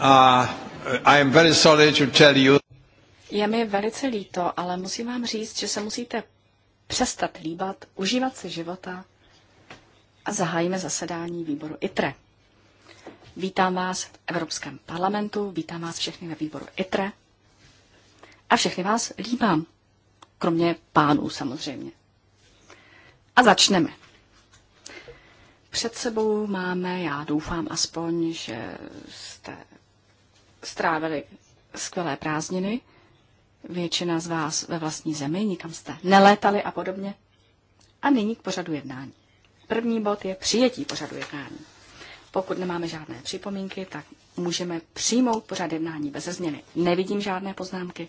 Eh, Je mi velice líto, ale musím vám říct, že se musíte přestat líbat, užívat si života a zahájíme zasedání výboru ITRE. Vítám vás v Evropském parlamentu, vítám vás všechny ve výboru ITRE a všechny vás líbám, kromě pánů samozřejmě. A začneme. Před sebou máme, já doufám aspoň, že jste strávili skvělé prázdniny, většina z vás ve vlastní zemi, nikam jste nelétali a podobně. A nyní k pořadu jednání. První bod je přijetí pořadu jednání. Pokud nemáme žádné připomínky, tak můžeme přijmout pořad jednání bez změny. Nevidím žádné poznámky.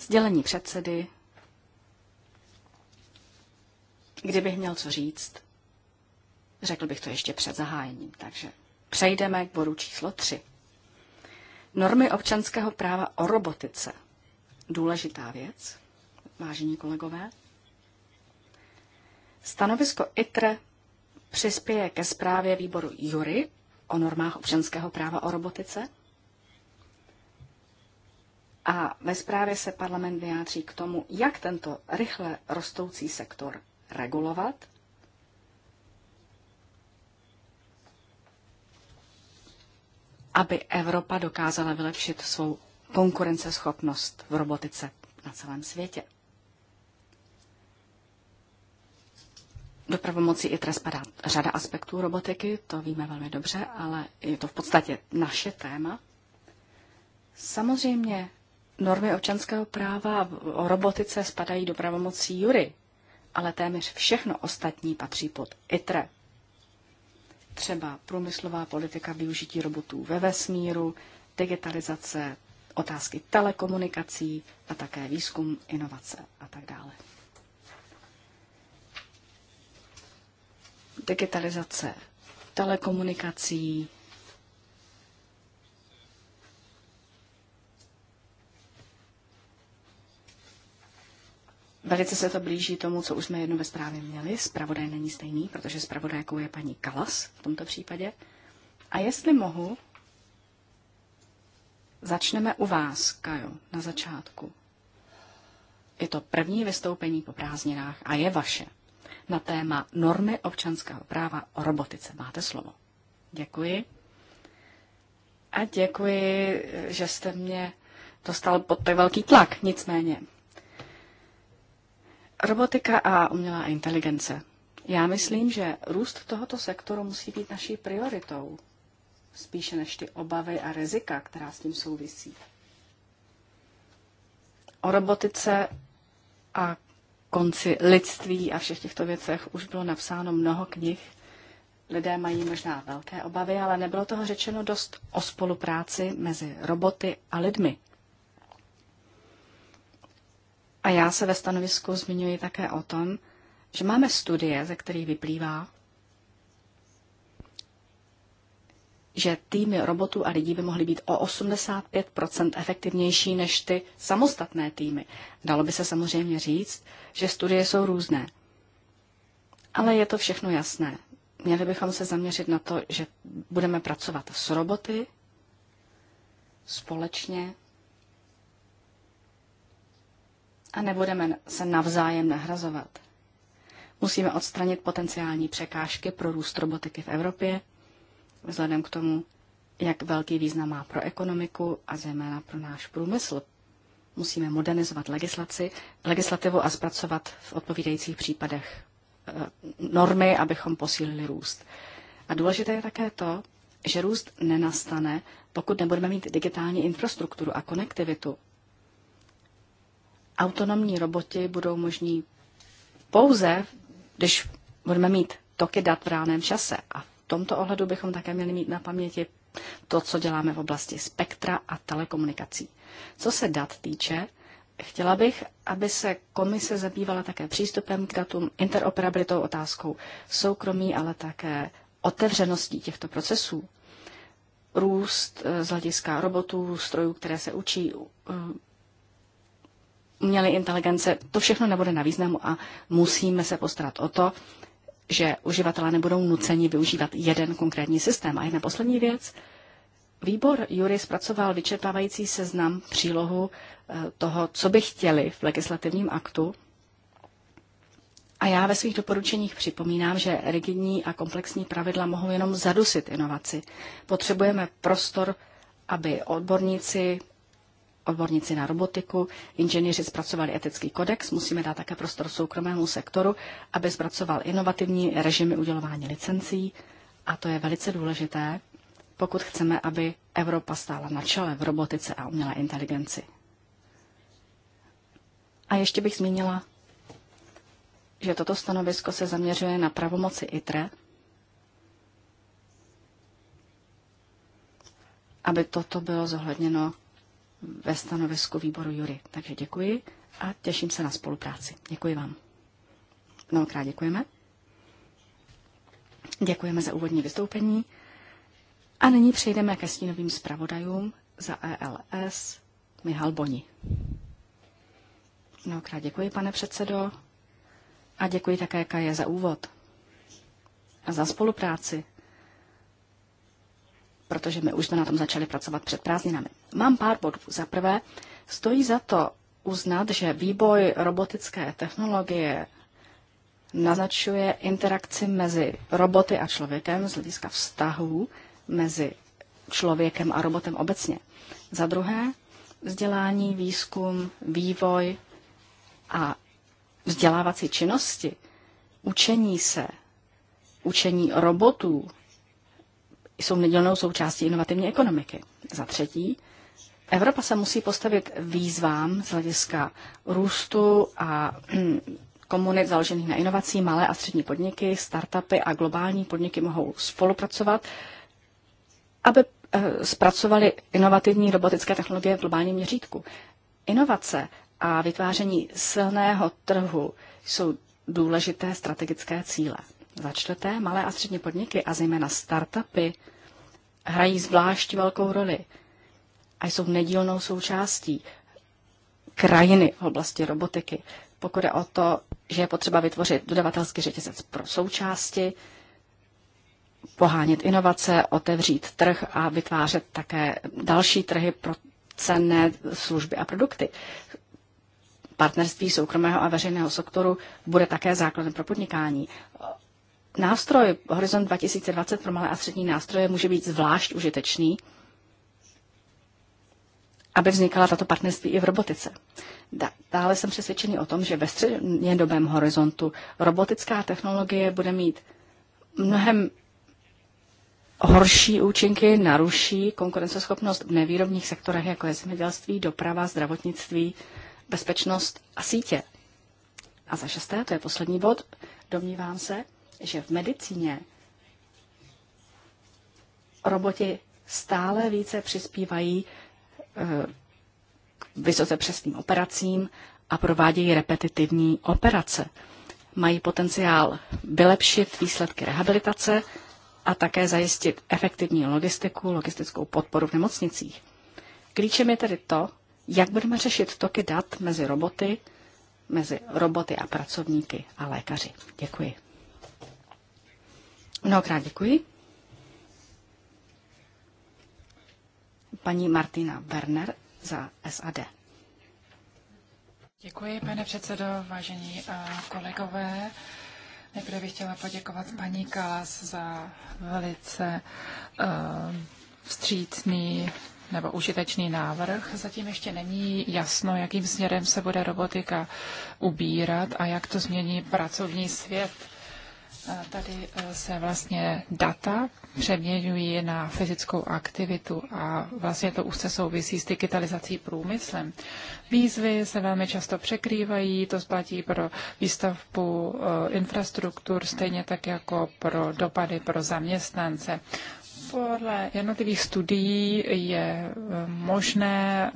Sdělení předsedy. Kdybych měl co říct, řekl bych to ještě před zahájením. Takže přejdeme k bodu číslo 3. Normy občanského práva o robotice. Důležitá věc, vážení kolegové. Stanovisko ITRE přispěje ke zprávě výboru Jury o normách občanského práva o robotice. A ve zprávě se parlament vyjádří k tomu, jak tento rychle rostoucí sektor regulovat aby Evropa dokázala vylepšit svou konkurenceschopnost v robotice na celém světě. Do pravomocí ITRE spadá řada aspektů robotiky, to víme velmi dobře, ale je to v podstatě naše téma. Samozřejmě normy občanského práva o robotice spadají do pravomocí jury, ale téměř všechno ostatní patří pod ITRE třeba průmyslová politika využití robotů ve vesmíru, digitalizace, otázky telekomunikací a také výzkum, inovace a tak dále. Digitalizace telekomunikací, Velice se to blíží tomu, co už jsme jednou ve zprávě měli. Spravodaj není stejný, protože spravodajkou je paní Kalas v tomto případě. A jestli mohu, začneme u vás, Kajo, na začátku. Je to první vystoupení po prázdninách a je vaše. Na téma normy občanského práva o robotice máte slovo. Děkuji. A děkuji, že jste mě dostal pod tak velký tlak. Nicméně, Robotika a umělá inteligence. Já myslím, že růst tohoto sektoru musí být naší prioritou, spíše než ty obavy a rizika, která s tím souvisí. O robotice a konci lidství a všech těchto věcech už bylo napsáno mnoho knih. Lidé mají možná velké obavy, ale nebylo toho řečeno dost o spolupráci mezi roboty a lidmi. A já se ve stanovisku zmiňuji také o tom, že máme studie, ze kterých vyplývá, že týmy robotů a lidí by mohly být o 85 efektivnější než ty samostatné týmy. Dalo by se samozřejmě říct, že studie jsou různé. Ale je to všechno jasné. Měli bychom se zaměřit na to, že budeme pracovat s roboty společně a nebudeme se navzájem nahrazovat. Musíme odstranit potenciální překážky pro růst robotiky v Evropě, vzhledem k tomu, jak velký význam má pro ekonomiku a zejména pro náš průmysl. Musíme modernizovat legislaci, legislativu a zpracovat v odpovídajících případech eh, normy, abychom posílili růst. A důležité je také to, že růst nenastane, pokud nebudeme mít digitální infrastrukturu a konektivitu autonomní roboti budou možní pouze, když budeme mít toky dat v reálném čase. A v tomto ohledu bychom také měli mít na paměti to, co děláme v oblasti spektra a telekomunikací. Co se dat týče, chtěla bych, aby se komise zabývala také přístupem k datům, interoperabilitou otázkou soukromí, ale také otevřeností těchto procesů. Růst eh, z hlediska robotů, strojů, které se učí, eh, umělé inteligence, to všechno nebude na významu a musíme se postarat o to, že uživatelé nebudou nuceni využívat jeden konkrétní systém. A jedna poslední věc. Výbor Jury zpracoval vyčerpávající seznam přílohu eh, toho, co by chtěli v legislativním aktu. A já ve svých doporučeních připomínám, že rigidní a komplexní pravidla mohou jenom zadusit inovaci. Potřebujeme prostor, aby odborníci, odborníci na robotiku, inženýři zpracovali etický kodex, musíme dát také prostor soukromému sektoru, aby zpracoval inovativní režimy udělování licencí a to je velice důležité, pokud chceme, aby Evropa stála na čele v robotice a umělé inteligenci. A ještě bych zmínila, že toto stanovisko se zaměřuje na pravomoci ITRE, aby toto bylo zohledněno ve stanovisku výboru Jury. Takže děkuji a těším se na spolupráci. Děkuji vám. Mnohokrát děkujeme. Děkujeme za úvodní vystoupení. A nyní přejdeme ke stínovým zpravodajům za ELS Mihal Boni. Mnohokrát děkuji, pane předsedo, a děkuji také Kaje za úvod a za spolupráci protože my už jsme na tom začali pracovat před prázdninami. Mám pár bodů. Za prvé, stojí za to uznat, že výboj robotické technologie naznačuje interakci mezi roboty a člověkem z hlediska vztahů mezi člověkem a robotem obecně. Za druhé, vzdělání, výzkum, vývoj a vzdělávací činnosti, učení se, učení robotů jsou nedělnou součástí inovativní ekonomiky. Za třetí, Evropa se musí postavit výzvám z hlediska růstu a komunit založených na inovací, malé a střední podniky, startupy a globální podniky mohou spolupracovat, aby eh, zpracovali inovativní robotické technologie v globálním měřítku. Inovace a vytváření silného trhu jsou důležité strategické cíle. Za čtvrté, malé a střední podniky a zejména startupy hrají zvlášť velkou roli a jsou nedílnou součástí krajiny v oblasti robotiky. Pokud je o to, že je potřeba vytvořit dodavatelský řetězec pro součásti, pohánět inovace, otevřít trh a vytvářet také další trhy pro cenné služby a produkty. Partnerství soukromého a veřejného sektoru bude také základem pro podnikání nástroj Horizont 2020 pro malé a střední nástroje může být zvlášť užitečný, aby vznikala tato partnerství i v robotice. Dále jsem přesvědčený o tom, že ve střednědobém horizontu robotická technologie bude mít mnohem horší účinky, naruší konkurenceschopnost v nevýrobních sektorech, jako je zemědělství, doprava, zdravotnictví, bezpečnost a sítě. A za šesté, to je poslední bod, domnívám se, že v medicíně roboti stále více přispívají k eh, vysoce přesným operacím a provádějí repetitivní operace. Mají potenciál vylepšit výsledky rehabilitace a také zajistit efektivní logistiku, logistickou podporu v nemocnicích. Klíčem je tedy to, jak budeme řešit toky dat mezi roboty, mezi roboty a pracovníky a lékaři. Děkuji. Mnohokrát děkuji. Paní Martina Werner za SAD. Děkuji, pane předsedo, vážení eh, kolegové. Nejprve bych chtěla poděkovat paní Kalas za velice eh, vstřícný nebo užitečný návrh. Zatím ještě není jasno, jakým směrem se bude robotika ubírat a jak to změní pracovní svět. Tady e, se vlastně data přeměňují na fyzickou aktivitu a vlastně to úzce souvisí s digitalizací průmyslem. Výzvy se velmi často překrývají, to splatí pro výstavbu e, infrastruktur, stejně tak jako pro dopady pro zaměstnance. Podle jednotlivých studií je e, možné,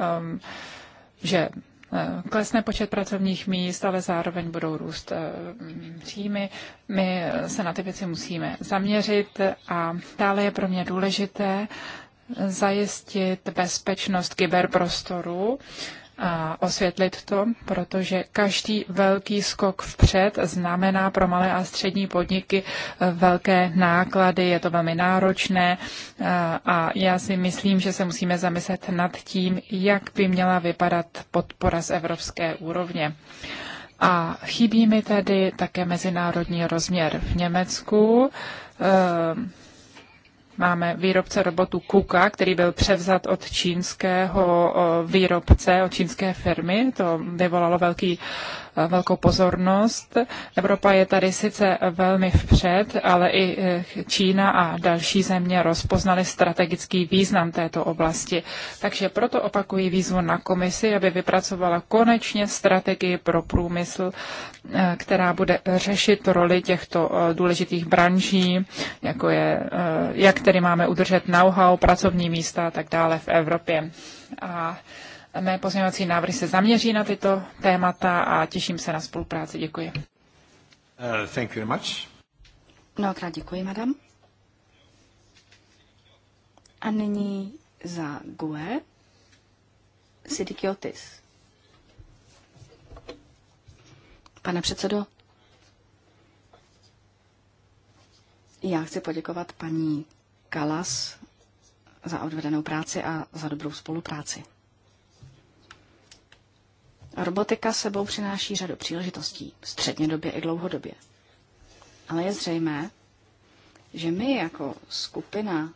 že Eh, klesne počet pracovních míst, ale zároveň budou růst eh, příjmy. My se na ty věci musíme zaměřit a dále je pro mě důležité zajistit bezpečnost kyberprostoru osvětlit to, protože každý velký skok vpřed znamená pro malé a střední podniky eh, velké náklady, je to velmi náročné eh, a já si myslím, že se musíme zamyslet nad tím, jak by měla vypadat podpora z evropské úrovně. A chybí mi tady také mezinárodní rozměr v Německu. Eh, Máme výrobce robotu Kuka, který byl převzat od čínského výrobce, od čínské firmy. To vyvolalo velký velkou pozornost. Evropa je tady sice velmi vpřed, ale i eh, Čína a další země rozpoznaly strategický význam této oblasti. Takže proto opakuji výzvu na komisi, aby vypracovala konečně strategii pro průmysl, eh, která bude řešit roli těchto eh, důležitých branží, jako je, jak tedy máme udržet know-how, pracovní místa a tak dále v Evropě. A Mé pozměňovací návrhy se zaměří na tyto témata a těším se na spolupráci. Děkuji. Uh, thank you very much. Mnohokrát děkuji, madam. A nyní za GUE Sidikiotis. Pane předsedo, já chci poděkovat paní Kalas za odvedenou práci a za dobrou spolupráci. Robotika sebou přináší řadu příležitostí, střednědobě i dlouhodobě. Ale je zřejmé, že my jako skupina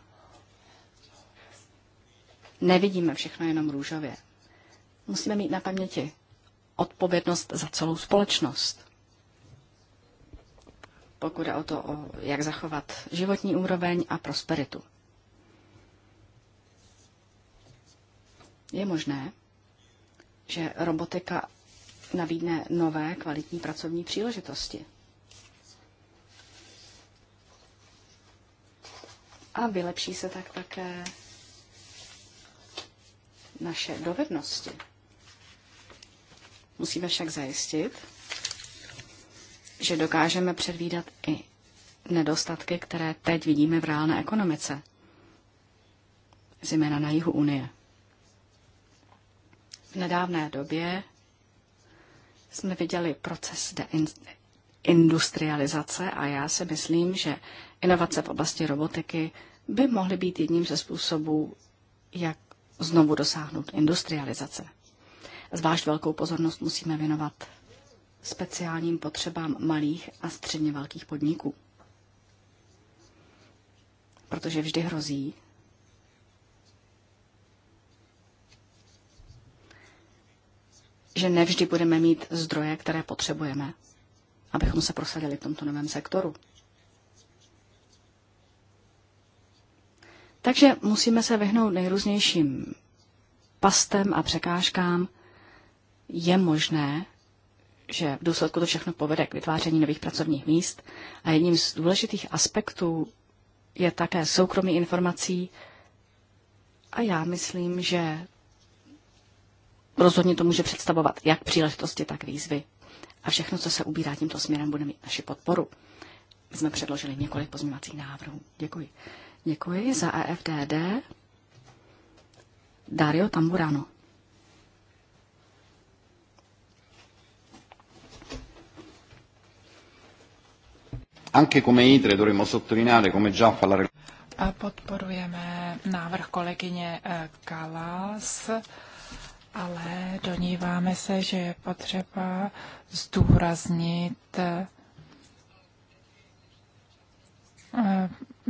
nevidíme všechno jenom růžově. Musíme mít na paměti odpovědnost za celou společnost. Pokud je o to, o jak zachovat životní úroveň a prosperitu. Je možné, že robotika nabídne nové kvalitní pracovní příležitosti. A vylepší se tak také naše dovednosti. Musíme však zajistit, že dokážeme předvídat i nedostatky, které teď vidíme v reálné ekonomice, zejména na jihu Unie v nedávné době jsme viděli proces deindustrializace a já si myslím, že inovace v oblasti robotiky by mohly být jedním ze způsobů, jak znovu dosáhnout industrializace. Zvlášť velkou pozornost musíme věnovat speciálním potřebám malých a středně velkých podniků. Protože vždy hrozí, že nevždy budeme mít zdroje, které potřebujeme, abychom se prosadili v tomto novém sektoru. Takže musíme se vyhnout nejrůznějším pastem a překážkám. Je možné, že v důsledku to všechno povede k vytváření nových pracovních míst a jedním z důležitých aspektů je také soukromí informací a já myslím, že rozhodně to může představovat jak příležitosti, tak výzvy. A všechno, co se ubírá tímto směrem, bude mít naši podporu. My jsme předložili několik pozměvacích návrhů. Děkuji. Děkuji za EFDD. Dario Tamburano. Anche come sottolineare, come già Podporujeme návrh kolegyně eh, Kalas ale doníváme se, že je potřeba zdůraznit, eh,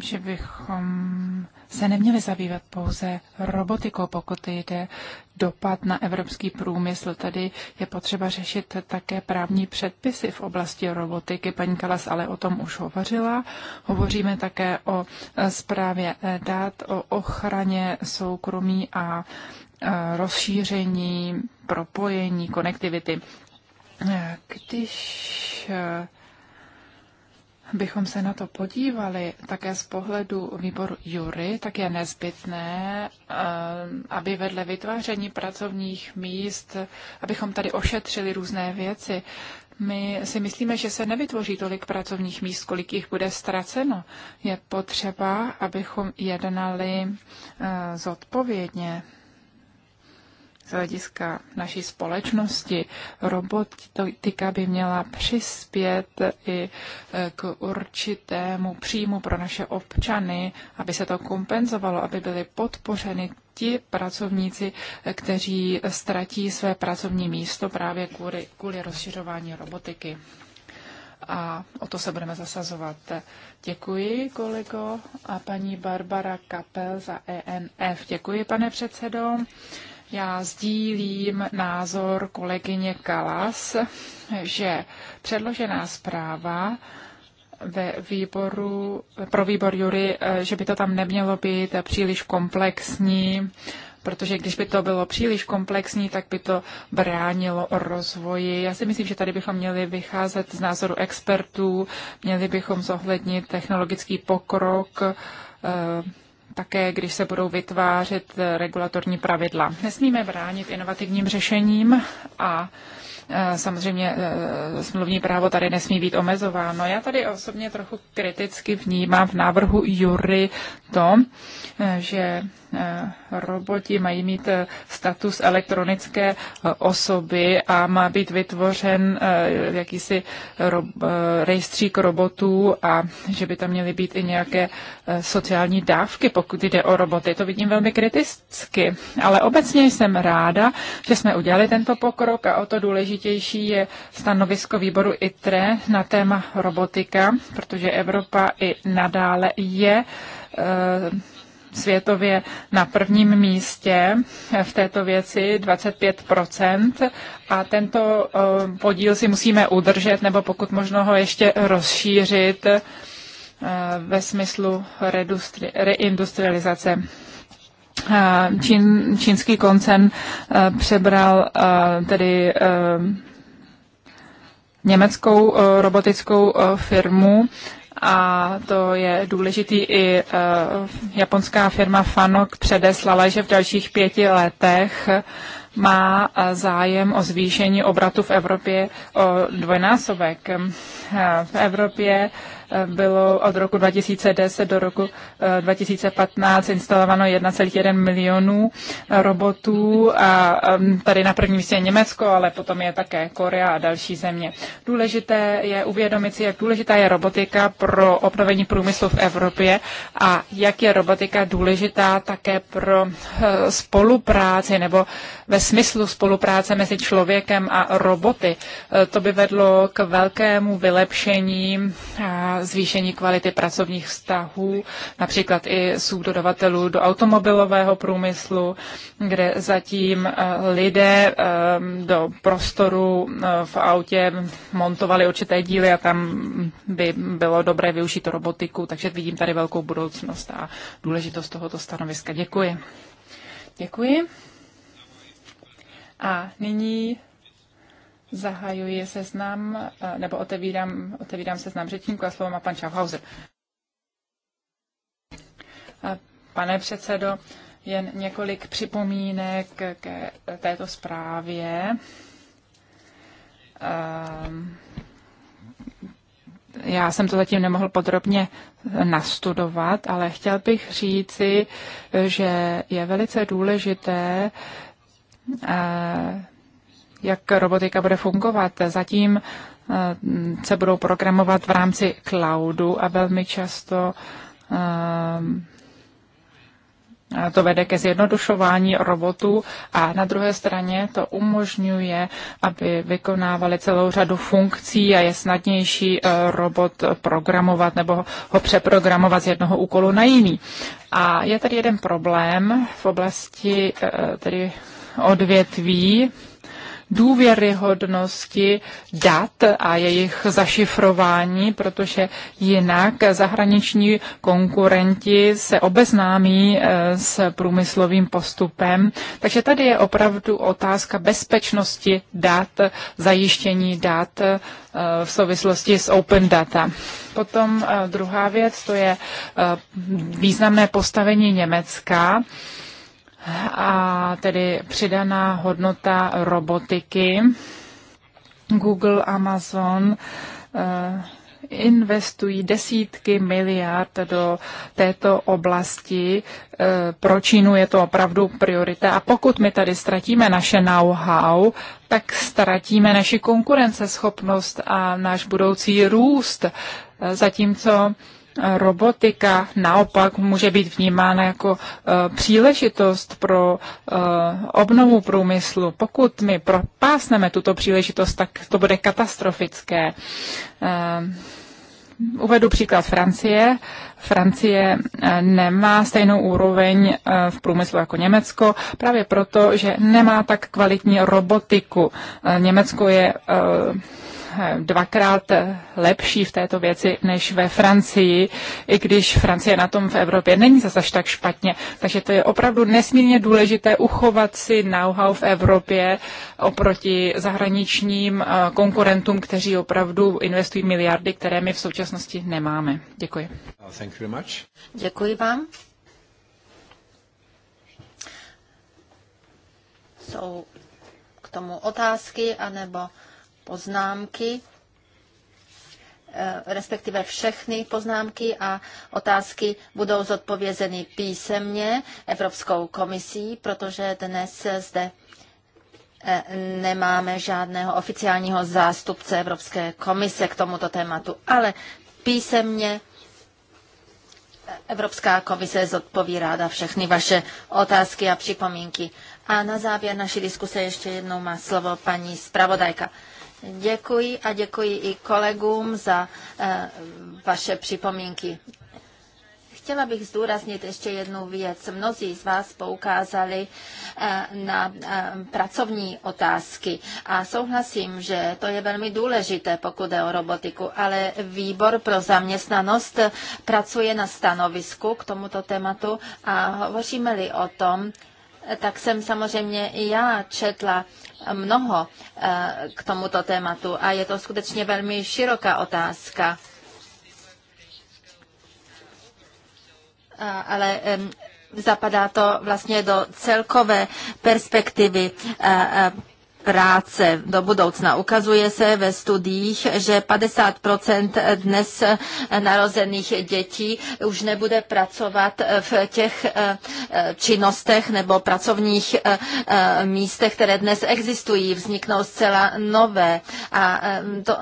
že bychom se neměli zabývat pouze robotikou, pokud jde dopad na evropský průmysl. Tady je potřeba řešit také právní předpisy v oblasti robotiky. Paní Kalas ale o tom už hovořila. Hovoříme také o zprávě eh, eh, dát, o ochraně soukromí a rozšíření, propojení, konektivity. Když bychom se na to podívali také z pohledu výboru Jury, tak je nezbytné, aby vedle vytváření pracovních míst, abychom tady ošetřili různé věci. My si myslíme, že se nevytvoří tolik pracovních míst, kolik jich bude ztraceno. Je potřeba, abychom jednali zodpovědně z hlediska naší společnosti. Robotika by měla přispět i eh, k určitému příjmu pro naše občany, aby se to kompenzovalo, aby byly podpořeny ti pracovníci, eh, kteří ztratí své pracovní místo právě kvůli, kvůli rozšiřování robotiky. A o to se budeme zasazovat. Děkuji, kolego, a paní Barbara Kapel za ENF. Děkuji, pane předsedo. Já sdílím názor kolegyně Kalas, že předložená zpráva ve výboru, pro výbor Jury, eh, že by to tam nemělo být příliš komplexní, protože když by to bylo příliš komplexní, tak by to bránilo rozvoji. Já si myslím, že tady bychom měli vycházet z názoru expertů, měli bychom zohlednit technologický pokrok, eh, také když se budou vytvářet regulatorní pravidla. Nesmíme bránit inovativním řešením a e, samozřejmě e, smluvní právo tady nesmí být omezováno. Já tady osobně trochu kriticky vnímám v návrhu Jury to, e, že Eh, roboti mají mít eh, status elektronické eh, osoby a má být vytvořen jakýsi rob, rejstřík robotů a že by tam měly být i nějaké sociální dávky, pokud jde o roboty. To vidím velmi kriticky, ale obecně jsem ráda, že jsme udělali tento pokrok a o to důležitější je stanovisko výboru ITRE na téma robotika, protože Evropa i nadále je světově na prvním místě v této věci 25 a tento eh, podíl si musíme udržet nebo pokud možno ho ještě rozšířit eh, ve smyslu reindustrializace. Eh, Čín, čínský koncern přebral tedy německou robotickou firmu a to je důležitý i eh, japonská firma Fanok předeslala, že v dalších pěti letech má eh, zájem o zvýšení obratu v Evropě o dvojnásobek. Eh, v Evropě bylo od roku 2010 do roku 2015 eh, instalováno 1,1 milionů robotů a tady na prvním místě je Německo, ale potom je také Korea a další země. Důležité je uvědomit si, jak důležitá je robotika pro obnovení průmyslu v Evropě a jak je robotika důležitá také pro eh, spolupráci nebo ve smyslu spolupráce mezi člověkem a roboty. Eh, to by vedlo k velkému vylepšení zvýšení kvality pracovních vztahů, například i subdodavatelů do automobilového průmyslu, kde zatím eh, lidé eh, do prostoru eh, v autě montovali určité díly a tam by bylo dobré využít robotiku, takže vidím tady velkou budoucnost a důležitost tohoto stanoviska. Děkuji. Děkuji. A nyní Zahajuji seznam, eh, nebo otevírám, otevírám seznam řečníku a slovo má pan Schaffhauser. Eh, pane předsedo, jen několik připomínek k této zprávě. Eh, já jsem to zatím nemohl podrobně nastudovat, ale chtěl bych říci, že je velice důležité jak robotika bude fungovat. Zatím eh, se budou programovat v rámci cloudu a velmi často eh, to vede ke zjednodušování robotů a na druhé straně to umožňuje, aby vykonávali celou řadu funkcí a je snadnější eh, robot programovat nebo ho přeprogramovat z jednoho úkolu na jiný. A je tady jeden problém v oblasti tedy odvětví důvěryhodnosti dat a jejich zašifrování, protože jinak zahraniční konkurenti se obeznámí eh, s průmyslovým postupem. Takže tady je opravdu otázka bezpečnosti dat, zajištění dat eh, v souvislosti s Open Data. Potom eh, druhá věc, to je významné postavení Německa a tedy přidaná hodnota robotiky. Google, Amazon eh, investují desítky miliard do této oblasti. Eh, pro Čínu je to opravdu priorita. A pokud my tady ztratíme naše know-how, tak ztratíme naši konkurenceschopnost a náš budoucí růst. Eh, zatímco robotika naopak může být vnímána jako e, příležitost pro e, obnovu průmyslu. Pokud my propásneme tuto příležitost, tak to bude katastrofické. E, uvedu příklad Francie. Francie nemá stejnou úroveň v průmyslu jako Německo, právě proto, že nemá tak kvalitní robotiku. Německo je dvakrát lepší v této věci než ve Francii, i když Francie na tom v Evropě není zase tak špatně. Takže to je opravdu nesmírně důležité uchovat si know-how v Evropě oproti zahraničním eh, konkurentům, kteří opravdu investují miliardy, které my v současnosti nemáme. Děkuji. Uh, thank you very much. Děkuji vám. Jsou k tomu otázky anebo poznámky, eh, respektive všechny poznámky a otázky budou zodpovězeny písemně Evropskou komisí, protože dnes zde eh, nemáme žádného oficiálního zástupce Evropské komise k tomuto tématu, ale písemně Evropská komise zodpoví ráda všechny vaše otázky a připomínky. A na závěr naší diskuse ještě jednou má slovo paní zpravodajka. Děkuji a děkuji i kolegům za eh, vaše připomínky. Chtěla bych zdůraznit ještě jednu věc. Mnozí z vás poukázali eh, na eh, pracovní otázky a souhlasím, že to je velmi důležité, pokud je o robotiku, ale výbor pro zaměstnanost pracuje na stanovisku k tomuto tématu a hovoříme-li o tom, tak jsem samozřejmě i já četla mnoho eh, k tomuto tématu a je to skutečně velmi široká otázka. Eh, ale zapadá to vlastně do celkové perspektivy eh, práce do budoucna. Ukazuje se ve studiích, že 50 dnes narozených dětí už nebude pracovat v těch eh, eh, činnostech nebo pracovních eh, místech, které dnes existují. Vzniknou zcela nové. A to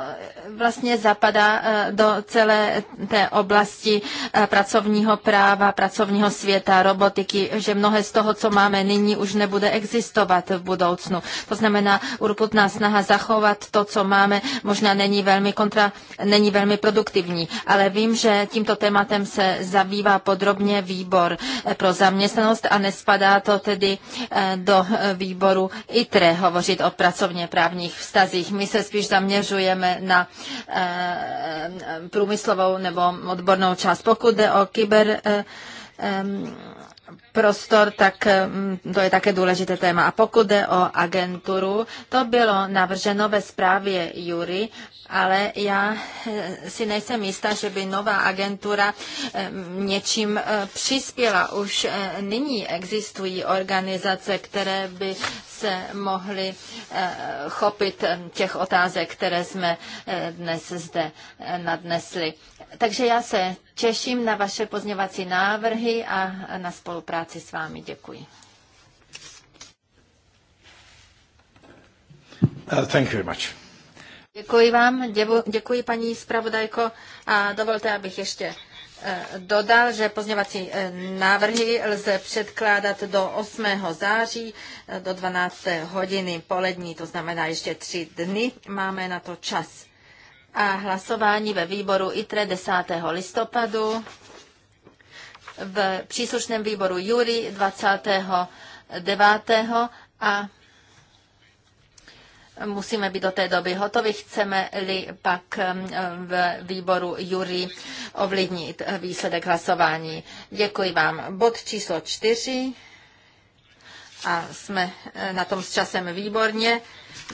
vlastně zapadá eh, do celé té oblasti eh, pracovního práva, pracovního světa, robotiky, že mnohé z toho, co máme nyní, už nebude existovat v budoucnu. To znamená, urputná snaha zachovat to, co máme, možná není velmi, kontra, není velmi produktivní, ale vím, že tímto tématem se zabývá podrobně výbor eh, pro zaměstnanost a nespadá to tedy do výboru ITRE hovořit o pracovně právních vztazích. My se spíš zaměřujeme na Eh, průmyslovou nebo odbornou část. Pokud jde o kyber eh, prostor, tak mm, to je také důležité téma. A pokud jde o agenturu, to bylo navrženo ve zprávě Jury, ale já eh, si nejsem jistá, že by nová agentura eh, něčím eh, přispěla. Už nyní existují organizace, které by se mohli chopit těch otázek, které jsme dnes zde nadnesli. Takže já se Češím na vaše pozněvací návrhy a na spolupráci s vámi. Děkuji. Uh, thank you very much. Děkuji vám, děvu, děkuji paní zpravodajko a dovolte, abych ještě uh, dodal, že pozněvací uh, návrhy lze předkládat do 8. září uh, do 12. hodiny polední, to znamená ještě tři dny. Máme na to čas a hlasování ve výboru ITRE 10. listopadu, v příslušném výboru Jury 29. a musíme být do té doby hotovi, chceme-li pak v výboru Jury ovlivnit výsledek hlasování. Děkuji vám. Bod číslo čtyři a jsme eh, na tom s časem výborně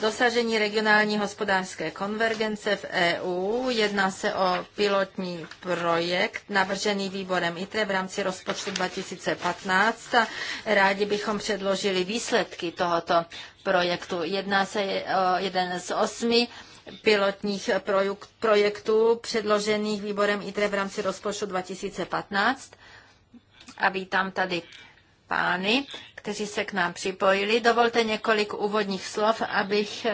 dosažení regionální hospodářské konvergence v EU. Jedná se o pilotní projekt navržený výborem ITRE v rámci rozpočtu 2015 a rádi bychom předložili výsledky tohoto projektu. Jedná se e, o jeden z osmi pilotních projektů předložených výborem ITRE v rámci rozpočtu 2015 a vítám tady pány, kteří se k nám připojili. Dovolte několik úvodních slov, abych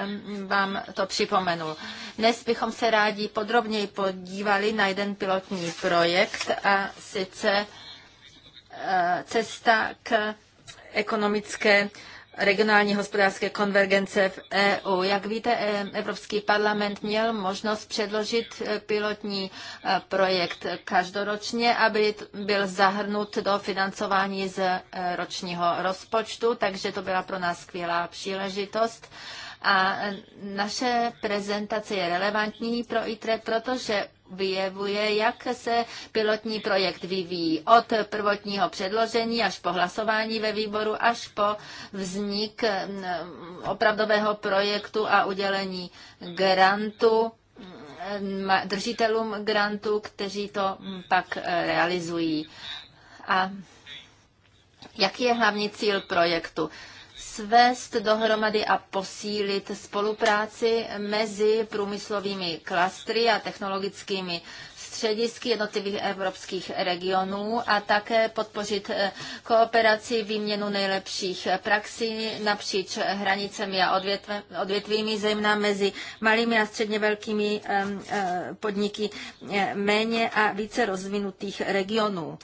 vám to připomenul. Dnes bychom se rádi podrobněji podívali na jeden pilotní projekt a sice eh, cesta k ekonomické regionální hospodářské konvergence v EU. Jak víte, e, Evropský parlament měl možnost předložit e, pilotní e, projekt každoročně, aby byl zahrnut do financování z ročního rozpočtu, takže to byla pro nás skvělá příležitost. A naše prezentace je relevantní pro ITRE, protože vyjevuje, jak se pilotní projekt vyvíjí od prvotního předložení až po hlasování ve výboru, až po vznik mm, opravdového projektu a udělení grantu mm, držitelům grantu, kteří to mm, pak eh, realizují. A jaký je hlavní cíl projektu? svést dohromady a posílit spolupráci mezi průmyslovými klastry a technologickými středisky jednotlivých evropských regionů a také podpořit eh, kooperaci, výměnu nejlepších praxí napříč hranicemi a odvětvími, zejména mezi malými a středně velkými eh, podniky eh, méně a více rozvinutých regionů.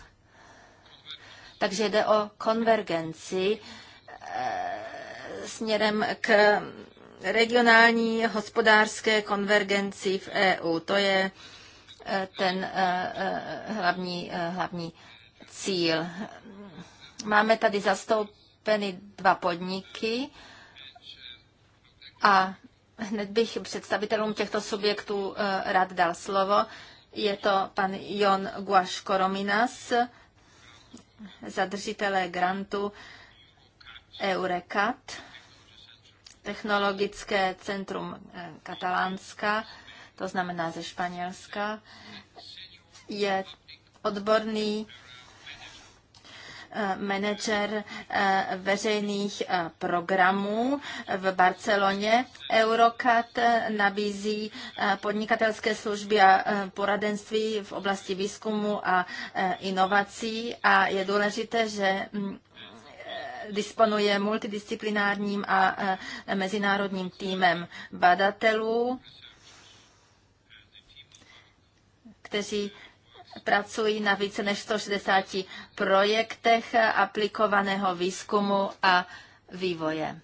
Takže jde o konvergenci Eh, směrem k regionální hospodářské konvergenci v EU. To je eh, ten eh, hlavní, hlavní cíl. Máme tady zastoupeny dva podniky a hned bych představitelům těchto subjektů rád dal slovo. Je to pan Jon Guaš Korominas, zadržitelé grantu Eurecat, technologické centrum eh, Katalánska, to znamená ze Španělska, je odborný eh, manažer eh, veřejných programů v Barceloně. Eurocat nabízí podnikatelské služby a poradenství v oblasti výzkumu a inovací a je důležité, že mm, disponuje multidisciplinárním a e, mezinárodním týmem badatelů, kteří pracují na více než 160 projektech aplikovaného výzkumu a vývoje.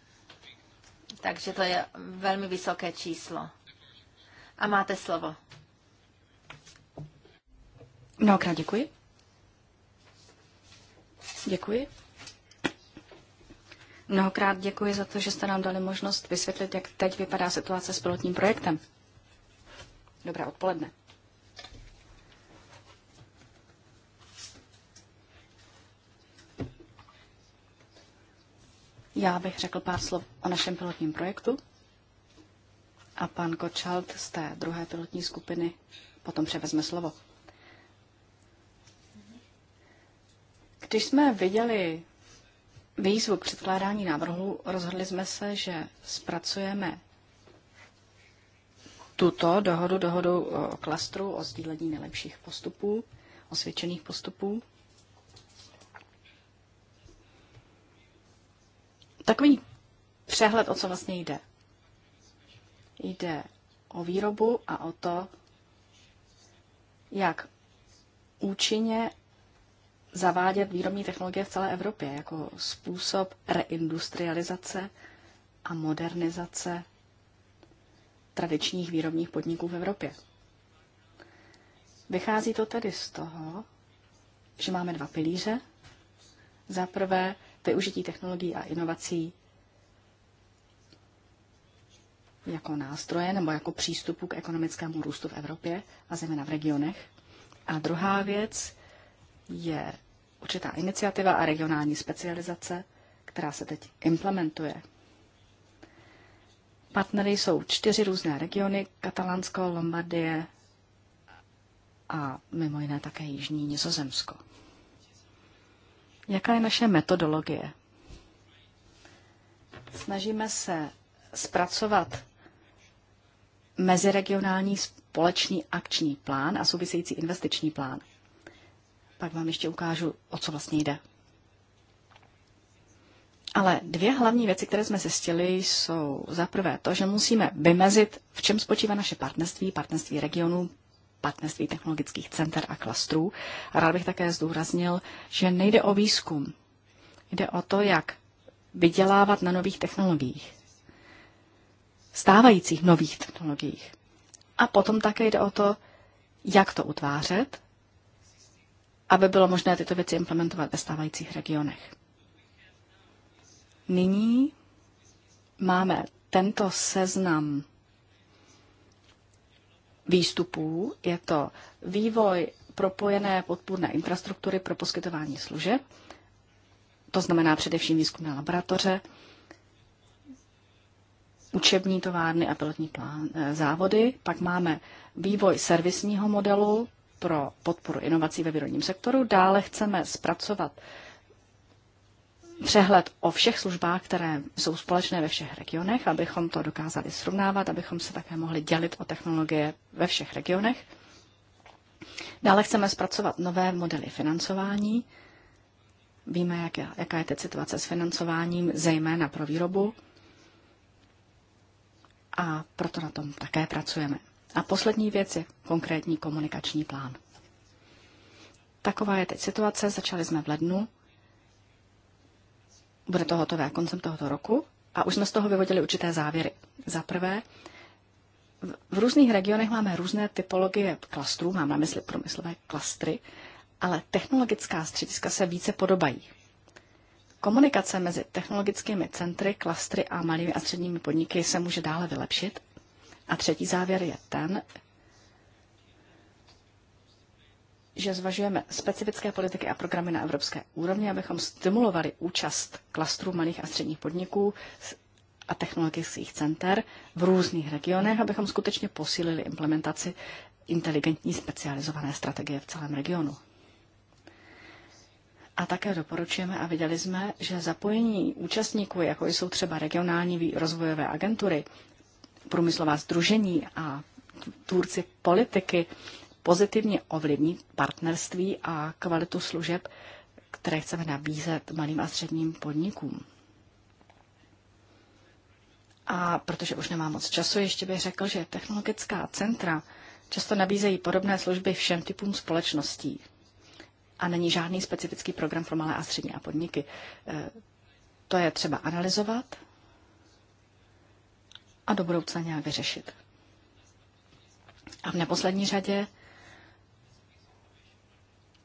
Takže to je velmi vysoké číslo. A máte slovo. Mnohokrát děkuji. Děkuji. Mnohokrát děkuji za to, že jste nám dali možnost vysvětlit, jak teď vypadá situace s pilotním projektem. Dobré odpoledne. Já bych řekl pár slov o našem pilotním projektu a pan Kočalt z té druhé pilotní skupiny potom převezme slovo. Když jsme viděli výzvu k předkládání návrhu rozhodli jsme se, že zpracujeme tuto dohodu, dohodu o klastru, o sdílení nejlepších postupů, osvědčených postupů. Takový přehled, o co vlastně jde. Jde o výrobu a o to, jak účinně zavádět výrobní technologie v celé Evropě jako způsob reindustrializace a modernizace tradičních výrobních podniků v Evropě. Vychází to tedy z toho, že máme dva pilíře. Za prvé využití technologií a inovací jako nástroje nebo jako přístupu k ekonomickému růstu v Evropě a zejména v regionech. A druhá věc je určitá iniciativa a regionální specializace, která se teď implementuje. Partnery jsou čtyři různé regiony, Katalánsko, Lombardie a mimo jiné také Jižní Nizozemsko. Jaká je naše metodologie? Snažíme se zpracovat meziregionální společný akční plán a související investiční plán. Pak vám ještě ukážu, o co vlastně jde. Ale dvě hlavní věci, které jsme zjistili, jsou za prvé to, že musíme vymezit, v čem spočívá naše partnerství, partnerství regionů, partnerství technologických center a klastrů. A rád bych také zdůraznil, že nejde o výzkum. Jde o to, jak vydělávat na nových technologiích. Stávajících nových technologiích. A potom také jde o to, jak to utvářet aby bylo možné tyto věci implementovat ve stávajících regionech. Nyní máme tento seznam výstupů. Je to vývoj propojené podpůrné infrastruktury pro poskytování služeb, to znamená především výzkumné laboratoře, učební továrny a pilotní plán, eh, závody. Pak máme vývoj servisního modelu pro podporu inovací ve výrobním sektoru. Dále chceme zpracovat přehled o všech službách, které jsou společné ve všech regionech, abychom to dokázali srovnávat, abychom se také mohli dělit o technologie ve všech regionech. Dále chceme zpracovat nové modely financování. Víme, jak je, jaká je teď situace s financováním, zejména pro výrobu. A proto na tom také pracujeme. A poslední věc je konkrétní komunikační plán. Taková je teď situace. Začali jsme v lednu. Bude to hotové koncem tohoto roku. A už jsme z toho vyvodili určité závěry. Za prvé, v různých regionech máme různé typologie klastrů, mám na mysli průmyslové klastry, ale technologická střediska se více podobají. Komunikace mezi technologickými centry, klastry a malými a středními podniky se může dále vylepšit a třetí závěr je ten, že zvažujeme specifické politiky a programy na evropské úrovni, abychom stimulovali účast klastrů malých a středních podniků a technologických center v různých regionech, abychom skutečně posílili implementaci inteligentní specializované strategie v celém regionu. A také doporučujeme a viděli jsme, že zapojení účastníků, jako jsou třeba regionální rozvojové agentury průmyslová združení a tvůrci politiky pozitivně ovlivní partnerství a kvalitu služeb, které chceme nabízet malým a středním podnikům. A protože už nemám moc času, ještě bych řekl, že technologická centra často nabízejí podobné služby všem typům společností. A není žádný specifický program pro malé a střední a podniky. E, to je třeba analyzovat, a do budoucna nějak vyřešit. A v neposlední řadě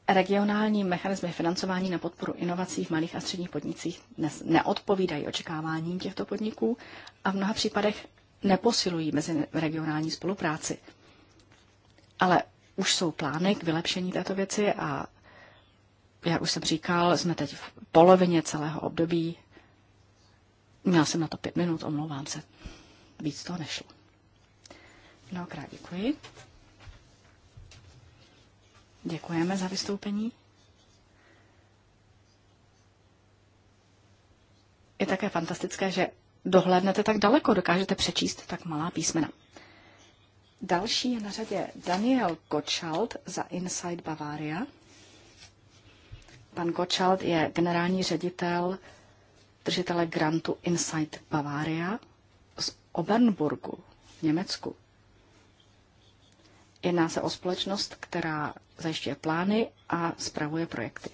regionální mechanismy financování na podporu inovací v malých a středních podnicích dnes neodpovídají očekáváním těchto podniků a v mnoha případech neposilují mezi regionální spolupráci. Ale už jsou plány k vylepšení této věci a jak už jsem říkal, jsme teď v polovině celého období. Měl jsem na to pět minut, omlouvám se víc to nešlo. Mnohokrát děkuji. Děkujeme za vystoupení. Je také fantastické, že dohlédnete tak daleko, dokážete přečíst tak malá písmena. Další je na řadě Daniel Gottschalt za Inside Bavaria. Pan Gottschalt je generální ředitel držitele grantu Inside Bavaria z Obernburgu v Německu. Jedná se o společnost, která zajišťuje plány a spravuje projekty.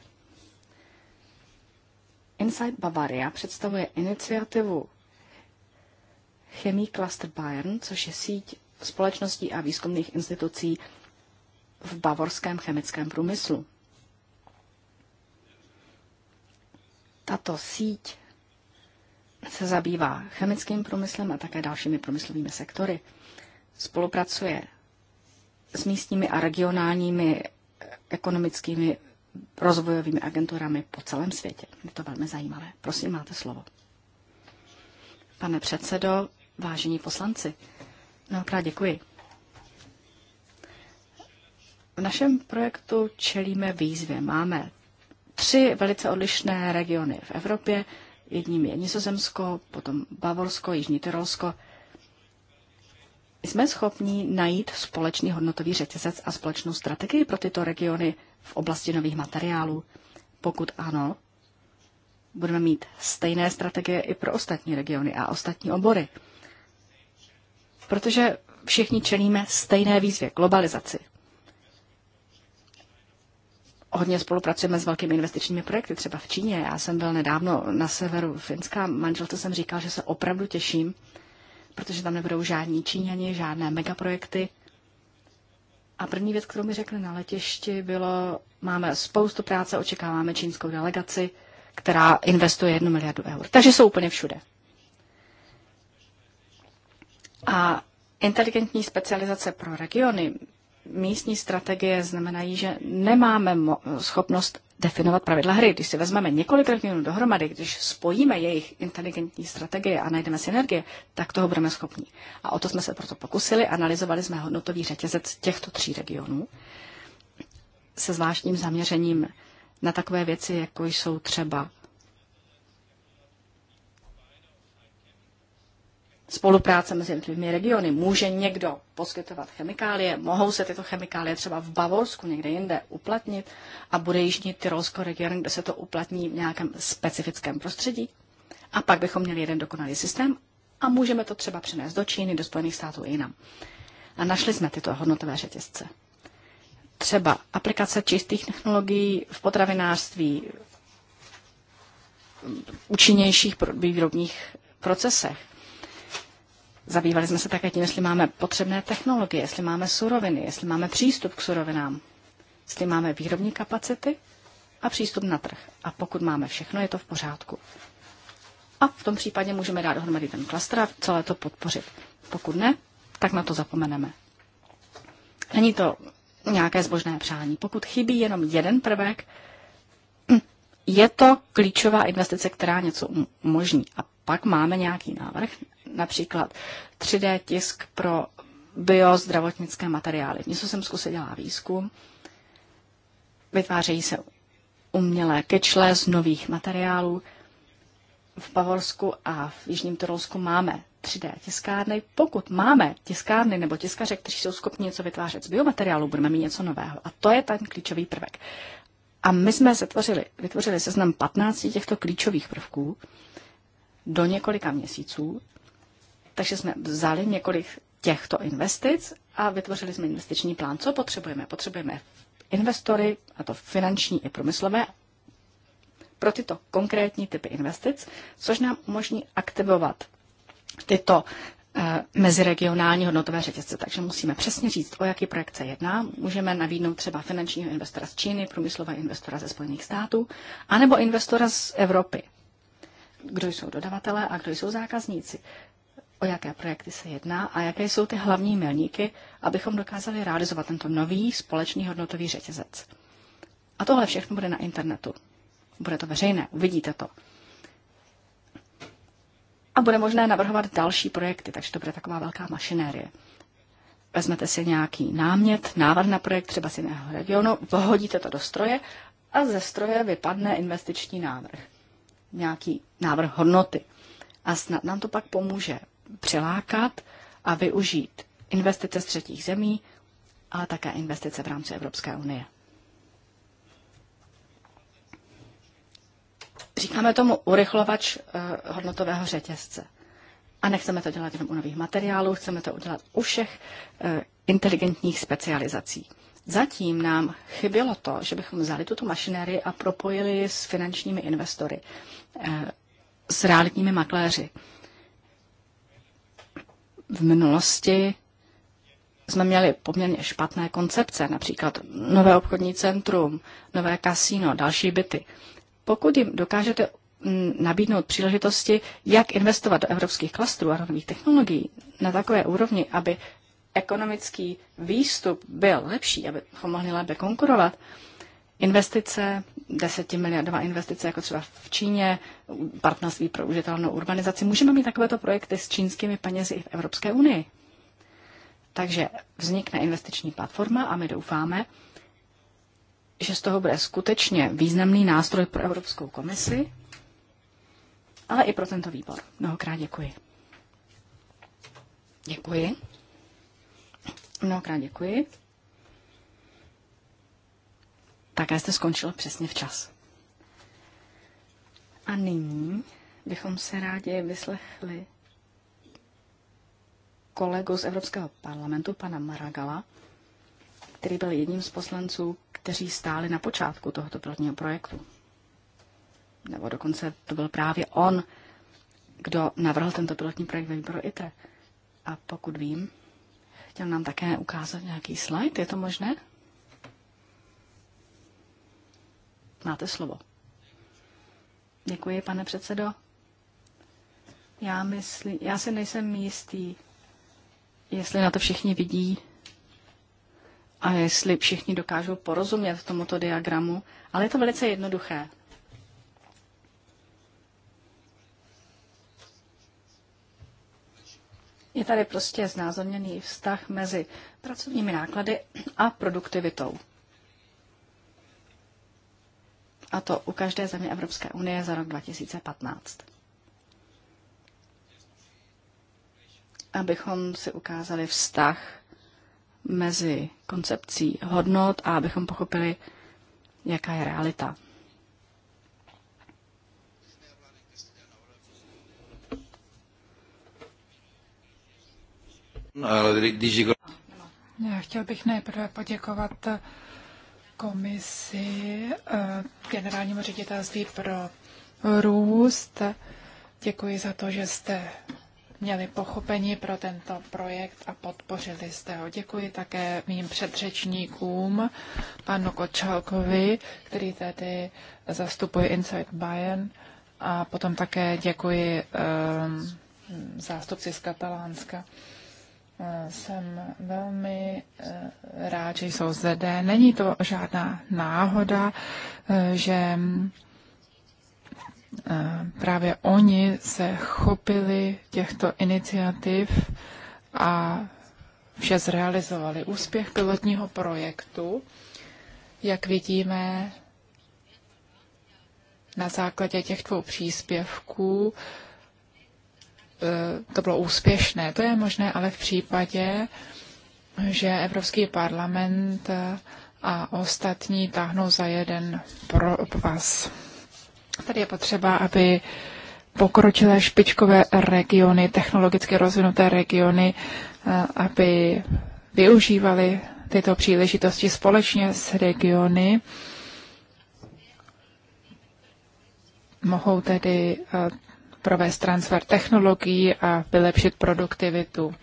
Inside Bavaria představuje iniciativu Chemie Cluster Bayern, což je síť společností a výzkumných institucí v bavorském chemickém průmyslu. Tato síť se zabývá chemickým průmyslem a také dalšími průmyslovými sektory. Spolupracuje s místními a regionálními ekonomickými rozvojovými agenturami po celém světě. Je to velmi zajímavé. Prosím, máte slovo. Pane předsedo, vážení poslanci, mnohokrát děkuji. V našem projektu čelíme výzvě. Máme tři velice odlišné regiony v Evropě, Jedním je Nizozemsko, potom Bavorsko, Jižní Tyrolsko. Jsme schopni najít společný hodnotový řetězec a společnou strategii pro tyto regiony v oblasti nových materiálů? Pokud ano, budeme mít stejné strategie i pro ostatní regiony a ostatní obory. Protože všichni čelíme stejné výzvě globalizaci hodně spolupracujeme s velkými investičními projekty, třeba v Číně. Já jsem byl nedávno na severu Finska, manželce jsem říkal, že se opravdu těším, protože tam nebudou žádní Číňani, žádné megaprojekty. A první věc, kterou mi řekli na letišti, bylo, máme spoustu práce, očekáváme čínskou delegaci, která investuje 1 miliardu eur. Takže jsou úplně všude. A inteligentní specializace pro regiony, místní strategie znamenají, že nemáme schopnost definovat pravidla hry. Když si vezmeme několik regionů dohromady, když spojíme jejich inteligentní strategie a najdeme synergie, tak toho budeme schopni. A o to jsme se proto pokusili. Analyzovali jsme hodnotový řetězec těchto tří regionů se zvláštním zaměřením na takové věci, jako jsou třeba spolupráce mezi těmi regiony. Může někdo poskytovat chemikálie, mohou se tyto chemikálie třeba v Bavorsku někde jinde uplatnit a bude Jižní Tyrolsko region, kde se to uplatní v nějakém specifickém prostředí. A pak bychom měli jeden dokonalý systém a můžeme to třeba přenést do Číny, do Spojených států i jinam. A našli jsme tyto hodnotové řetězce. Třeba aplikace čistých technologií v potravinářství, účinnějších výrobních procesech, Zabývali jsme se také tím, jestli máme potřebné technologie, jestli máme suroviny, jestli máme přístup k surovinám, jestli máme výrobní kapacity a přístup na trh. A pokud máme všechno, je to v pořádku. A v tom případě můžeme dát dohromady ten klaster a celé to podpořit. Pokud ne, tak na to zapomeneme. Není to nějaké zbožné přání. Pokud chybí jenom jeden prvek, je to klíčová investice, která něco umožní. A pak máme nějaký návrh, například 3D tisk pro biozdravotnické materiály. V jsem se dělá výzkum, vytvářejí se umělé kečle z nových materiálů. V Pavorsku a v Jižním Tyrolsku máme 3D tiskárny. Pokud máme tiskárny nebo tiskaře, kteří jsou schopni něco vytvářet z biomateriálu, budeme mít něco nového. A to je ten klíčový prvek. A my jsme vytvořili, vytvořili seznam 15 těchto klíčových prvků, do několika měsíců. Takže jsme vzali několik těchto investic a vytvořili jsme investiční plán. Co potřebujeme? Potřebujeme investory, a to finanční i průmyslové, pro tyto konkrétní typy investic, což nám umožní aktivovat tyto eh, meziregionální hodnotové řetězce. Takže musíme přesně říct, o jaký projekt se jedná. Můžeme navídnout třeba finančního investora z Číny, průmyslového investora ze Spojených států, anebo investora z Evropy kdo jsou dodavatelé a kdo jsou zákazníci, o jaké projekty se jedná a jaké jsou ty hlavní milníky, abychom dokázali realizovat tento nový společný hodnotový řetězec. A tohle všechno bude na internetu. Bude to veřejné, uvidíte to. A bude možné navrhovat další projekty, takže to bude taková velká mašinérie. Vezmete si nějaký námět, návrh na projekt třeba z jiného regionu, vhodíte to do stroje a ze stroje vypadne investiční návrh nějaký návrh hodnoty. A snad nám to pak pomůže přilákat a využít investice z třetích zemí, ale také investice v rámci Evropské unie. Říkáme tomu urychlovač eh, hodnotového řetězce. A nechceme to dělat jenom u nových materiálů, chceme to udělat u všech eh, inteligentních specializací. Zatím nám chybělo to, že bychom vzali tuto mašinérii a propojili ji s finančními investory, eh, s realitními makléři. V minulosti jsme měli poměrně špatné koncepce, například nové obchodní centrum, nové kasíno, další byty. Pokud jim dokážete mm, nabídnout příležitosti, jak investovat do evropských klastrů a nových technologií na takové úrovni, aby ekonomický výstup byl lepší, abychom mohli lépe konkurovat, investice, desetimiliardová investice, jako třeba v Číně, partnerství pro užitelnou urbanizaci. Můžeme mít takovéto projekty s čínskými penězi i v Evropské unii. Takže vznikne investiční platforma a my doufáme, že z toho bude skutečně významný nástroj pro Evropskou komisi, ale i pro tento výbor. Mnohokrát děkuji. Děkuji. Mnohokrát děkuji. Také jste skončil přesně včas. A nyní bychom se rádi vyslechli kolegu z Evropského parlamentu, pana Maragala, který byl jedním z poslanců, kteří stáli na počátku tohoto prvního projektu. Nebo dokonce to byl právě on, kdo navrhl tento pilotní projekt ve výboru ITRE. A pokud vím, Chtěl nám také ukázat nějaký slide, je to možné? Máte slovo. Děkuji, pane předsedo. Já, myslí, já si nejsem jistý, jestli na to všichni vidí a jestli všichni dokážou porozumět tomuto diagramu, ale je to velice jednoduché. Je tady prostě znázorněný vztah mezi pracovními náklady a produktivitou. A to u každé země Evropské unie za rok 2015. Abychom si ukázali vztah mezi koncepcí hodnot a abychom pochopili, jaká je realita. Já chtěl bych nejprve poděkovat komisi eh, generálnímu ředitelství pro růst. Děkuji za to, že jste měli pochopení pro tento projekt a podpořili jste ho. Děkuji také mým předřečníkům, panu Kočalkovi, který tady zastupuje Inside Bayern a potom také děkuji um, zástupci z Katalánska. Eh, jsem velmi eh, rád, že jsou zde. Není to žádná náhoda, eh, že právě oni se chopili těchto iniciativ a vše zrealizovali. Úspěch pilotního projektu, jak vidíme na základě těch dvou příspěvků, E, to bylo úspěšné. To je možné ale v případě, že Evropský parlament a ostatní táhnou za jeden pro vás. Tady je potřeba, aby pokročilé špičkové regiony, technologicky rozvinuté regiony, e, aby využívali tyto příležitosti společně s regiony. Mohou tedy e, provést transfer technologií a vylepšit produktivitu.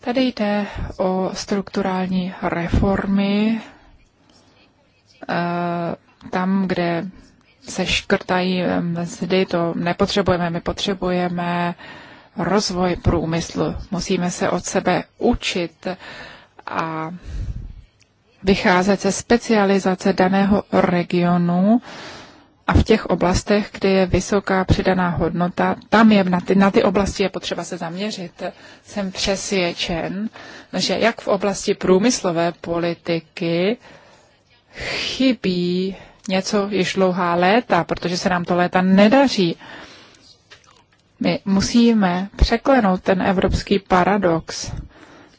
Tady jde o strukturální reformy eh, tam, kde se škrtají eh, mzdy, to nepotřebujeme. My potřebujeme rozvoj průmyslu. Musíme se od sebe učit a vycházet ze specializace daného regionu, a v těch oblastech, kde je vysoká přidaná hodnota, tam je na ty, na ty oblasti je potřeba se zaměřit. Jsem přesvědčen, že jak v oblasti průmyslové politiky chybí něco již dlouhá léta, protože se nám to léta nedaří. My musíme překlenout ten evropský paradox,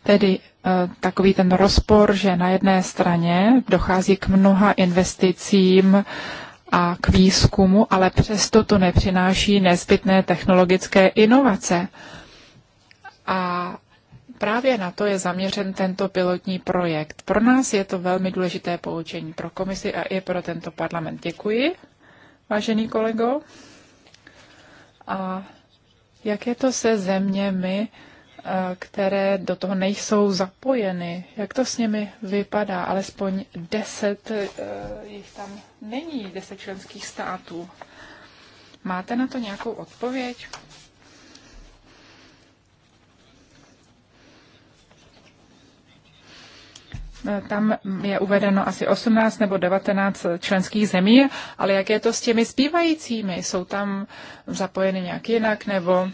tedy eh, takový ten rozpor, že na jedné straně dochází k mnoha investicím a k výzkumu, ale přesto to nepřináší nezbytné technologické inovace. A právě na to je zaměřen tento pilotní projekt. Pro nás je to velmi důležité poučení pro komisi a i pro tento parlament. Děkuji, vážený kolego. A jak je to se zeměmi, Eh, které do toho nejsou zapojeny. Jak to s nimi vypadá? Alespoň deset eh, jich tam není, deset členských států. Máte na to nějakou odpověď? Eh, tam je uvedeno asi 18 nebo 19 členských zemí, ale jak je to s těmi zbývajícími? Jsou tam zapojeny nějak jinak nebo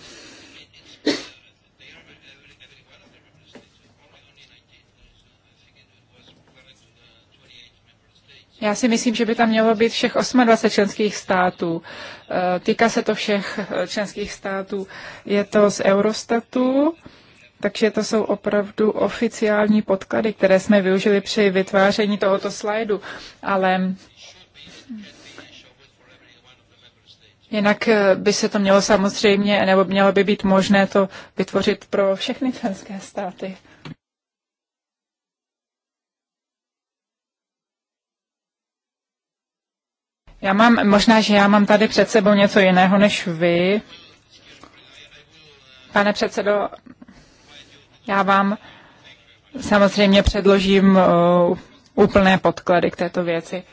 Já si myslím, že by tam mělo být všech 28 členských států. Eh, týká se to všech eh, členských států. Je to z Eurostatu, takže to jsou opravdu oficiální podklady, které jsme využili při vytváření tohoto slajdu. Ale Jinak eh, by se to mělo samozřejmě, nebo mělo by být možné to vytvořit pro všechny členské státy. Já mám, možná, že já mám tady před sebou něco jiného než vy. Pane předsedo, já vám samozřejmě předložím uh, úplné podklady k této věci.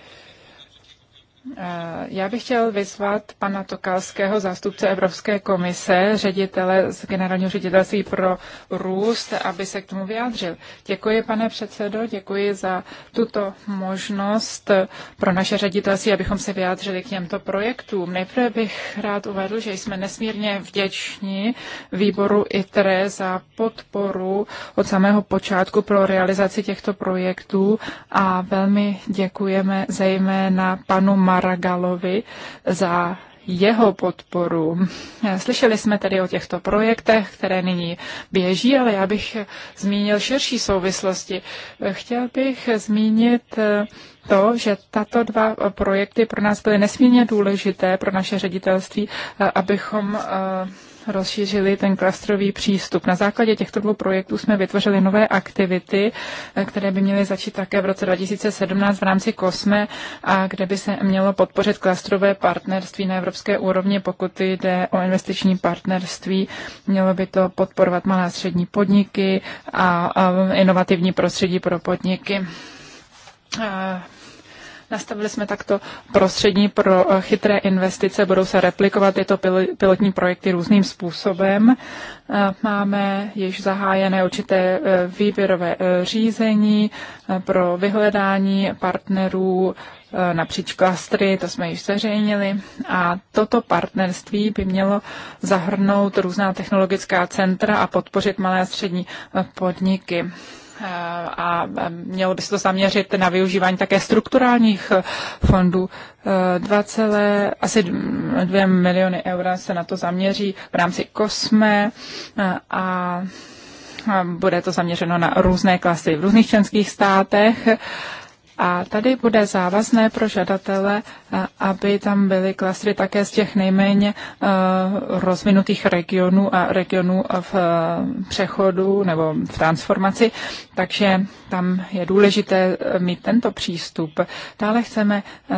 Já bych chtěl vyzvat pana Tokalského, zástupce Evropské komise, ředitele z generálního ředitelství pro růst, aby se k tomu vyjádřil. Děkuji, pane předsedo, děkuji za tuto možnost pro naše ředitelství, abychom se vyjádřili k těmto projektům. Nejprve bych rád uvedl, že jsme nesmírně vděční výboru ITRE za podporu od samého počátku pro realizaci těchto projektů a velmi děkujeme zejména panu Mar- Maragalovi za jeho podporu. Slyšeli jsme tedy o těchto projektech, které nyní běží, ale já bych zmínil širší souvislosti. Chtěl bych zmínit to, že tato dva projekty pro nás byly nesmírně důležité, pro naše ředitelství, abychom eh, rozšířili ten klastrový přístup. Na základě těchto dvou projektů jsme vytvořili nové aktivity, eh, které by měly začít také v roce 2017 v rámci COSME a kde by se mělo podpořit klastrové partnerství na evropské úrovni, pokud jde o investiční partnerství. Mělo by to podporovat malé a střední podniky a inovativní prostředí pro podniky eh, Nastavili jsme takto prostřední pro eh, chytré investice, budou se replikovat tyto pilotní projekty různým způsobem. Eh, máme již zahájené určité eh, výběrové řízení pro vyhledání partnerů napříč klastry, to jsme již zveřejnili. A toto partnerství by mělo zahrnout různá technologická centra a podpořit malé a střední podniky. Eh, a eh, mělo by se to zaměřit na využívání také strukturálních eh, fondů. 2, asi 2 miliony eura se na to zaměří v rámci COSME a bude to zaměřeno na různé klasy v různých členských státech a tady bude závazné pro žadatele, eh, aby tam byly klastry také z těch nejméně eh, rozvinutých regionů a regionů v eh, přechodu nebo v transformaci. Takže tam je důležité eh, mít tento přístup. Dále chceme eh,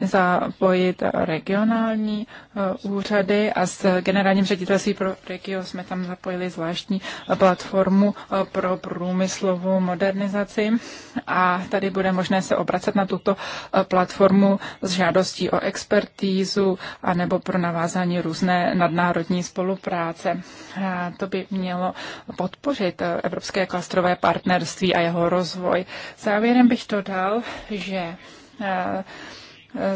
zapojit regionální eh, úřady a s generálním ředitelství pro regio jsme tam zapojili zvláštní platformu pro průmyslovou modernizaci a tady bude možné se obracet na tuto platformu s žádostí o expertízu a nebo pro navázání různé nadnárodní spolupráce. A to by mělo podpořit evropské klastro severové partnerství a jeho rozvoj. Závěrem bych dodal, že eh,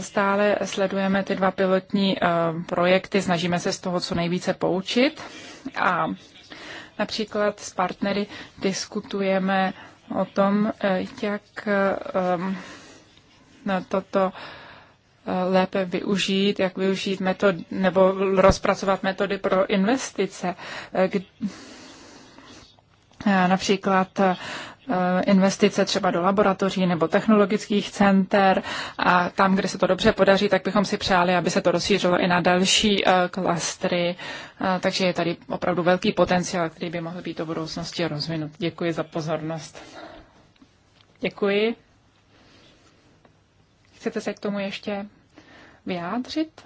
stále sledujeme ty dva pilotní eh, projekty, snažíme se z toho co nejvíce poučit a například s partnery diskutujeme o tom, eh, jak toto lépe využít, jak využít metod, nebo rozpracovat metody pro investice. Eh, například eh, investice třeba do laboratoří nebo technologických center a tam, kde se to dobře podaří, tak bychom si přáli, aby se to rozšířilo i na další eh, klastry. Takže je tady opravdu velký potenciál, který by mohl být do budoucnosti rozvinut. Děkuji za pozornost. Děkuji. Chcete se k tomu ještě vyjádřit?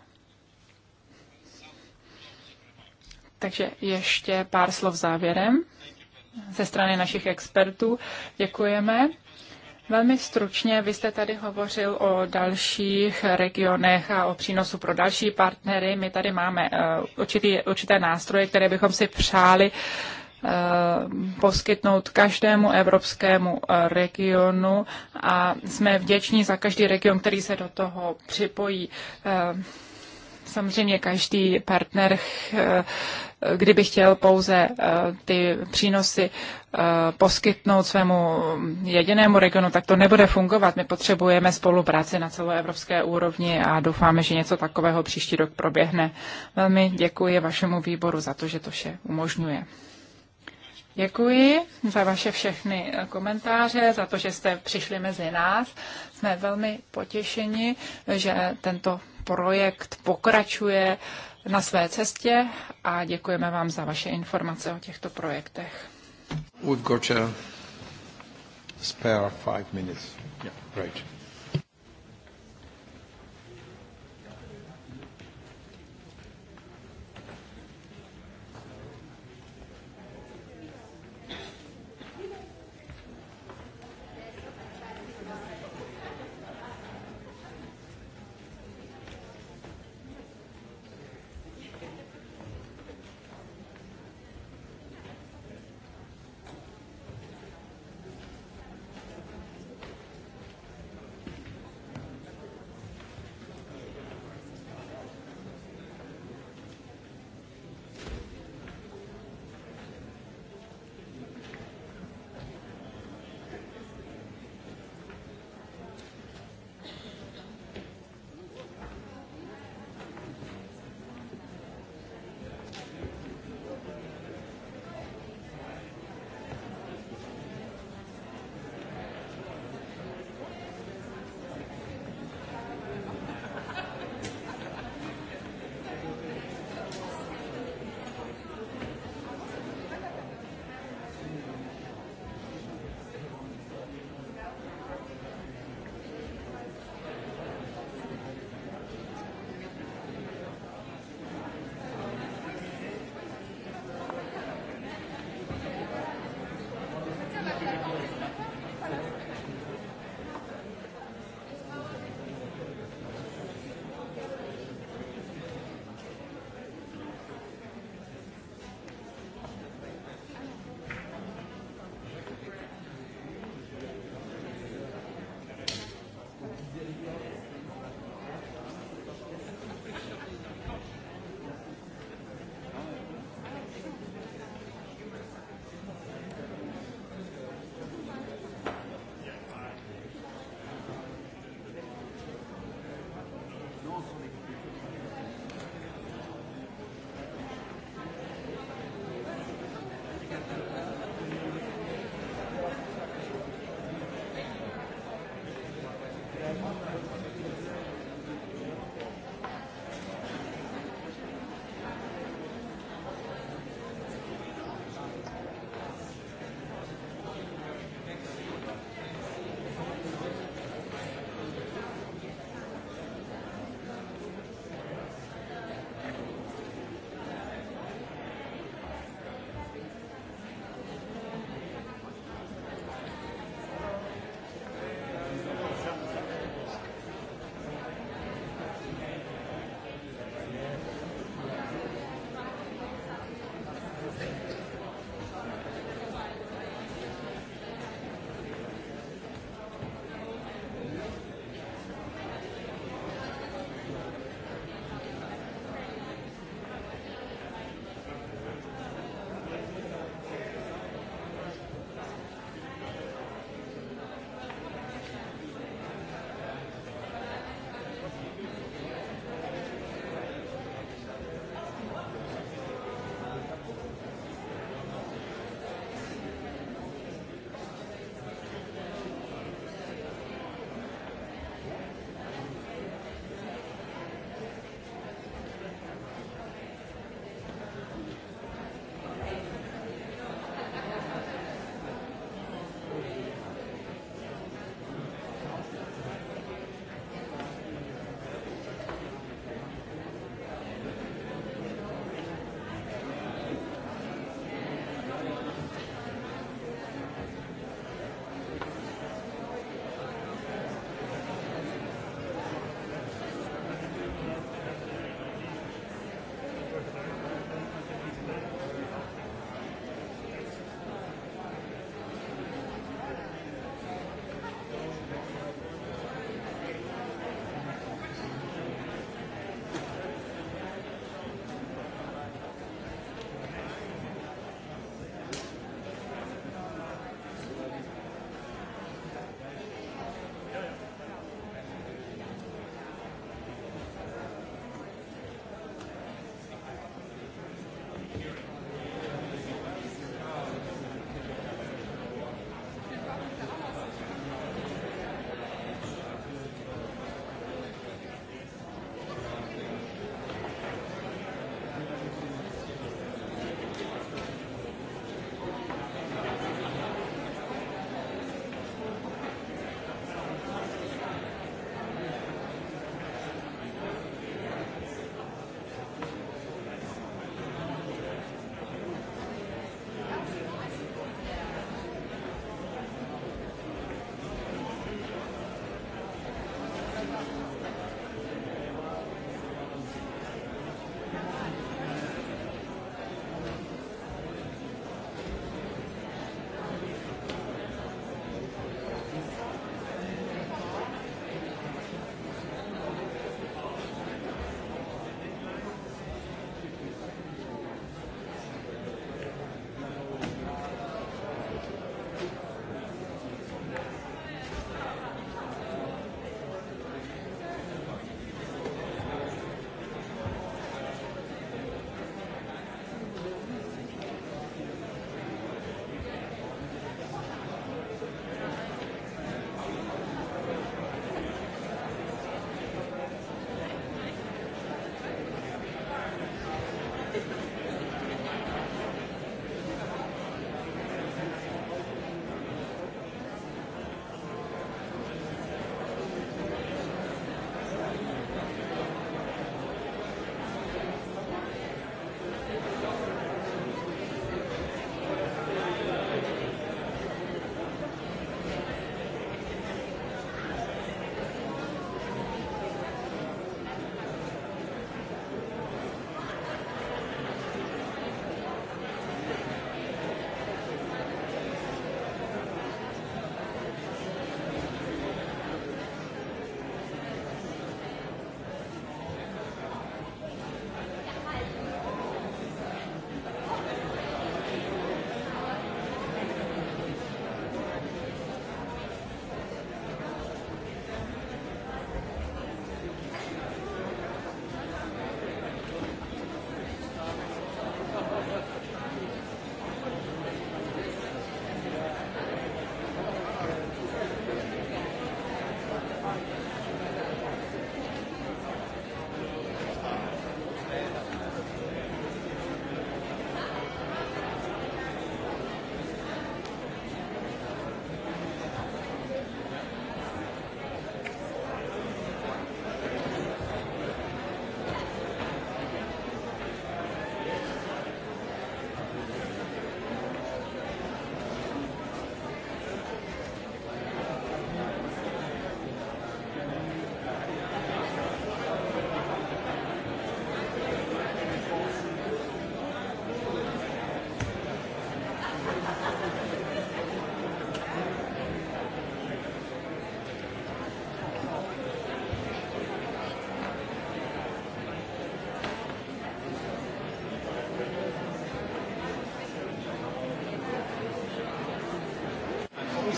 Takže ještě pár slov závěrem ze strany našich expertů. Děkujeme. Velmi stručně, vy jste tady hovořil o dalších regionech a o přínosu pro další partnery. My tady máme eh, určitý, určité nástroje, které bychom si přáli eh, poskytnout každému evropskému eh, regionu a jsme vděční za každý region, který se do toho připojí. Samozřejmě každý partner, eh, kdyby chtěl pouze eh, ty přínosy eh, poskytnout svému jedinému regionu, tak to nebude fungovat. My potřebujeme spolupráci na celoevropské úrovni a doufáme, že něco takového příští rok proběhne. Velmi děkuji vašemu výboru za to, že to vše umožňuje. Děkuji za vaše všechny komentáře, za to, že jste přišli mezi nás. Jsme velmi potěšeni, že tento projekt pokračuje na své cestě a děkujeme vám za vaše informace o těchto projektech. We've got a spare five minutes. Yeah,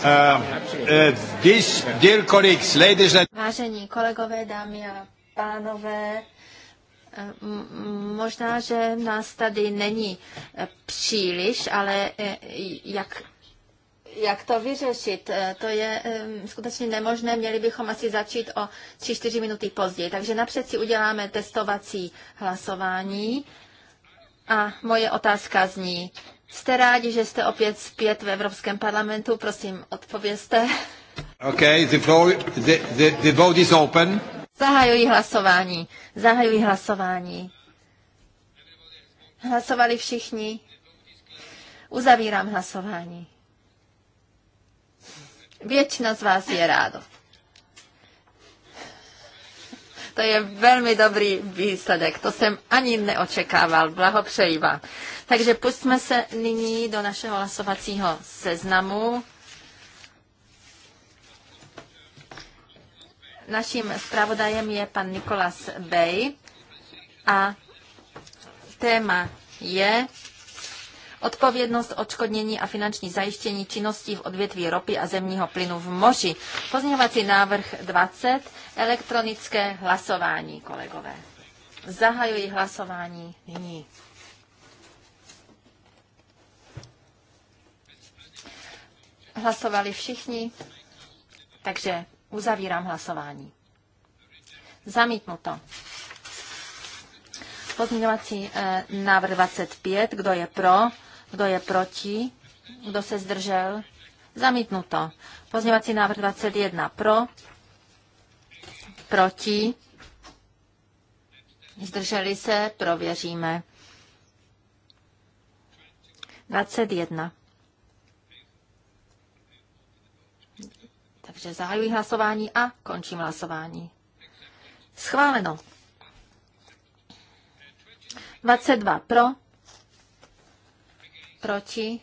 Uh, uh, Vážení kolegové, dámy a pánové, eh, možná, že nás tady není eh, příliš, ale eh, jak jak to vyřešit? To je skutečně nemožné. Měli bychom asi začít o 3-4 minuty později. Takže napřed si uděláme testovací hlasování. A moje otázka zní, Jste rádi, že jste opět zpět v Evropském parlamentu? Prosím, odpovězte. Okay, the, floor, the, the, the vote is open. Zahajují hlasování. Zahajují hlasování. Hlasovali všichni. Uzavírám hlasování. Většina z vás je rádo. To je velmi dobrý výsledek. To jsem ani neočekával. Blahopřeji vám. Takže pustíme se nyní do našeho hlasovacího seznamu. Naším zpravodajem je pan Nikolas Bej a téma je odpovědnost, odškodnění a finanční zajištění činností v odvětví ropy a zemního plynu v moři. Pozměňovací návrh 20, elektronické hlasování, kolegové. Zahajuji hlasování nyní. Hlasovali všichni, takže uzavírám hlasování. Zamítnuto. Pozměňovací eh, návrh 25, kdo je pro, kdo je proti? Kdo se zdržel? Zamítnuto. Pozněvací návrh 21 pro, proti, zdrželi se, prověříme. 21. Takže zahajuji hlasování a končím hlasování. Schváleno. 22 pro, proti,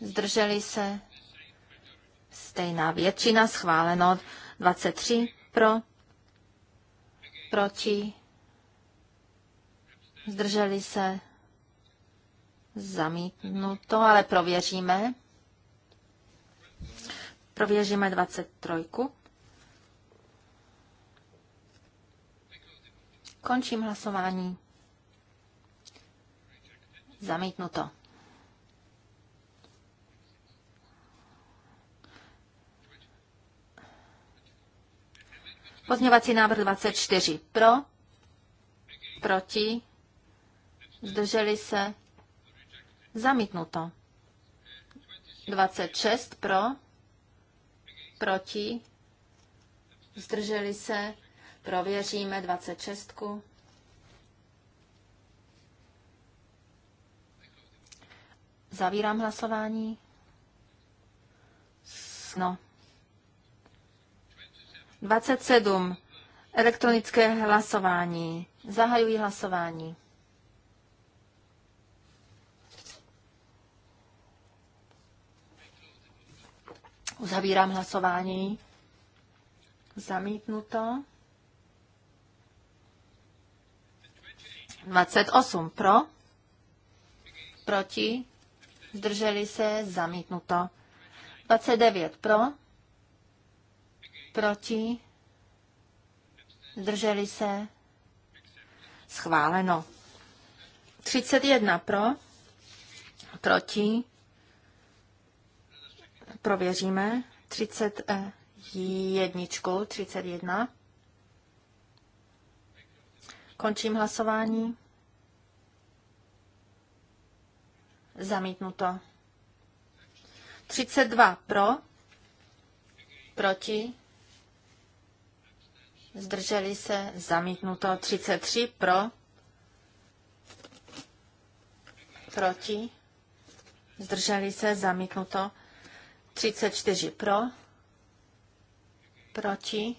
zdrželi se, stejná většina, schváleno 23 pro, proti, zdrželi se, zamítnuto, ale prověříme. Prověříme 23. Končím hlasování. Zamítnuto. Pozměňovací návrh 24. Pro, proti, zdrželi se, zamítnuto. 26. Pro, proti, zdrželi se, prověříme 26. Zavírám hlasování. No. 27. Elektronické hlasování. Zahajuji hlasování. Uzavírám hlasování. Zamítnuto. 28 pro, proti, zdrželi se, zamítnuto. 29 pro, proti, zdrželi se, schváleno. 31 pro, proti, prověříme, 31, 31. Končím hlasování. Zamítnuto. 32 pro, proti, zdrželi se, zamítnuto. 33 pro, proti, zdrželi se, zamítnuto. 34 pro, proti,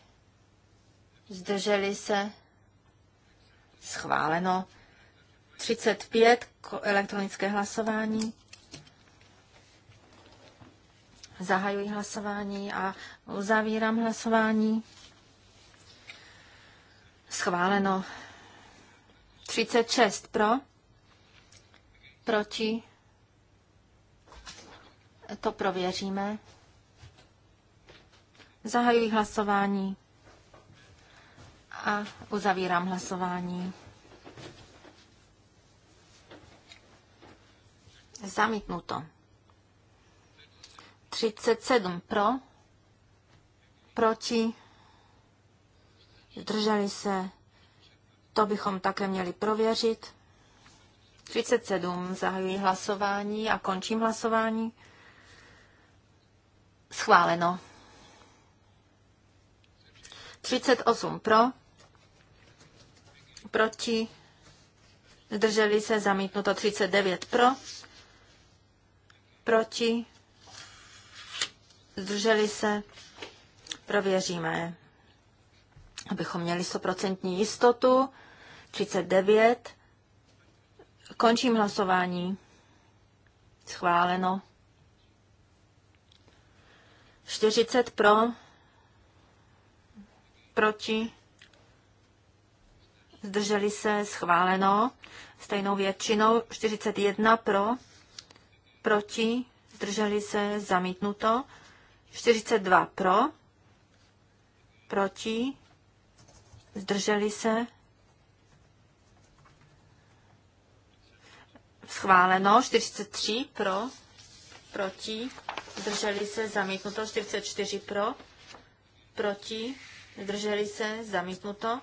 zdrželi se, schváleno. 35 elektronické hlasování. Zahajuji hlasování a uzavírám hlasování. Schváleno. 36 pro. Proti. To prověříme. Zahajuji hlasování a uzavírám hlasování. Zamítnuto. 37 pro, proti, zdrželi se, to bychom také měli prověřit. 37 zahajuji hlasování a končím hlasování. Schváleno. 38 pro, proti, zdrželi se, zamítnuto 39 pro proti, zdrželi se, prověříme, abychom měli 100% jistotu. 39. Končím hlasování. Schváleno. 40 pro, proti, zdrželi se, schváleno, stejnou většinou, 41 pro, proti, zdrželi se, zamítnuto. 42 pro, proti, zdrželi se, schváleno. 43 pro, proti, zdrželi se, zamítnuto. 44 pro, proti, zdrželi se, zamítnuto.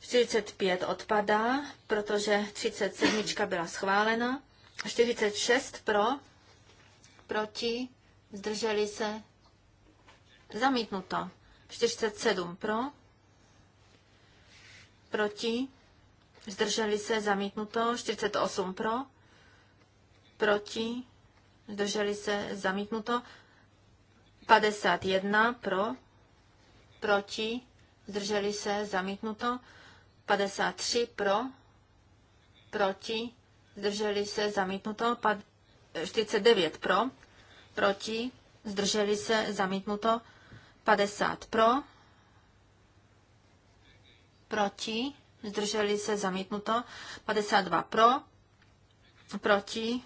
45 odpadá, protože 37 byla schválena. 46 pro, proti, zdrželi se, zamítnuto. 47 pro, proti, zdrželi se, zamítnuto. 48 pro, proti, zdrželi se, zamítnuto. 51 pro, proti, zdrželi se, zamítnuto. 53 pro, proti, zdrželi se, zamítnuto. 49 eh, pro, proti, zdrželi se, zamítnuto. 50 pro, proti, zdrželi se, zamítnuto. 52 pro, proti,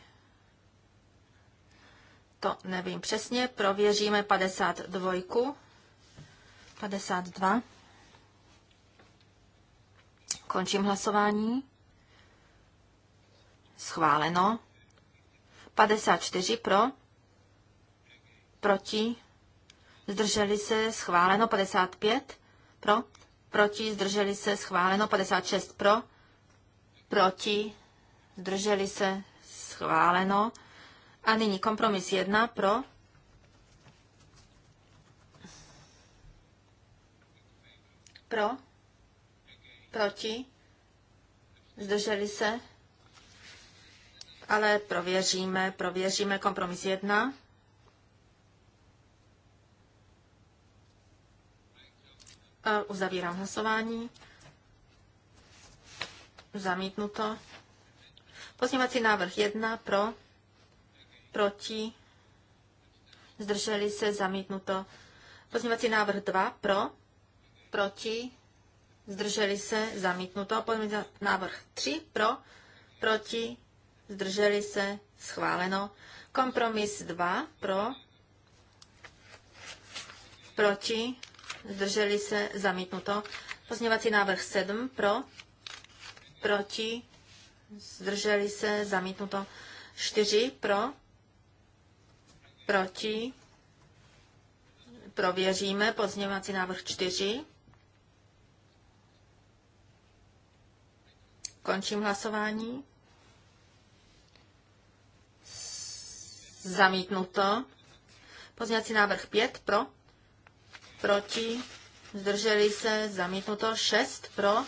to nevím přesně, prověříme 52. 52. Končím hlasování. Schváleno. 54 pro. Proti. Zdrželi se. Schváleno. 55 pro. Proti. Zdrželi se. Schváleno. 56 pro. Proti. Zdrželi se. Schváleno. A nyní kompromis 1 pro. Pro. Proti. Zdrželi se ale prověříme, prověříme kompromis 1. Uzavírám hlasování. Zamítnuto. Pozněvací návrh 1 pro, proti, zdrželi se, zamítnuto. Pozněvací návrh 2 pro, proti, zdrželi se, zamítnuto. Pozněvací návrh 3 pro, proti, zdrželi se, schváleno. Kompromis 2 pro, proti, zdrželi se, zamítnuto. Pozměňovací návrh 7 pro, proti, zdrželi se, zamítnuto. 4 pro, proti, prověříme pozměňovací návrh 4. Končím hlasování. Zamítnuto. Pozměňovací návrh 5 pro. Proti. Zdrželi se. Zamítnuto. 6 pro.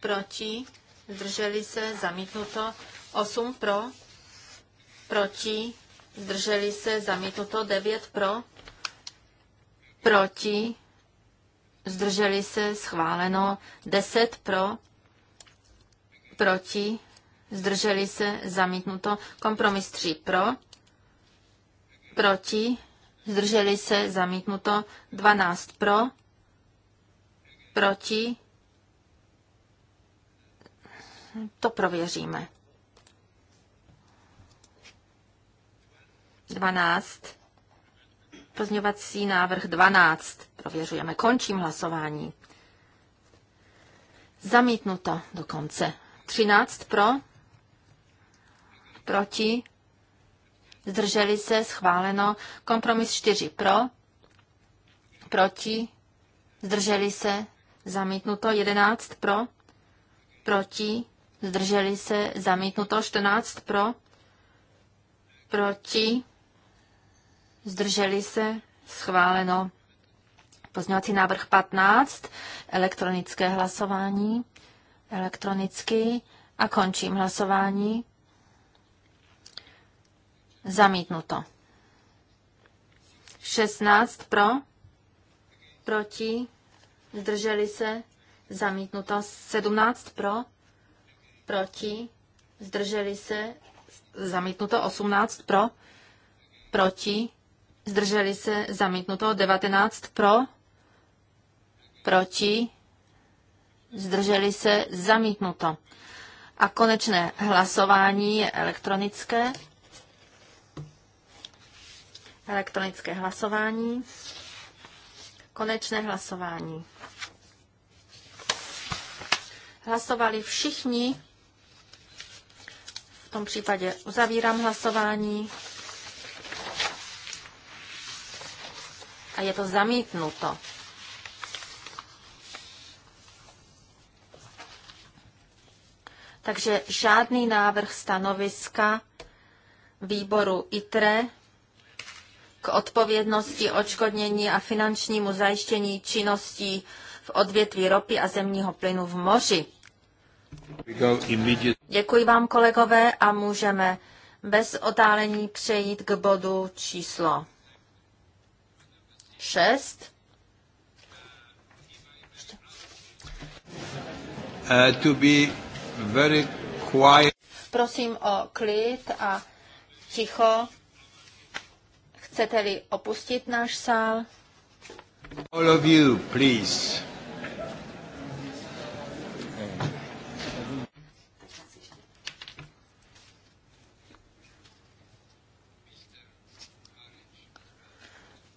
Proti. Zdrželi se. Zamítnuto. 8 pro. Proti. Zdrželi se. Zamítnuto. 9 pro. Proti. Zdrželi se. Schváleno. 10 pro. Proti. Zdrželi se. Zamítnuto. Kompromis 3 pro proti, zdrželi se, zamítnuto, 12 pro, proti, to prověříme. 12. Pozměňovací návrh 12. Prověřujeme. Končím hlasování. Zamítnuto dokonce. 13 pro, proti, zdrželi se, schváleno. Kompromis 4 pro, proti, zdrželi se, zamítnuto. 11 pro, proti, zdrželi se, zamítnuto. 14 pro, proti, zdrželi se, schváleno. Pozměňovací návrh 15, elektronické hlasování, elektronicky a končím hlasování. Zamítnuto. 16 pro, proti, zdrželi se, zamítnuto. 17 pro, proti, zdrželi se, zamítnuto. 18 pro, proti, zdrželi se, zamítnuto. 19 pro, proti, zdrželi se, zamítnuto. A konečné hlasování je elektronické. Elektronické hlasování. Konečné hlasování. Hlasovali všichni. V tom případě uzavírám hlasování. A je to zamítnuto. Takže žádný návrh stanoviska výboru ITRE k odpovědnosti, očkodnění a finančnímu zajištění činností v odvětví ropy a zemního plynu v moři. Děkuji vám, kolegové, a můžeme bez otálení přejít k bodu číslo 6. Uh, to be very quiet. Prosím o klid a ticho. Chcete-li opustit náš sál? All of you, please.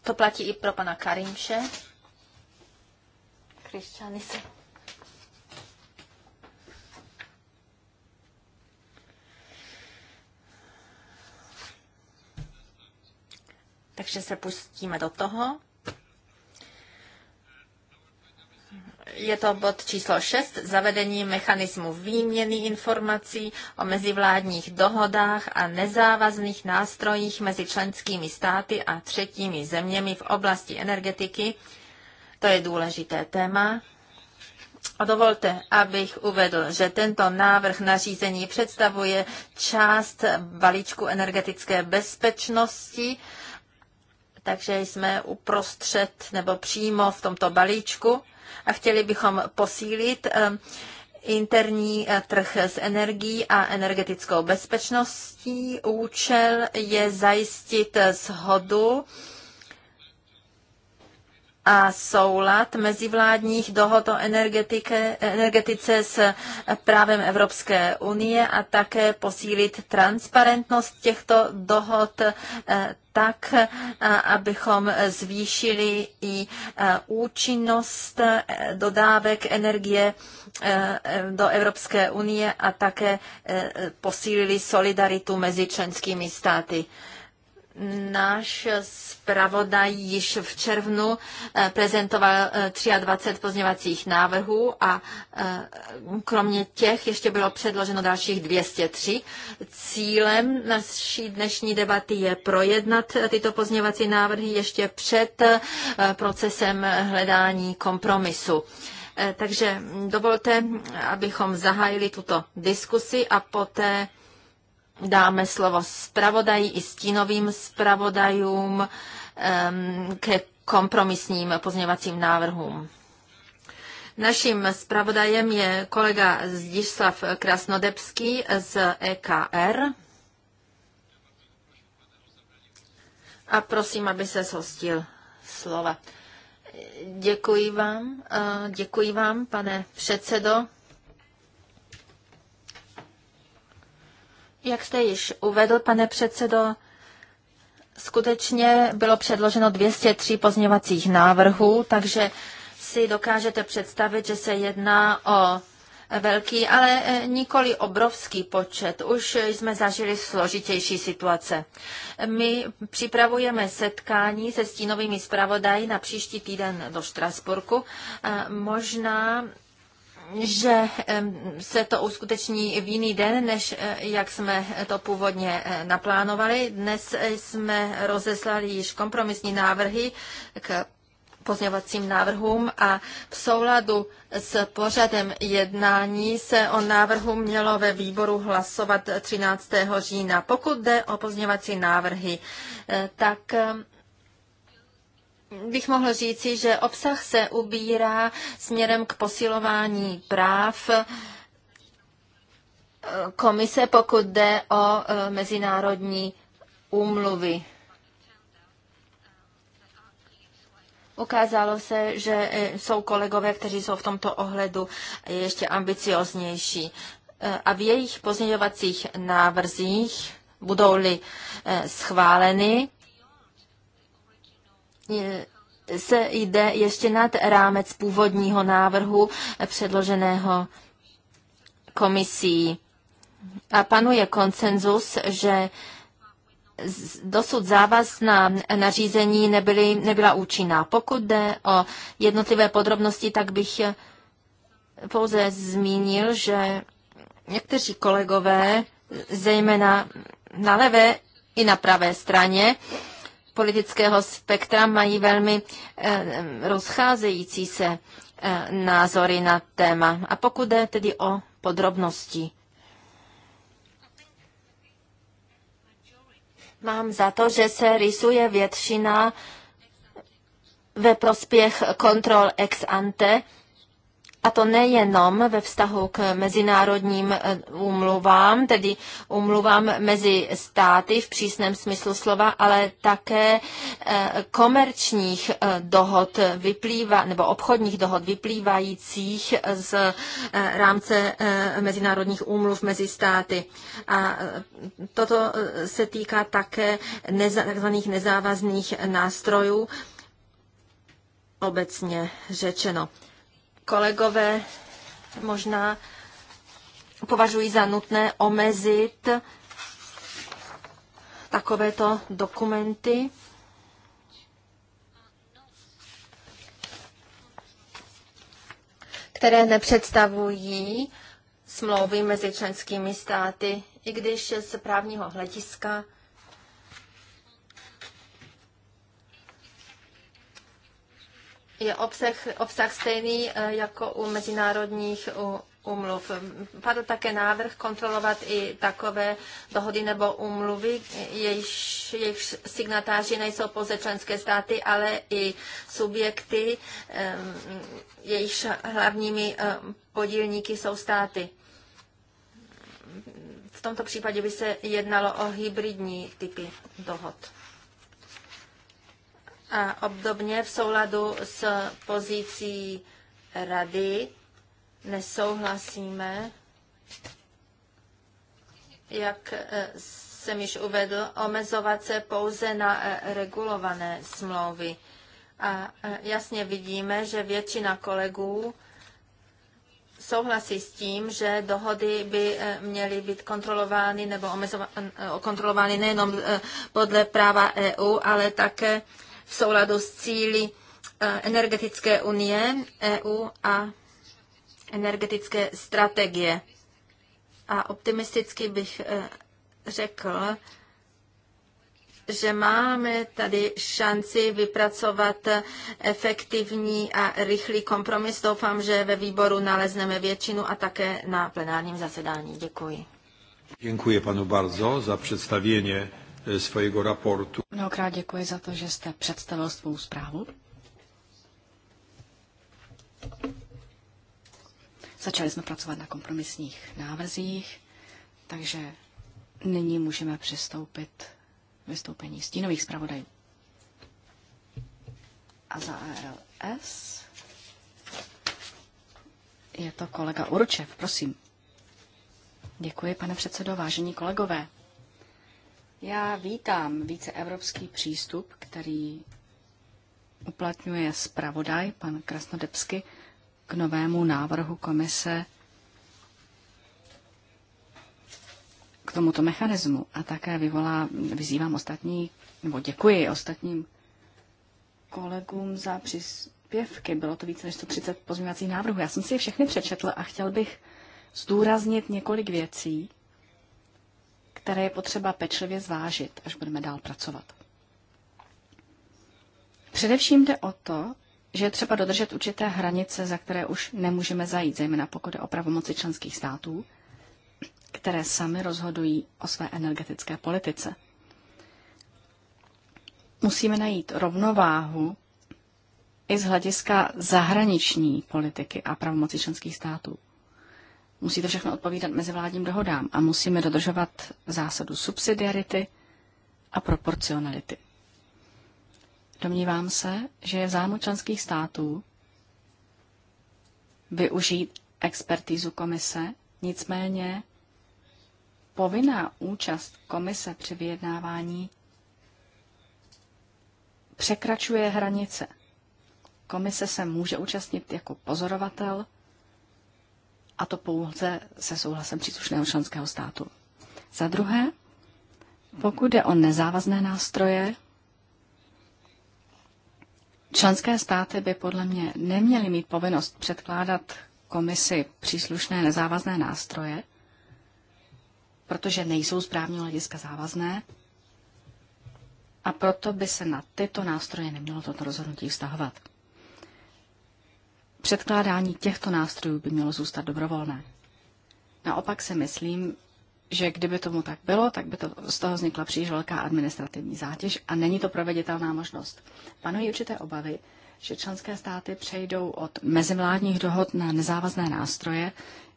To platí i pro pana Karimše. Křesťany se Takže se pustíme do toho. Je to bod číslo 6, zavedení mechanismu výměny informací o mezivládních dohodách a nezávazných nástrojích mezi členskými státy a třetími zeměmi v oblasti energetiky. To je důležité téma. A dovolte, abych uvedl, že tento návrh nařízení představuje část balíčku energetické bezpečnosti takže jsme uprostřed nebo přímo v tomto balíčku a chtěli bychom posílit eh, interní eh, trh s energií a energetickou bezpečností. Účel je zajistit eh, shodu a soulad mezivládních dohod o energetice s právem Evropské unie a také posílit transparentnost těchto dohod eh, tak, eh, abychom zvýšili i eh, účinnost dodávek energie do Evropské unie a také posílili solidaritu mezi členskými státy. Náš zpravodaj již v červnu eh, prezentoval 23 eh, pozměvacích návrhů a eh, kromě těch ještě bylo předloženo dalších 203. Cílem naší dnešní debaty je projednat tyto pozměvací návrhy ještě před procesem hledání kompromisu. Takže dovolte, abychom zahájili tuto diskusi a poté dáme slovo zpravodaji i stínovým zpravodajům ke kompromisním pozměvacím návrhům. Naším zpravodajem je kolega Zdišslav Krasnodebský z EKR. A prosím, aby se zhostil slova. Děkuji vám, eh, děkuji vám, pane předsedo. Jak jste již uvedl, pane předsedo, skutečně bylo předloženo 203 pozměňovacích návrhů, takže si dokážete představit, že se jedná o velký, ale e, nikoli obrovský počet. Už jsme zažili složitější situace. My připravujeme setkání se stínovými zpravodaji na příští týden do Štrasburku. E, možná že se to uskuteční v jiný den, než eh, jak jsme to původně eh, naplánovali. Dnes eh, jsme rozeslali již kompromisní návrhy k pozměňovacím návrhům a v souladu s pořadem jednání se o návrhu mělo ve výboru hlasovat 13. října. Pokud jde o pozměňovací návrhy, tak bych mohl říci, že obsah se ubírá směrem k posilování práv eh, komise, pokud jde o eh, mezinárodní úmluvy. Ukázalo se, že eh, jsou kolegové, kteří jsou v tomto ohledu ještě ambicioznější. A v jejich pozměňovacích návrzích budou-li schváleny, Vlastně se jde ještě nad rámec původního návrhu předloženého komisí. A panuje konsenzus, že dosud závazná nařízení nebyly, nebyla účinná. Pokud jde o jednotlivé podrobnosti, tak bych pouze zmínil, že někteří kolegové, zejména na levé i na pravé straně, politického spektra mají velmi eh, rozcházející se eh, názory na téma. A pokud jde tedy o podrobnosti, mám za to, že se rysuje většina ve prospěch kontrol ex ante a to nejenom ve vztahu k mezinárodním umluvám, eh, tedy umluvám mezi státy v přísném smyslu slova, ale také eh, komerčních eh, dohod vyplývá, nebo obchodních dohod vyplývajících z rámce mezinárodních úmluv mezi státy. A toto se týká také tzv. nezávazných nástrojů, obecně řečeno kolegové možná považují za nutné omezit takovéto dokumenty. které nepředstavují smlouvy mezi členskými státy, i když z právního hlediska je obsah, obsah stejný eh, jako u mezinárodních umluv. Padl také návrh kontrolovat i takové dohody nebo umluvy, jejichž jejich signatáři nejsou pouze členské státy, ale i subjekty, eh, jejichž hlavními eh, podílníky jsou státy. V tomto případě by se jednalo o hybridní typy dohod. A obdobně v souladu s pozicí rady nesouhlasíme, jak eh, jsem již uvedl, omezovat se pouze na eh, regulované smlouvy. A eh, jasně vidíme, že většina kolegů souhlasí s tím, že dohody by měly být kontrolovány nebo omezovány, kontrolovány nejenom podle práva EU, ale také v souladu s cíly eh, energetické unie EU a energetické strategie. A optimisticky bych eh, řekl, že máme tady šanci vypracovat efektivní a rychlý kompromis. Doufám, že ve výboru nalezneme většinu a také na plenárním zasedání. Děkuji. Děkuji panu bardzo za představení. Eh, svého raportu. Mnohokrát děkuji za to, že jste představil svou zprávu. Začali jsme pracovat na kompromisních návrzích, takže nyní můžeme přistoupit vystoupení stínových zpravodajů. A za ARLS je to kolega Určev, prosím. Děkuji, pane předsedo, vážení kolegové. Já vítám více evropský přístup, který uplatňuje zpravodaj pan Krasnodebsky k novému návrhu komise k tomuto mechanismu a také vyvolá, vyzývám ostatní, nebo děkuji ostatním kolegům za příspěvky. Bylo to více než 130 pozměňovacích návrhů. Já jsem si je všechny přečetl a chtěl bych zdůraznit několik věcí, které je potřeba pečlivě zvážit, až budeme dál pracovat. Především jde o to, že je třeba dodržet určité hranice, za které už nemůžeme zajít, zejména pokud je o pravomoci členských států, které sami rozhodují o své energetické politice. Musíme najít rovnováhu i z hlediska zahraniční politiky a pravomoci členských států. Musí to všechno odpovídat mezivládním dohodám a musíme dodržovat zásadu subsidiarity a proporcionality. Domnívám se, že je v zájmu členských států využít expertízu komise, nicméně povinná účast komise při vyjednávání překračuje hranice. Komise se může účastnit jako pozorovatel, a to pouze se souhlasem příslušného členského státu. Za druhé, pokud je o nezávazné nástroje, členské státy by podle mě neměly mít povinnost předkládat komisi příslušné nezávazné nástroje, protože nejsou z právního hlediska závazné a proto by se na tyto nástroje nemělo toto rozhodnutí vztahovat předkládání těchto nástrojů by mělo zůstat dobrovolné. Naopak se myslím, že kdyby tomu tak bylo, tak by to, z toho vznikla příliš velká administrativní zátěž a není to proveditelná možnost. Panují určité obavy, že členské státy přejdou od mezivládních dohod na nezávazné nástroje.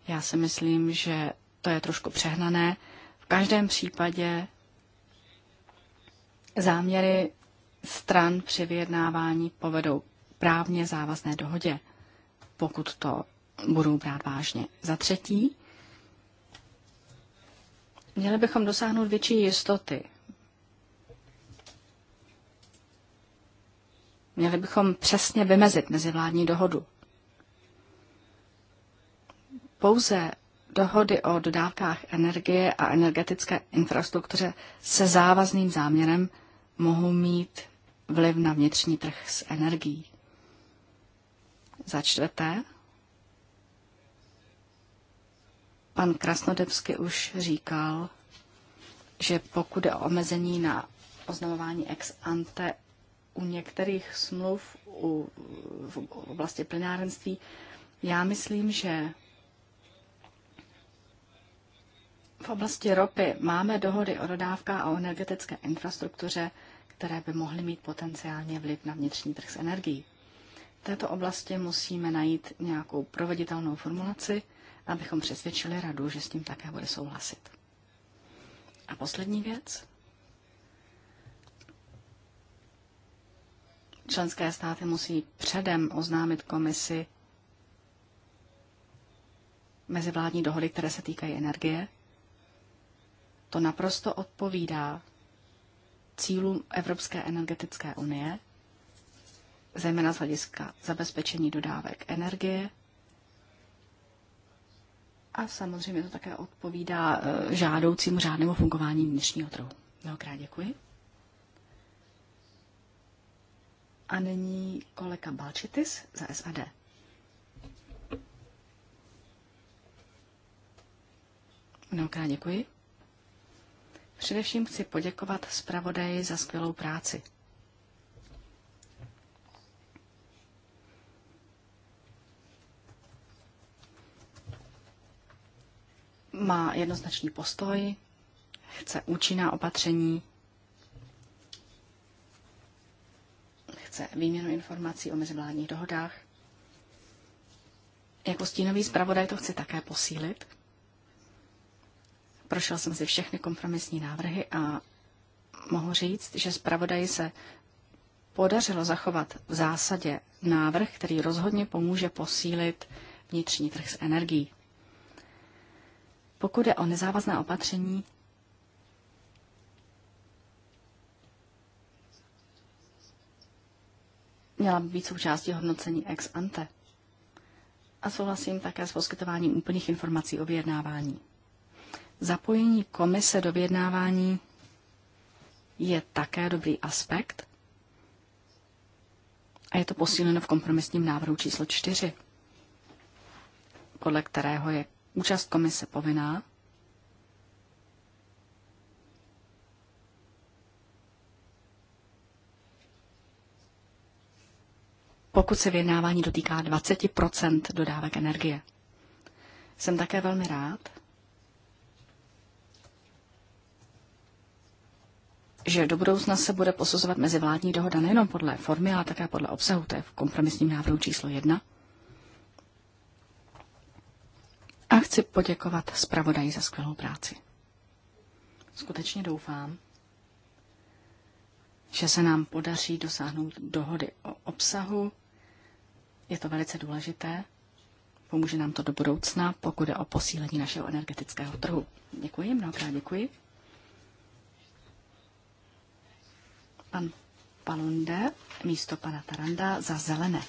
Já si myslím, že to je trošku přehnané. V každém případě záměry stran při vyjednávání povedou právně závazné dohodě pokud to budou brát vážně. Za třetí, měli bychom dosáhnout větší jistoty. Měli bychom přesně vymezit mezivládní dohodu. Pouze dohody o dodávkách energie a energetické infrastruktuře se závazným záměrem mohou mít vliv na vnitřní trh s energií. Za čtvrté, pan Krasnodebsky už říkal, že pokud je o omezení na oznamování ex ante u některých smluv u, v oblasti plinárenství, já myslím, že v oblasti ropy máme dohody o dodávkách a o energetické infrastruktuře, které by mohly mít potenciálně vliv na vnitřní trh s energií této oblasti musíme najít nějakou proveditelnou formulaci, abychom přesvědčili radu, že s tím také bude souhlasit. A poslední věc. Členské státy musí předem oznámit komisi mezivládní dohody, které se týkají energie. To naprosto odpovídá cílům Evropské energetické unie – zejména z hlediska zabezpečení dodávek energie. A samozřejmě to také odpovídá eh, žádoucímu řádnému fungování vnitřního trhu. Mnohokrát děkuji. A nyní kolega Balčitis za SAD. Mnohokrát děkuji. Především chci poděkovat zpravodaji za skvělou práci. má jednoznačný postoj, chce účinná opatření, chce výměnu informací o mezivládních dohodách. Jako stínový zpravodaj to chci také posílit. Prošel jsem si všechny kompromisní návrhy a mohu říct, že zpravodaji se podařilo zachovat v zásadě návrh, který rozhodně pomůže posílit vnitřní trh s energií. Pokud je o nezávazná opatření, měla by být součástí hodnocení ex ante. A souhlasím také s poskytováním úplných informací o vyjednávání. Zapojení komise do vyjednávání je také dobrý aspekt a je to posíleno v kompromisním návrhu číslo 4, podle kterého je účast komise povinná. pokud se vyjednávání dotýká 20 dodávek energie. Jsem také velmi rád, že do budoucna se bude posuzovat mezivládní dohoda nejenom podle formy, ale také podle obsahu, to je v kompromisním návrhu číslo 1, A chci poděkovat zpravodaji za skvělou práci. Skutečně doufám, že se nám podaří dosáhnout dohody o obsahu. Je to velice důležité. Pomůže nám to do budoucna, pokud je o posílení našeho energetického trhu. Děkuji, mnohokrát děkuji. Pan Palunde, místo pana Taranda za zelené.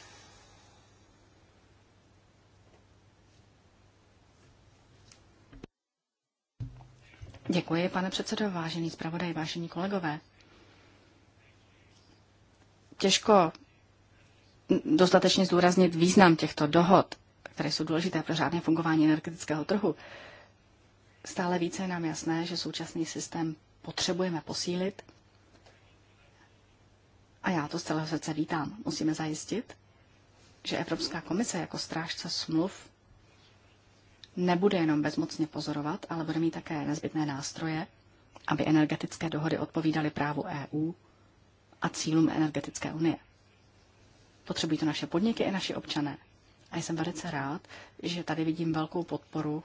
Děkuji, pane předsedo, vážený zpravodaj, vážení kolegové. Těžko dostatečně zdůraznit význam těchto dohod, které jsou důležité pro řádné fungování energetického trhu. Stále více je nám jasné, že současný systém potřebujeme posílit. A já to z celého srdce vítám. Musíme zajistit, že Evropská komise jako strážce smluv nebude jenom bezmocně pozorovat, ale bude mít také nezbytné nástroje, aby energetické dohody odpovídaly právu EU a cílům energetické unie. Potřebují to naše podniky i naši občané. A jsem velice rád, že tady vidím velkou podporu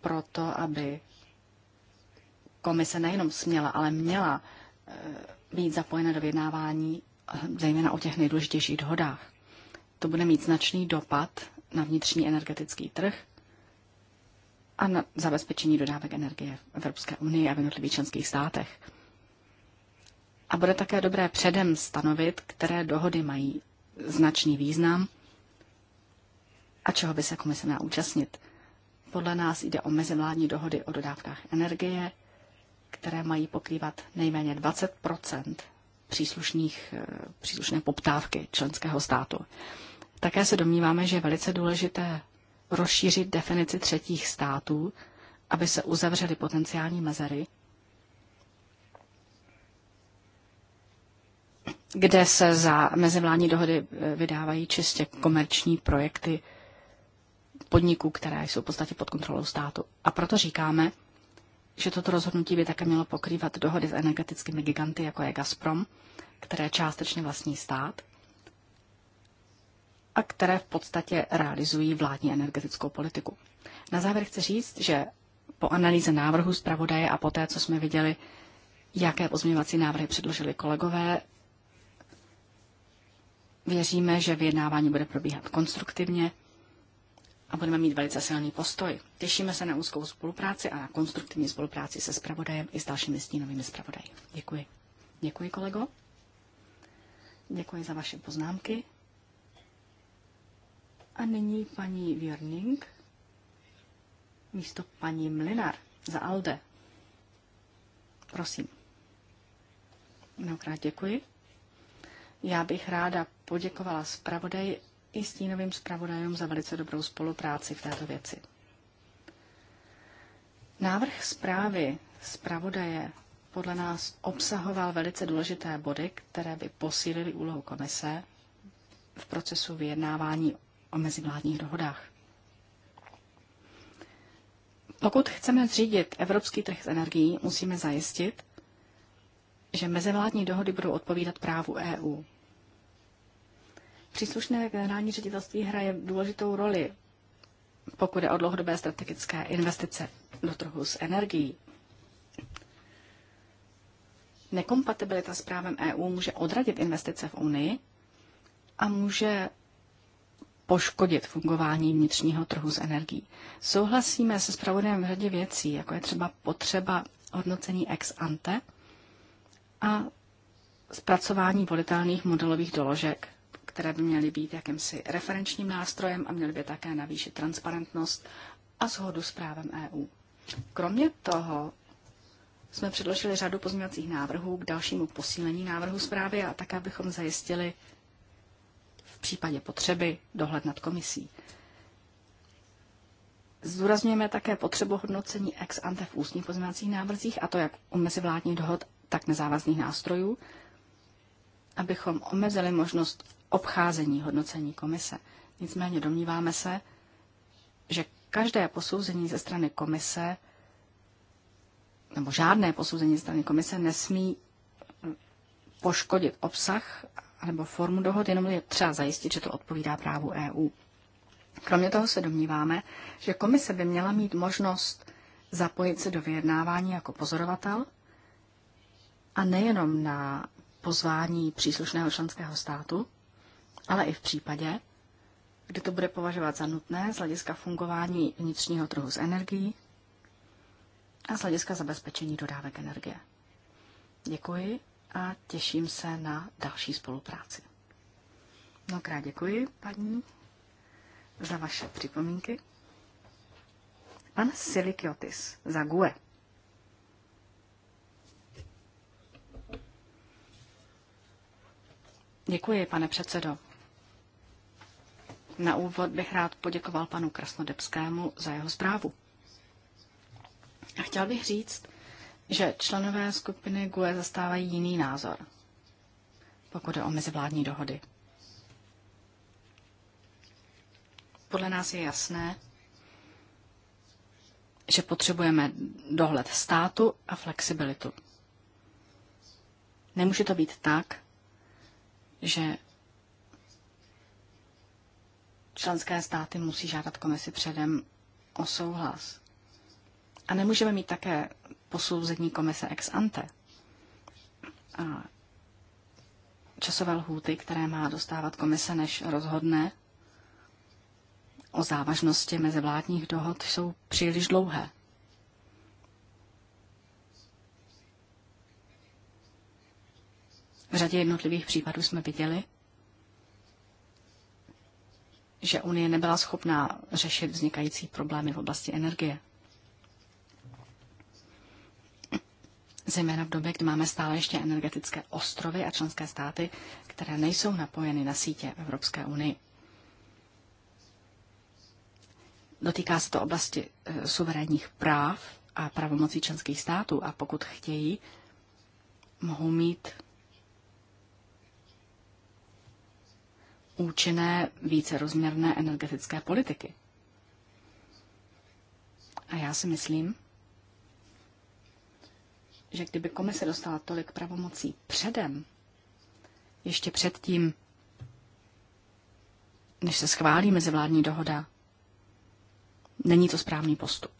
pro to, aby komise nejenom směla, ale měla eh, být zapojena do vyjednávání eh, zejména o těch nejdůležitějších dohodách. To bude mít značný dopad na vnitřní energetický trh a na zabezpečení dodávek energie v Evropské unii a v jednotlivých členských státech. A bude také dobré předem stanovit, které dohody mají značný význam a čeho by se komise měla účastnit. Podle nás jde o mezivládní dohody o dodávkách energie, které mají pokrývat nejméně 20 příslušných, eh, příslušné poptávky členského státu. Také se domníváme, že je velice důležité rozšířit definici třetích států, aby se uzavřely potenciální mezery, kde se za mezivládní dohody eh, vydávají čistě komerční projekty podniků, které jsou v podstatě pod kontrolou státu. A proto říkáme, že toto rozhodnutí by také mělo pokrývat dohody s energetickými giganty, jako je Gazprom, které částečně vlastní stát, a které v podstatě realizují vládní energetickou politiku. Na závěr chci říct, že po analýze návrhu zpravodaje a poté, co jsme viděli, jaké pozměňovací návrhy předložili kolegové, věříme, že vyjednávání bude probíhat konstruktivně a budeme mít velice silný postoj. Těšíme se na úzkou spolupráci a na konstruktivní spolupráci se zpravodajem i s dalšími stínovými zpravodaji. Děkuji. Děkuji, kolego. Děkuji za vaše poznámky. A nyní paní Wierning místo paní Mlinar za Alde. Prosím. Mnohokrát děkuji. Já bych ráda poděkovala zpravodaji i stínovým zpravodajům za velice dobrou spolupráci v této věci. Návrh zprávy zpravodaje podle nás obsahoval velice důležité body, které by posílily úlohu komise v procesu vyjednávání o mezivládních dohodách. Pokud chceme zřídit evropský trh s energií, musíme zajistit, že mezivládní dohody budou odpovídat právu EU. Příslušné generální ředitelství hraje důležitou roli, pokud je o dlouhodobé strategické investice do trhu s energií. Nekompatibilita s právem EU může odradit investice v Unii a může poškodit fungování vnitřního trhu s energií. Souhlasíme se zpravodajem v řadě věcí, jako je třeba potřeba hodnocení ex ante a zpracování volitelných modelových doložek, které by měly být jakýmsi referenčním nástrojem a měly by také navýšit transparentnost a shodu s právem EU. Kromě toho jsme předložili řadu pozměňovacích návrhů k dalšímu posílení návrhu zprávy a také, abychom zajistili případě potřeby dohled nad komisí. Zdůrazňujeme také potřebu hodnocení ex ante v ústních pozměňovacích návrzích, a to jak u mezivládních dohod, tak nezávazných nástrojů, abychom omezili možnost obcházení hodnocení komise. Nicméně domníváme se, že každé posouzení ze strany komise nebo žádné posouzení ze strany komise nesmí poškodit obsah nebo formu dohod, jenom je třeba zajistit, že to odpovídá právu EU. Kromě toho se domníváme, že komise by měla mít možnost zapojit se do vyjednávání jako pozorovatel a nejenom na pozvání příslušného členského státu, ale i v případě, kdy to bude považovat za nutné z hlediska fungování vnitřního trhu s energií a z hlediska zabezpečení dodávek energie. Děkuji a těším se na další spolupráci. Mnohokrát děkuji, paní, za vaše připomínky. Pan Silikiotis za GUE. Děkuji, pane předsedo. Na úvod bych rád poděkoval panu Krasnodebskému za jeho zprávu. A chtěl bych říct, že členové skupiny GUE zastávají jiný názor, pokud je o mezivládní dohody. Podle nás je jasné, že potřebujeme dohled státu a flexibilitu. Nemůže to být tak, že členské státy musí žádat komisi předem o souhlas. A nemůžeme mít také posouzení komise ex ante a časové lhůty, které má dostávat komise, než rozhodne o závažnosti mezivládních dohod, jsou příliš dlouhé. V řadě jednotlivých případů jsme viděli, že Unie nebyla schopná řešit vznikající problémy v oblasti energie. zejména v době, kdy máme stále ještě energetické ostrovy a členské státy, které nejsou napojeny na sítě v Evropské unii. Dotýká se to oblasti eh, suverénních práv a pravomocí členských států a pokud chtějí, mohou mít účinné vícerozměrné energetické politiky. A já si myslím, že kdyby komise dostala tolik pravomocí předem, ještě předtím, než se schválí mezivládní dohoda, není to správný postup.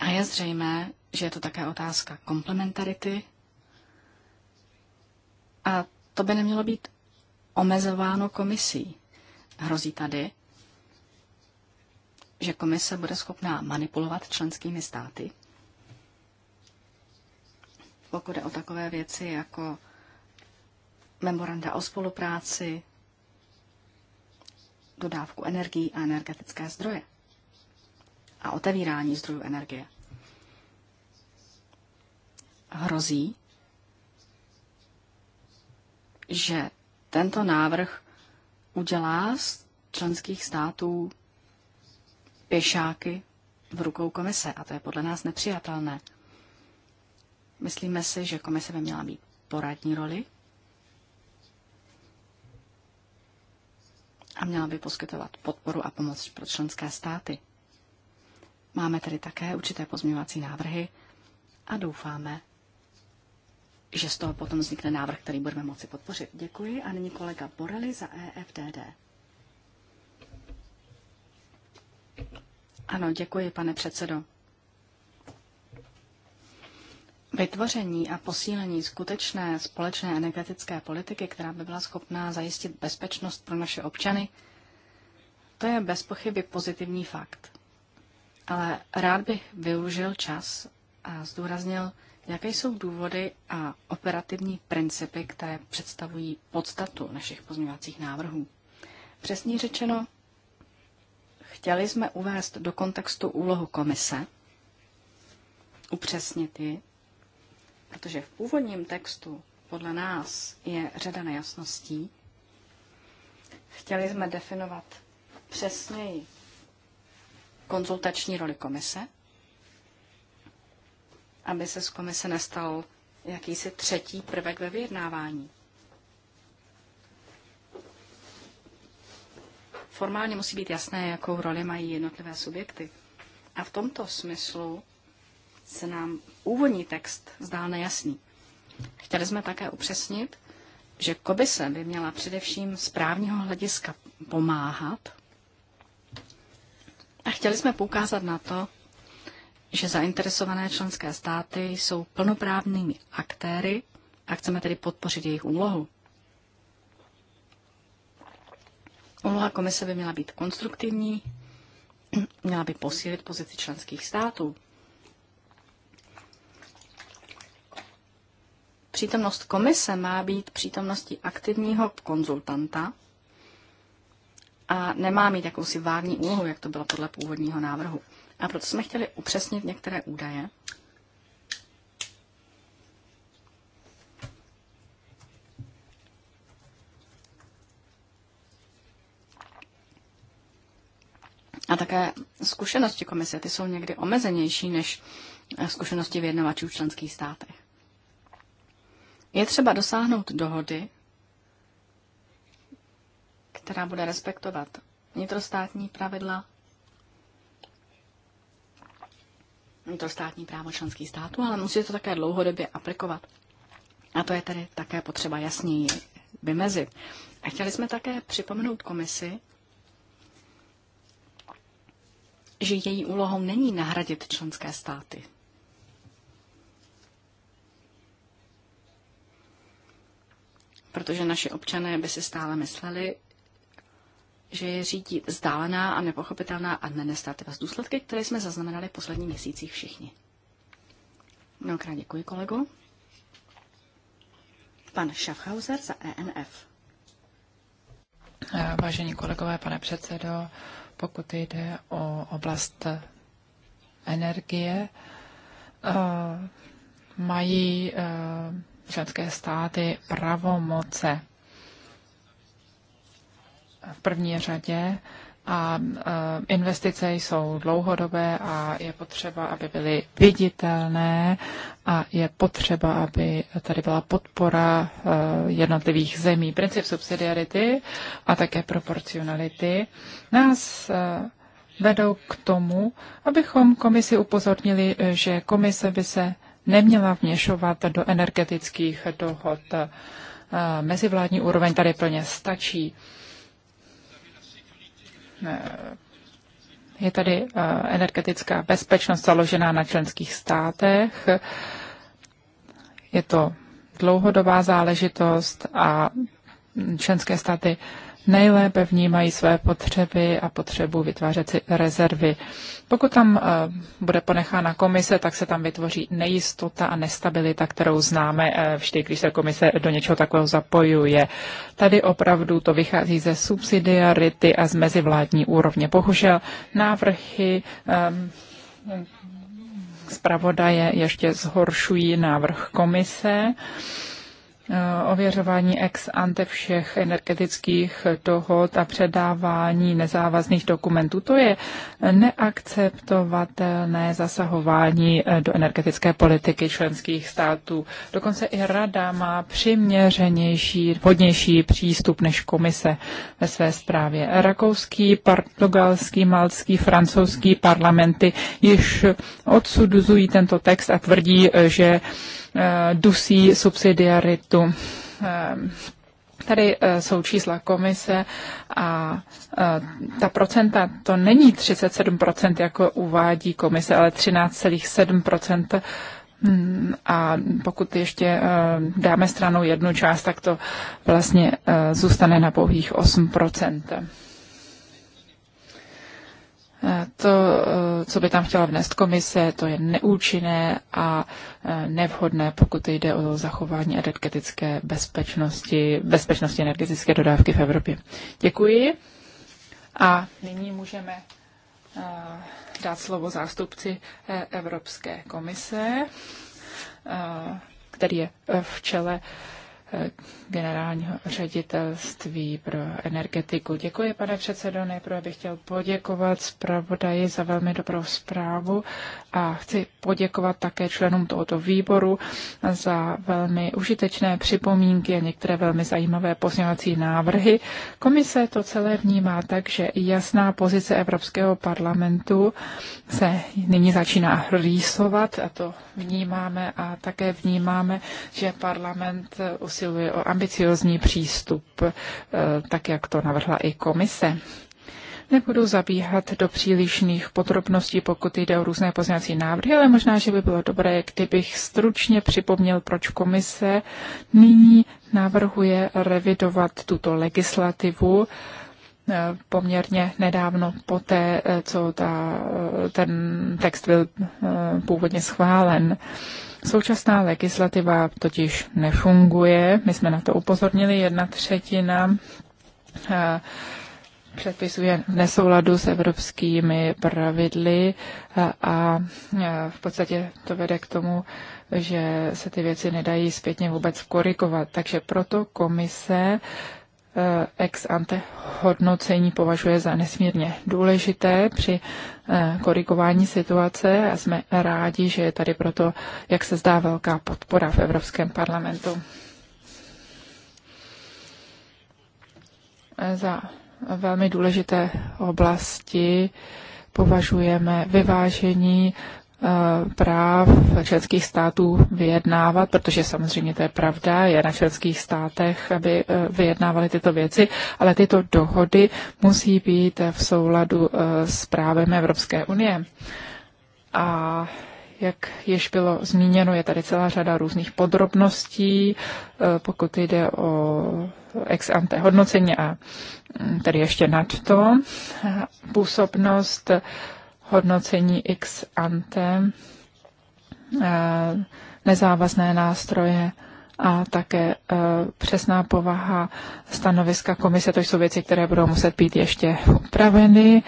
A je zřejmé, že je to také otázka komplementarity a to by nemělo být omezováno komisí. Hrozí tady, že komise bude schopná manipulovat členskými státy? Pokud jde o takové věci jako memoranda o spolupráci, dodávku energií a energetické zdroje a otevírání zdrojů energie. Hrozí, že tento návrh udělá z členských států pěšáky v rukou komise a to je podle nás nepřijatelné. Myslíme si, že komise by měla mít poradní roli a měla by poskytovat podporu a pomoc pro členské státy. Máme tedy také určité pozměňovací návrhy a doufáme, že z toho potom vznikne návrh, který budeme moci podpořit. Děkuji a nyní kolega Borely za EFDD. Ano, děkuji, pane předsedo. Vytvoření a posílení skutečné společné energetické politiky, která by byla schopná zajistit bezpečnost pro naše občany, to je bez pochyby pozitivní fakt. Ale rád bych využil čas a zdůraznil, jaké jsou důvody a operativní principy, které představují podstatu našich pozměňovacích návrhů. Přesně řečeno, Chtěli jsme uvést do kontextu úlohu komise, upřesnit ji, protože v původním textu podle nás je řada nejasností. Chtěli jsme definovat přesněji konzultační roli komise, aby se z komise nestal jakýsi třetí prvek ve vyjednávání. Formálně musí být jasné, jakou roli mají jednotlivé subjekty. A v tomto smyslu se nám úvodní text zdá nejasný. Chtěli jsme také upřesnit, že komise by měla především z právního hlediska pomáhat a chtěli jsme poukázat na to, že zainteresované členské státy jsou plnoprávnými aktéry a chceme tedy podpořit jejich úlohu. Úloha komise by měla být konstruktivní, měla by posílit pozici členských států. Přítomnost komise má být přítomností aktivního konzultanta a nemá mít jakousi vágní úlohu, jak to bylo podle původního návrhu. A proto jsme chtěli upřesnit některé údaje A také zkušenosti komise, ty jsou někdy omezenější než zkušenosti vyjednavačů v členských státech. Je třeba dosáhnout dohody, která bude respektovat vnitrostátní pravidla, vnitrostátní právo členských států, ale musí to také dlouhodobě aplikovat. A to je tedy také potřeba jasněji vymezit. A chtěli jsme také připomenout komisi, že její úlohou není nahradit členské státy. Protože naši občané by si stále mysleli, že je řídí vzdálená a nepochopitelná administrativa z důsledky, které jsme zaznamenali v posledních měsících všichni. Mnohokrát děkuji kolegu. Pan Schaffhauser za ENF. Vážení kolegové, pane předsedo, pokud jde o oblast energie, eh, mají eh, členské státy pravomoce. V první řadě a e, investice jsou dlouhodobé a je potřeba, aby byly viditelné a je potřeba, aby tady byla podpora e, jednotlivých zemí. Princip subsidiarity a také proporcionality nás e, vedou k tomu, abychom komisi upozornili, že komise by se neměla vměšovat do energetických dohod. Mezivládní úroveň tady plně stačí. Eh, je tady eh, energetická bezpečnost založená na členských státech. Je to dlouhodobá záležitost a členské státy nejlépe vnímají své potřeby a potřebu vytvářet si rezervy. Pokud tam eh, bude ponechána komise, tak se tam vytvoří nejistota a nestabilita, kterou známe eh, vždy, když se komise do něčeho takového zapojuje. Tady opravdu to vychází ze subsidiarity a z mezivládní úrovně. Bohužel návrhy eh, zpravodaje ještě zhoršují návrh komise Eh, ověřování ex ante všech energetických dohod a předávání nezávazných dokumentů. To je neakceptovatelné zasahování eh, do energetické politiky členských států. Dokonce i Rada má přiměřenější, hodnější přístup než komise ve své zprávě. Rakouský, portugalský, malský, francouzský parlamenty již odsuduzují tento text a tvrdí, eh, že Eh, dusí subsidiaritu. Eh, tady eh, jsou čísla komise a ta procenta, to není 37%, jako uvádí komise, ale 13,7%. Hmm, a pokud ještě dáme stranou jednu část, tak to vlastně zůstane na pouhých 8%. Eh, to, eh, co by tam chtěla vnést komise, to je neúčinné a eh, nevhodné, pokud jde o zachování energetické bezpečnosti, bezpečnosti energetické dodávky v Evropě. Děkuji. A nyní můžeme dát slovo zástupci Evropské komise, který je v čele generálního ředitelství pro energetiku. Děkuji, pane předsedo. Nejprve bych chtěl poděkovat zpravodaji za velmi dobrou zprávu a chci poděkovat také členům tohoto výboru za velmi užitečné připomínky a některé velmi zajímavé pozměňovací návrhy. Komise to celé vnímá tak, že jasná pozice Evropského parlamentu se nyní začíná rýsovat a to vnímáme a také vnímáme, že parlament usiluje o ambiciozní přístup, eh, tak jak to navrhla i komise. Nebudu zabíhat do přílišných podrobností, pokud jde o různé pozměňovací návrhy, ale možná, že by bylo dobré, kdybych stručně připomněl, proč komise nyní navrhuje revidovat tuto legislativu eh, poměrně nedávno poté, eh, co ta, eh, ten text byl původně schválen. Současná legislativa totiž nefunguje. My jsme na to upozornili jedna třetina předpisů je nesouladu s evropskými pravidly a, a v podstatě to vede k tomu, že se ty věci nedají zpětně vůbec korikovat. Takže proto komise e, ex ante hodnocení považuje za nesmírně důležité při e, korigování situace a jsme rádi, že je tady proto, jak se zdá, velká podpora v Evropském parlamentu. E, za velmi důležité oblasti považujeme vyvážení eh, práv členských států vyjednávat, protože samozřejmě to je pravda, je na členských státech, aby eh, vyjednávali tyto věci, ale tyto dohody musí být v souladu eh, s právem Evropské unie. A jak již bylo zmíněno, je tady celá řada různých podrobností, pokud jde o ex ante hodnocení a mm, tedy ještě nad to působnost hodnocení ex ante eh, nezávazné nástroje a také e, přesná povaha stanoviska komise. To jsou věci, které budou muset být ještě upraveny.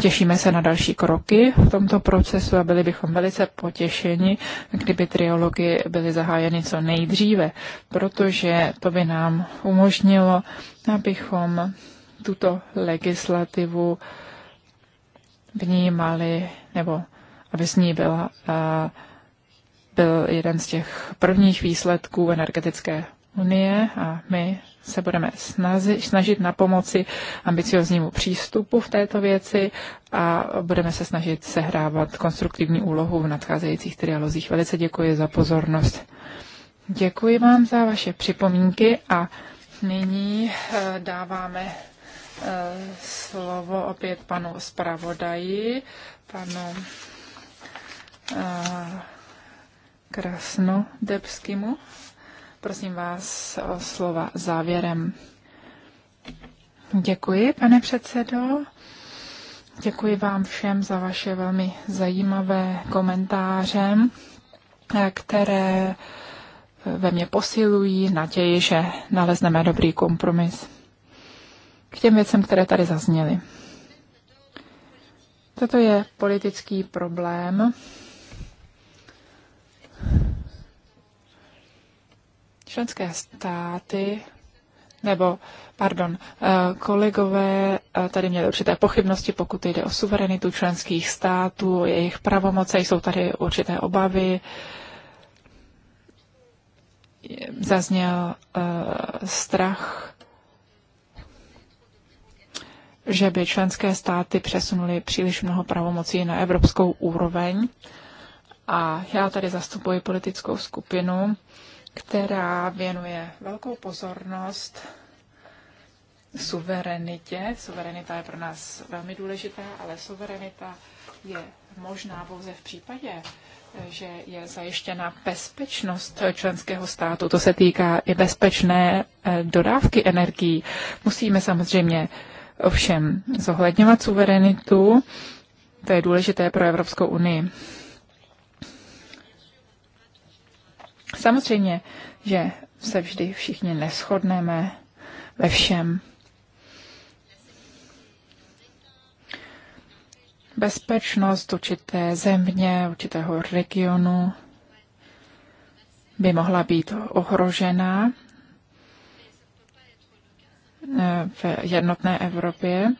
Těšíme se na další kroky v tomto procesu a byli bychom velice potěšeni, kdyby triology byly zahájeny co nejdříve, protože to by nám umožnilo, abychom tuto legislativu vnímali nebo aby s ní byla uh, byl jeden z těch prvních výsledků energetické unie a my se budeme snažit, snažit na pomoci ambicioznímu přístupu v této věci a budeme se snažit sehrávat konstruktivní úlohu v nadcházejících trialozích. Velice děkuji za pozornost. Děkuji vám za vaše připomínky a nyní eh, dáváme eh, slovo opět panu zpravodaji, panu eh, Krasnodebskému. Prosím vás o slova závěrem. Děkuji, pane předsedo. Děkuji vám všem za vaše velmi zajímavé komentáře, které ve mně posilují naději, že nalezneme dobrý kompromis k těm věcem, které tady zazněly. Toto je politický problém, členské státy nebo, pardon, eh, kolegové eh, tady měli určité pochybnosti, pokud jde o suverenitu členských států, jejich pravomoce, jsou tady určité obavy. Zazněl eh, strach, že by členské státy přesunuly příliš mnoho pravomocí na evropskou úroveň. A já tady zastupuji politickou skupinu, která věnuje velkou pozornost suverenitě. Suverenita je pro nás velmi důležitá, ale suverenita je možná pouze v případě, že je zajištěna bezpečnost členského státu. To se týká i bezpečné eh, dodávky energií. Musíme samozřejmě ovšem zohledňovat suverenitu. To je důležité pro Evropskou unii. Samozřejmě, že se vždy všichni neschodneme ve všem. Bezpečnost určité země, určitého regionu by mohla být ohrožena eh, v jednotné Evropě.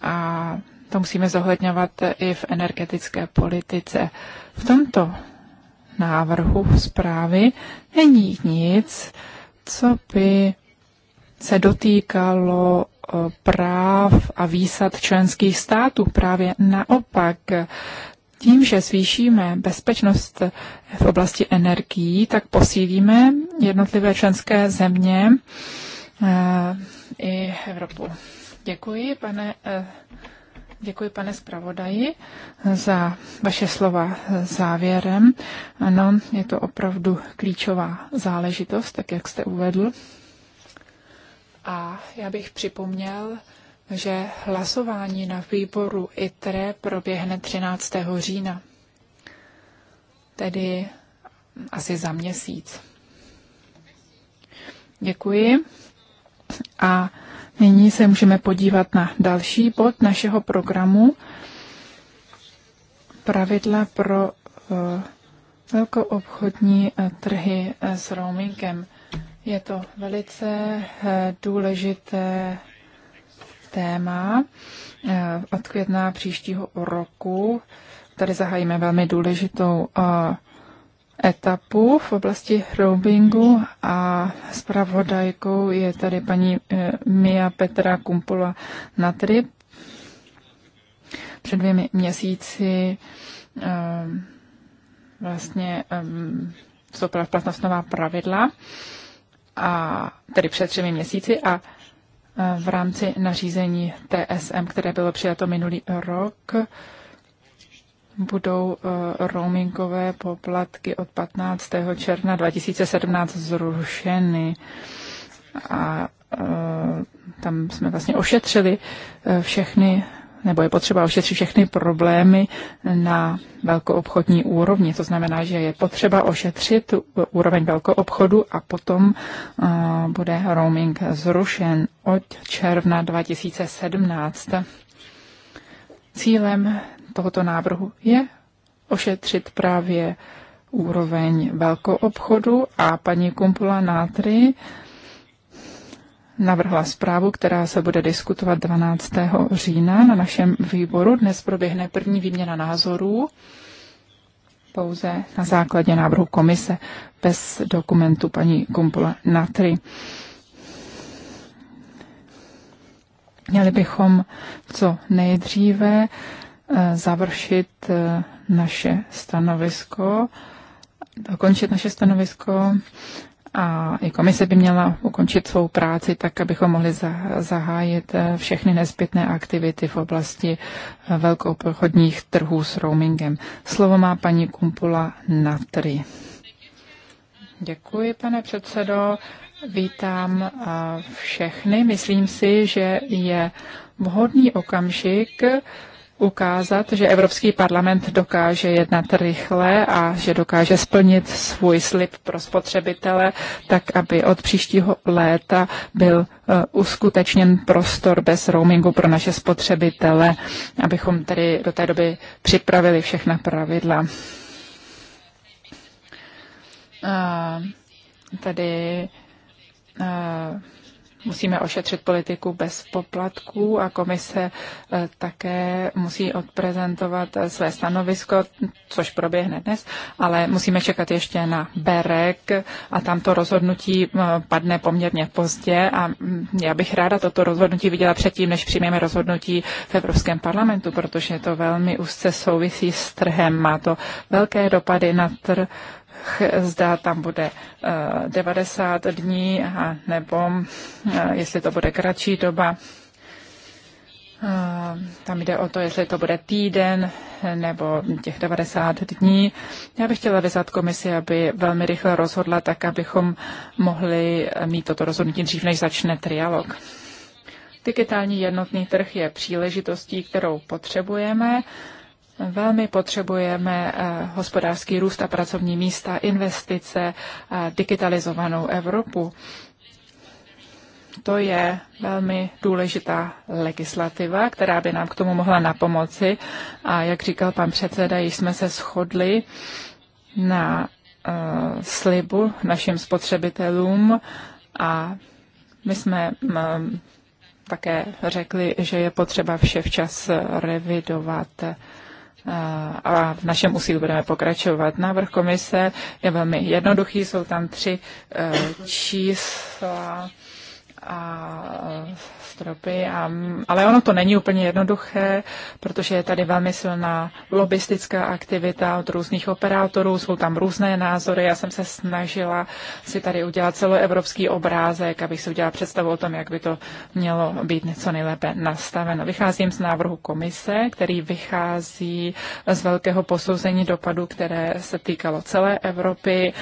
A to musíme zohledňovat i v energetické politice. V tomto návrhu zprávy není nic, co by se dotýkalo eh, práv a výsad členských států. Právě naopak, tím, že zvýšíme bezpečnost v oblasti energií, tak posílíme jednotlivé členské země eh, i Evropu. Děkuji, pane eh, Děkuji, pane zpravodaji, za vaše slova závěrem. Ano, je to opravdu klíčová záležitost, tak jak jste uvedl. A já bych připomněl, že hlasování na výboru ITRE proběhne 13. října, tedy asi za měsíc. Děkuji. A Nyní se můžeme podívat na další bod našeho programu. Pravidla pro eh, velkoobchodní eh, trhy eh, s roamingem. Je to velice důležité téma. Od května příštího roku tady zahájíme velmi důležitou etapu v oblasti roamingu a zpravodajkou je tady paní eh, Mia Petra Kumpula na trip. Před dvěmi měsíci eh, vlastně eh, vstoupila v platnost nová pravidla, a tedy před třemi měsíci a v rámci nařízení TSM, které bylo přijato minulý rok, budou eh, roamingové poplatky od 15. června 2017 zrušeny. A eh, tam jsme vlastně ošetřili eh, všechny nebo je potřeba ošetřit všechny problémy na velkoobchodní úrovni. To znamená, že je potřeba ošetřit úroveň velkoobchodu a potom uh, bude roaming zrušen od června 2017. Cílem tohoto návrhu je ošetřit právě úroveň velkou obchodu a paní Kumpula Nátry navrhla zprávu, která se bude diskutovat 12. října na našem výboru. Dnes proběhne první výměna názorů pouze na základě návrhu komise bez dokumentu paní Kumpula Natry. Měli bychom co nejdříve eh, završit eh, naše stanovisko, dokončit naše stanovisko a i komise by měla ukončit svou práci tak, abychom mohli zahájit eh, všechny nezbytné aktivity v oblasti velkoobchodních trhů s roamingem. Slovo má paní Kumpula Natry. Děkuji, pane předsedo. Vítám eh, všechny. Myslím si, že je vhodný okamžik ukázat, že Evropský parlament dokáže jednat rychle a že dokáže splnit svůj slib pro spotřebitele, tak aby od příštího léta byl eh, uskutečněn prostor bez roamingu pro naše spotřebitele, abychom tedy do té doby připravili všechna pravidla. A eh, tady Eh, musíme ošetřit politiku bez poplatků a komise eh, také musí odprezentovat eh, své stanovisko, což proběhne dnes, ale musíme čekat ještě na BEREK a tam to rozhodnutí padne poměrně pozdě a mm, já bych ráda toto rozhodnutí viděla předtím, než přijmeme rozhodnutí v Evropském parlamentu, protože to velmi úzce souvisí s trhem, má to velké dopady na trh zda tam bude 90 eh, dní, a nebo eh, jestli to bude kratší doba. Eh, tam jde o to, jestli to bude týden nebo těch 90 dní. Já bych chtěla vyzvat komisi, aby velmi rychle rozhodla, tak abychom mohli mít toto rozhodnutí dřív, než začne trialog. Digitální jednotný trh je příležitostí, kterou potřebujeme Velmi potřebujeme eh, hospodářský růst a pracovní místa, investice, digitalizovanou Evropu. To je velmi důležitá legislativa, která by nám k tomu mohla napomoci. A jak říkal pan předseda, již jsme se shodli na uh, slibu našim spotřebitelům a my jsme um, také řekli, že je potřeba vše včas revidovat a v našem úsilí budeme pokračovat. Návrh komise je velmi jednoduchý, jsou tam tři eh, čísla a stropy, a, ale ono to není úplně jednoduché, protože je tady velmi silná lobistická aktivita od různých operátorů, jsou tam různé názory. Já jsem se snažila si tady udělat celoevropský obrázek, abych si udělala představu o tom, jak by to mělo být něco nejlépe nastaveno. Vycházím z návrhu komise, který vychází z velkého posouzení dopadu, které se týkalo celé Evropy.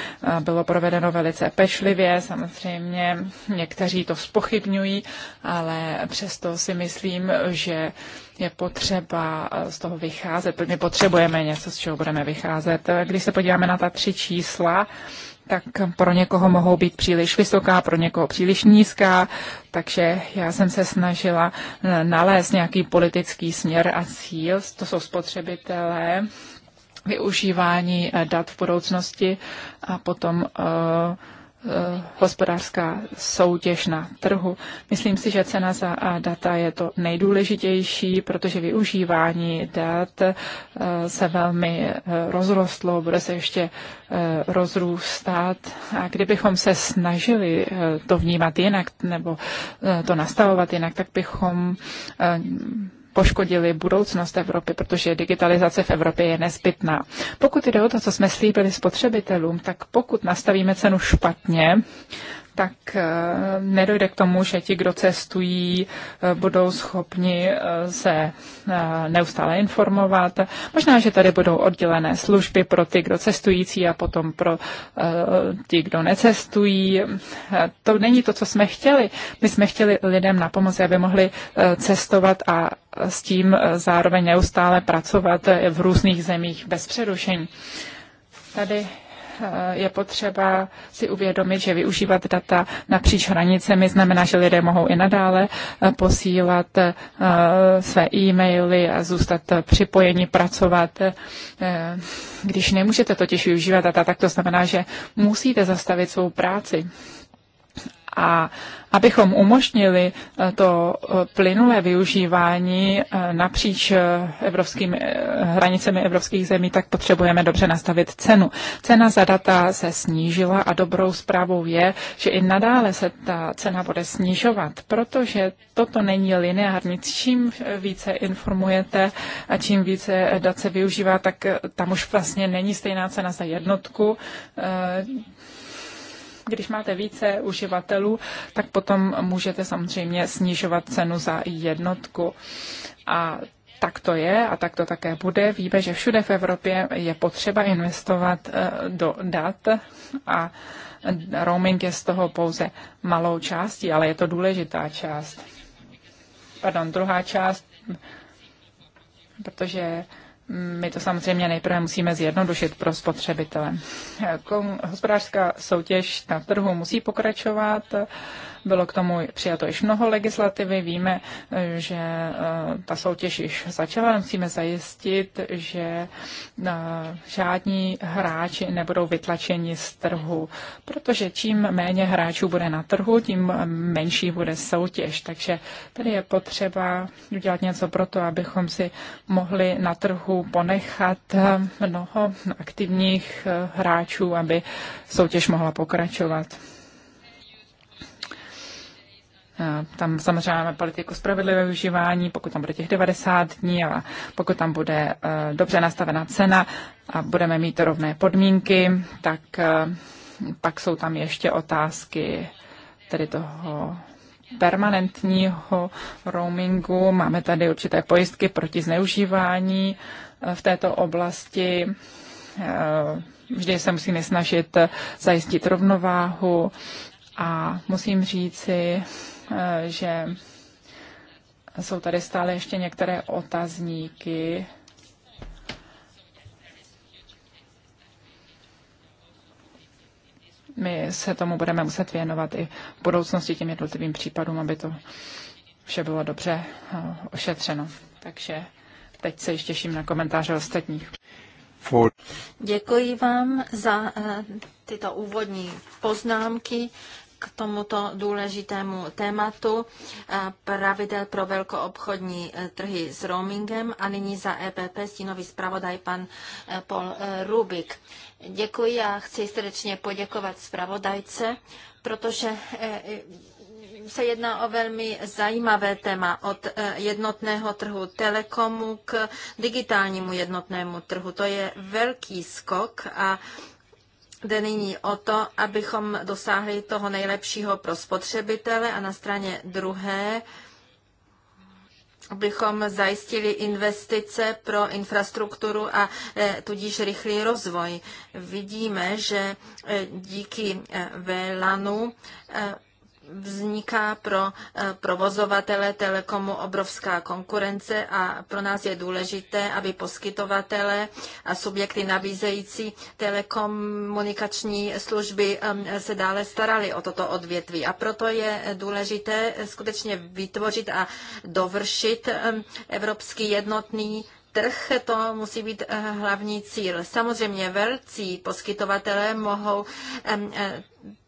Bylo provedeno velice pešlivě, samozřejmě někteří to spochybňují, ale přesto si myslím, že je potřeba z toho vycházet. My potřebujeme něco, z čeho budeme vycházet. Když se podíváme na ta tři čísla, tak pro někoho mohou být příliš vysoká, pro někoho příliš nízká, takže já jsem se snažila eh, nalézt nějaký politický směr a cíl. To jsou spotřebitelé, využívání eh, dat v budoucnosti a potom uh, Eh, hospodářská soutěž na trhu. Myslím si, že cena za data je to nejdůležitější, protože využívání dat eh, se velmi eh, rozrostlo, bude se ještě rozrůstat. A kdybychom se snažili to vnímat jinak nebo to nastavovat jinak, tak bychom poškodili budoucnost Evropy, protože digitalizace v Evropě je nezbytná. Pokud jde o to, co jsme slíbili spotřebitelům, tak pokud nastavíme cenu špatně, tak eh, nedojde k tomu, že ti, kdo cestují, eh, budou schopni eh, se neustále informovat. Možná, že tady budou oddělené služby pro ty, kdo cestující a potom pro ti, kdo necestují. To není to, co jsme chtěli. My jsme chtěli lidem na pomoci, aby mohli cestovat a s tím zároveň neustále pracovat v různých zemích bez přerušení. Tady Eh, je potřeba si uvědomit, že využívat data napříč hranicemi znamená, že lidé mohou i nadále eh, posílat eh, své e-maily a zůstat připojeni, pracovat. Když nemůžete totiž využívat data, tak to znamená, že musíte zastavit svou práci. A abychom umožnili eh, to eh, plynulé využívání eh, napříč evropskými hranicemi evropských zemí, tak potřebujeme dobře nastavit cenu. Cena za data se snížila a dobrou zprávou je, že i nadále se ta cena bude snižovat, protože toto není lineární. Čím více informujete a čím více dat se využívá, tak tam už vlastně není stejná cena za jednotku když máte více uživatelů, tak potom můžete samozřejmě snižovat cenu za jednotku. A tak to je a tak to také bude. Víme, že všude v Evropě je potřeba investovat eh, do dat a roaming je z toho pouze malou částí, ale je to důležitá část. Pardon, druhá část, protože my to samozřejmě nejprve musíme zjednodušit pro spotřebitele. Hospodářská soutěž na trhu musí pokračovat bylo k tomu přijato již mnoho legislativy. Víme, že eh, ta soutěž již začala. Musíme zajistit, že eh, žádní hráči nebudou vytlačeni z trhu, protože čím méně hráčů bude na trhu, tím menší bude soutěž. Takže tady je potřeba udělat něco pro to, abychom si mohli na trhu ponechat eh, mnoho aktivních hráčů, aby soutěž mohla pokračovat. Eh, tam samozřejmě máme politiku spravedlivého využívání, pokud tam bude těch 90 dní a pokud tam bude eh, dobře nastavená cena a budeme mít rovné podmínky, tak eh, pak jsou tam ještě otázky tedy toho permanentního roamingu. Máme tady určité pojistky proti zneužívání v této oblasti. Vždy se musíme snažit zajistit rovnováhu a musím říci, Eh, že jsou tady stále ještě některé otazníky. My se tomu budeme muset věnovat i v budoucnosti těm jednotlivým případům, aby to vše bylo dobře eh, ošetřeno. Takže teď se ještě těším na komentáře ostatních. Děkuji vám za eh, tyto úvodní poznámky k tomuto důležitému tématu pravidel pro velkoobchodní e, trhy s roamingem a nyní za EPP stínový zpravodaj pan e, Paul e, Rubik. Děkuji a chci srdečně poděkovat zpravodajce, protože se jedná o velmi zajímavé téma od jednotného trhu telekomu k digitálnímu jednotnému trhu. To je velký skok a Jde nyní o to, abychom dosáhli toho nejlepšího pro spotřebitele a na straně druhé abychom zajistili investice pro infrastrukturu a e, tudíž rychlý rozvoj. Vidíme, že e, díky e, VLANu vzniká pro eh, provozovatele telekomu obrovská konkurence a pro nás je důležité, aby poskytovatele a subjekty nabízející telekomunikační služby se dále starali o toto odvětví. A proto je důležité skutečně vytvořit a dovršit evropský jednotný trh, to musí být eh, hlavní cíl. Samozřejmě velcí poskytovatelé mohou eh,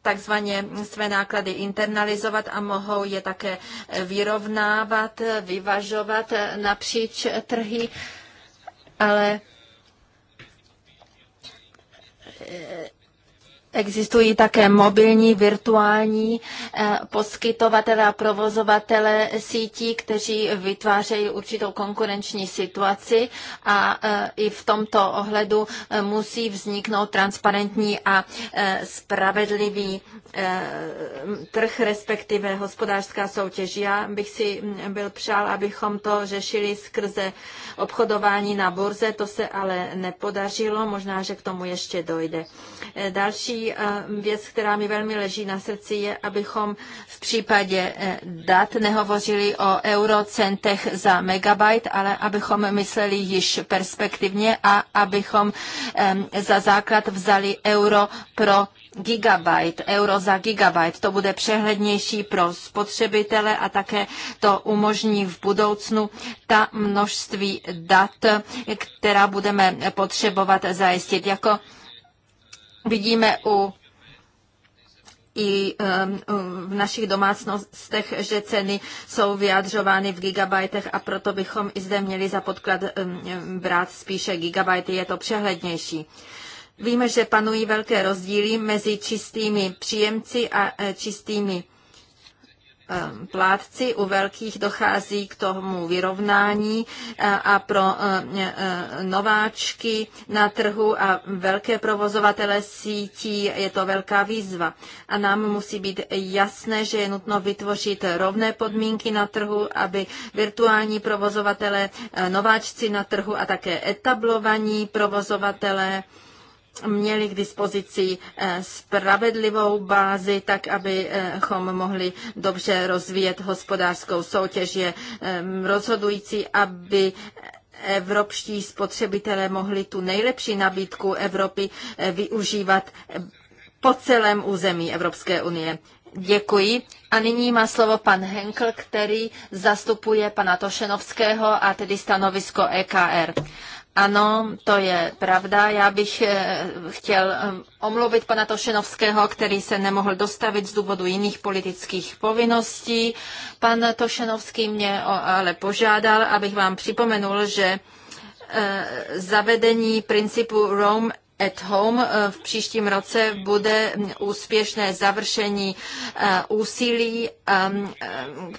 takzvaně své náklady internalizovat a mohou je také vyrovnávat, vyvažovat napříč trhy, ale Existují také mobilní, virtuální eh, poskytovatele a provozovatele sítí, kteří vytvářejí určitou konkurenční situaci a eh, i v tomto ohledu eh, musí vzniknout transparentní a spravedlivý trh, respektive hospodářská soutěž. Já bych si mm, byl přál, abychom to řešili skrze obchodování na burze, to se ale nepodařilo, možná, že k tomu ještě dojde. Další Eh, věc, která mi velmi leží na srdci, je, abychom v případě eh, dat nehovořili o eurocentech za megabyte, ale abychom mysleli již perspektivně a abychom za základ vzali euro pro gigabyte, euro za gigabyte. To bude přehlednější pro spotřebitele a také to umožní v budoucnu ta množství dat, která budeme potřebovat zajistit. Jako vidíme u i v našich domácnostech, že ceny jsou vyjadřovány v gigabajtech a proto bychom i zde měli za podklad brát spíše gigabajty, je to přehlednější. Víme, že panují velké rozdíly mezi čistými příjemci a e, čistými plátci. U velkých dochází k tomu vyrovnání e, a pro e, e, nováčky na trhu a velké provozovatele sítí je to velká výzva. A nám musí být jasné, že je nutno vytvořit rovné podmínky na trhu, aby virtuální provozovatele, nováčci na trhu a také etablovaní provozovatele měli k dispozici eh, spravedlivou bázi, tak abychom mohli dobře rozvíjet hospodářskou soutěž. Je eh, rozhodující, aby evropští spotřebitelé mohli tu nejlepší nabídku Evropy eh, využívat po celém území Evropské unie. Děkuji. A nyní má slovo pan Henkel, který zastupuje pana Tošenovského a tedy stanovisko EKR. Ano, to je pravda. Já bych eh, chtěl eh, omluvit pana Tošenovského, který se nemohl dostavit z důvodu jiných politických povinností. Pan Tošenovský mě ale požádal, abych vám připomenul, že eh, zavedení principu Rome at Home v příštím roce bude úspěšné završení úsilí,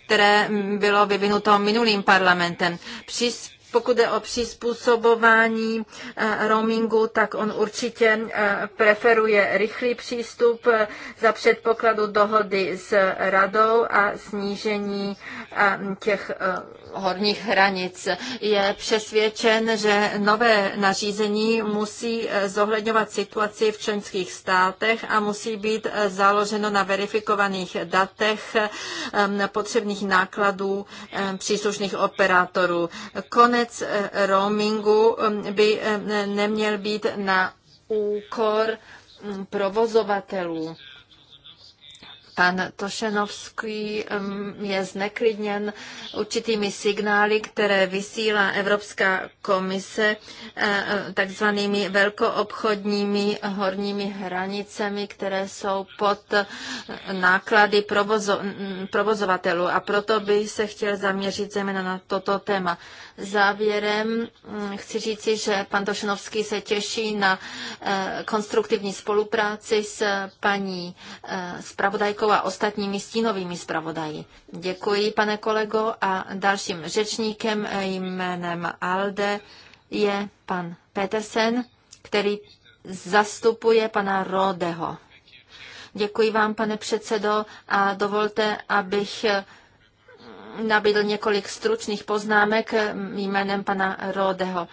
které bylo vyvinuto minulým parlamentem. Přispěl pokud je o přizpůsobování eh, roamingu, tak on určitě eh, preferuje rychlý přístup eh, za předpokladu dohody s radou a snížení těch horních hranic. Je přesvědčen, že nové nařízení musí eh, zohledňovat situaci v členských státech a musí být eh, založeno na verifikovaných datech eh, potřebných nákladů příslušných operátorů. Konec roamingu mm, by neměl být na úkor mm, provozovatelů. Pan Tošenovský um, je zneklidněn určitými signály, které vysílá Evropská komise eh, takzvanými velkoobchodními horními hranicemi, které jsou pod eh, náklady provozo- provozovatelů. A proto by se chtěl zaměřit zejména na toto téma. Závěrem mm, chci říci, že pan Tošenovský se těší na eh, konstruktivní spolupráci s paní spravodajkou eh, a ostatními stínovými spravodaji. Děkuji, pane kolego, a dalším řečníkem eh, jménem ALDE je pan Petersen, který zastupuje pana Rodeho. Děkuji vám, pane předsedo, a dovolte, abych nabídl několik stručných poznámek jménem pana Rodeho.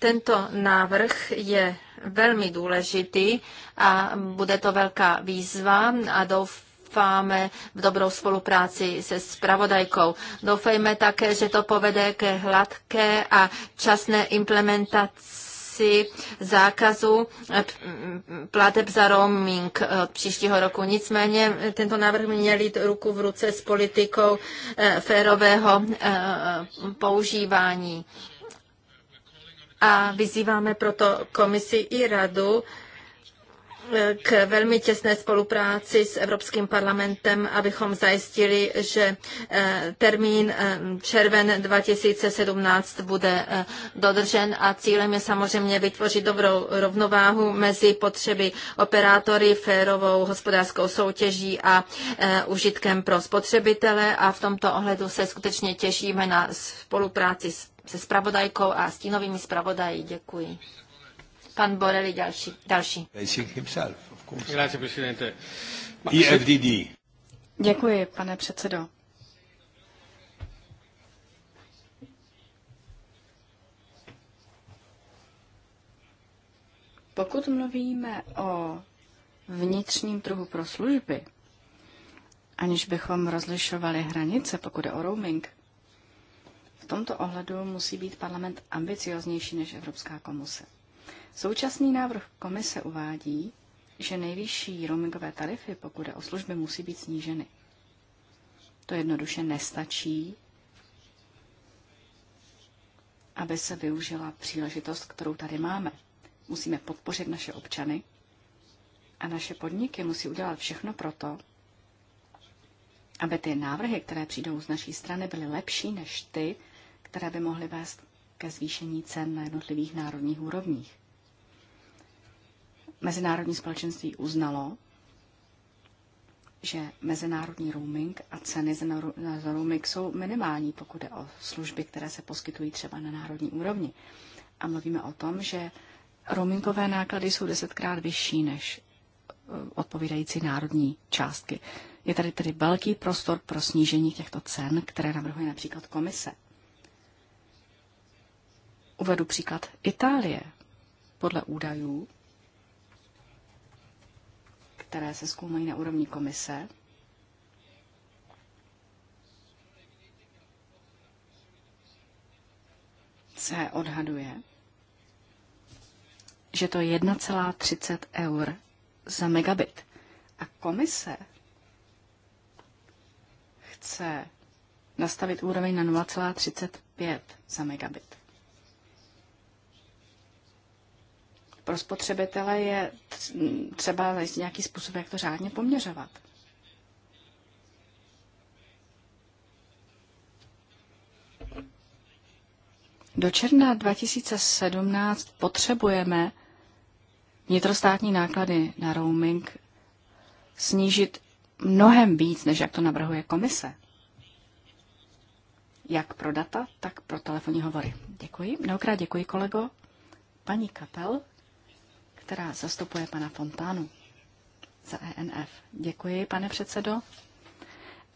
Tento návrh je velmi důležitý a bude to velká výzva a doufáme v dobrou spolupráci se spravodajkou. Doufejme také, že to povede ke hladké a časné implementaci aplikaci zákazu eh, plateb za roaming eh, od příštího roku. Nicméně eh, tento návrh měl jít ruku v ruce s politikou férového používání. A vyzýváme proto komisi i radu, k velmi těsné spolupráci s Evropským parlamentem, abychom zajistili, že eh, termín eh, červen 2017 bude eh, dodržen a cílem je samozřejmě vytvořit dobrou rovnováhu mezi potřeby operátory, férovou hospodářskou soutěží a užitkem pro spotřebitele a v tomto ohledu se skutečně těšíme na spolupráci se spravodajkou a stínovými spravodají. Děkuji. Pan Borelli další. další. E Děkuji, pane předsedo. Pokud mluvíme o vnitřním trhu pro služby, aniž bychom rozlišovali hranice, pokud je o roaming, v tomto ohledu musí být parlament ambicioznější než Evropská komise. Současný návrh komise uvádí, že nejvyšší roamingové tarify, pokud je o služby, musí být sníženy. To jednoduše nestačí, aby se využila příležitost, kterou tady máme. Musíme podpořit naše občany a naše podniky musí udělat všechno proto, aby ty návrhy, které přijdou z naší strany, byly lepší než ty, které by mohly vést ke zvýšení cen na jednotlivých národních úrovních mezinárodní společenství uznalo, že mezinárodní roaming a ceny za roaming jsou minimální, pokud je o služby, které se poskytují třeba na národní úrovni. A mluvíme o tom, že roamingové náklady jsou desetkrát vyšší než eh, odpovídající národní částky. Je tady tedy velký prostor pro snížení těchto cen, které navrhuje například komise. Uvedu příklad Itálie. Podle údajů které se zkoumají na úrovni komise. se odhaduje, že to je 1,30 eur za megabit. A komise chce nastavit úroveň na 0,35 za megabit. pro spotřebitele je třeba najít nějaký způsob, jak to řádně poměřovat. Do června 2017 potřebujeme vnitrostátní náklady na roaming snížit mnohem víc, než jak to navrhuje komise. Jak pro data, tak pro telefonní hovory. Děkuji. Mnohokrát děkuji, kolego. Paní Kapel která zastupuje pana Fontánu za ENF. Děkuji, pane předsedo.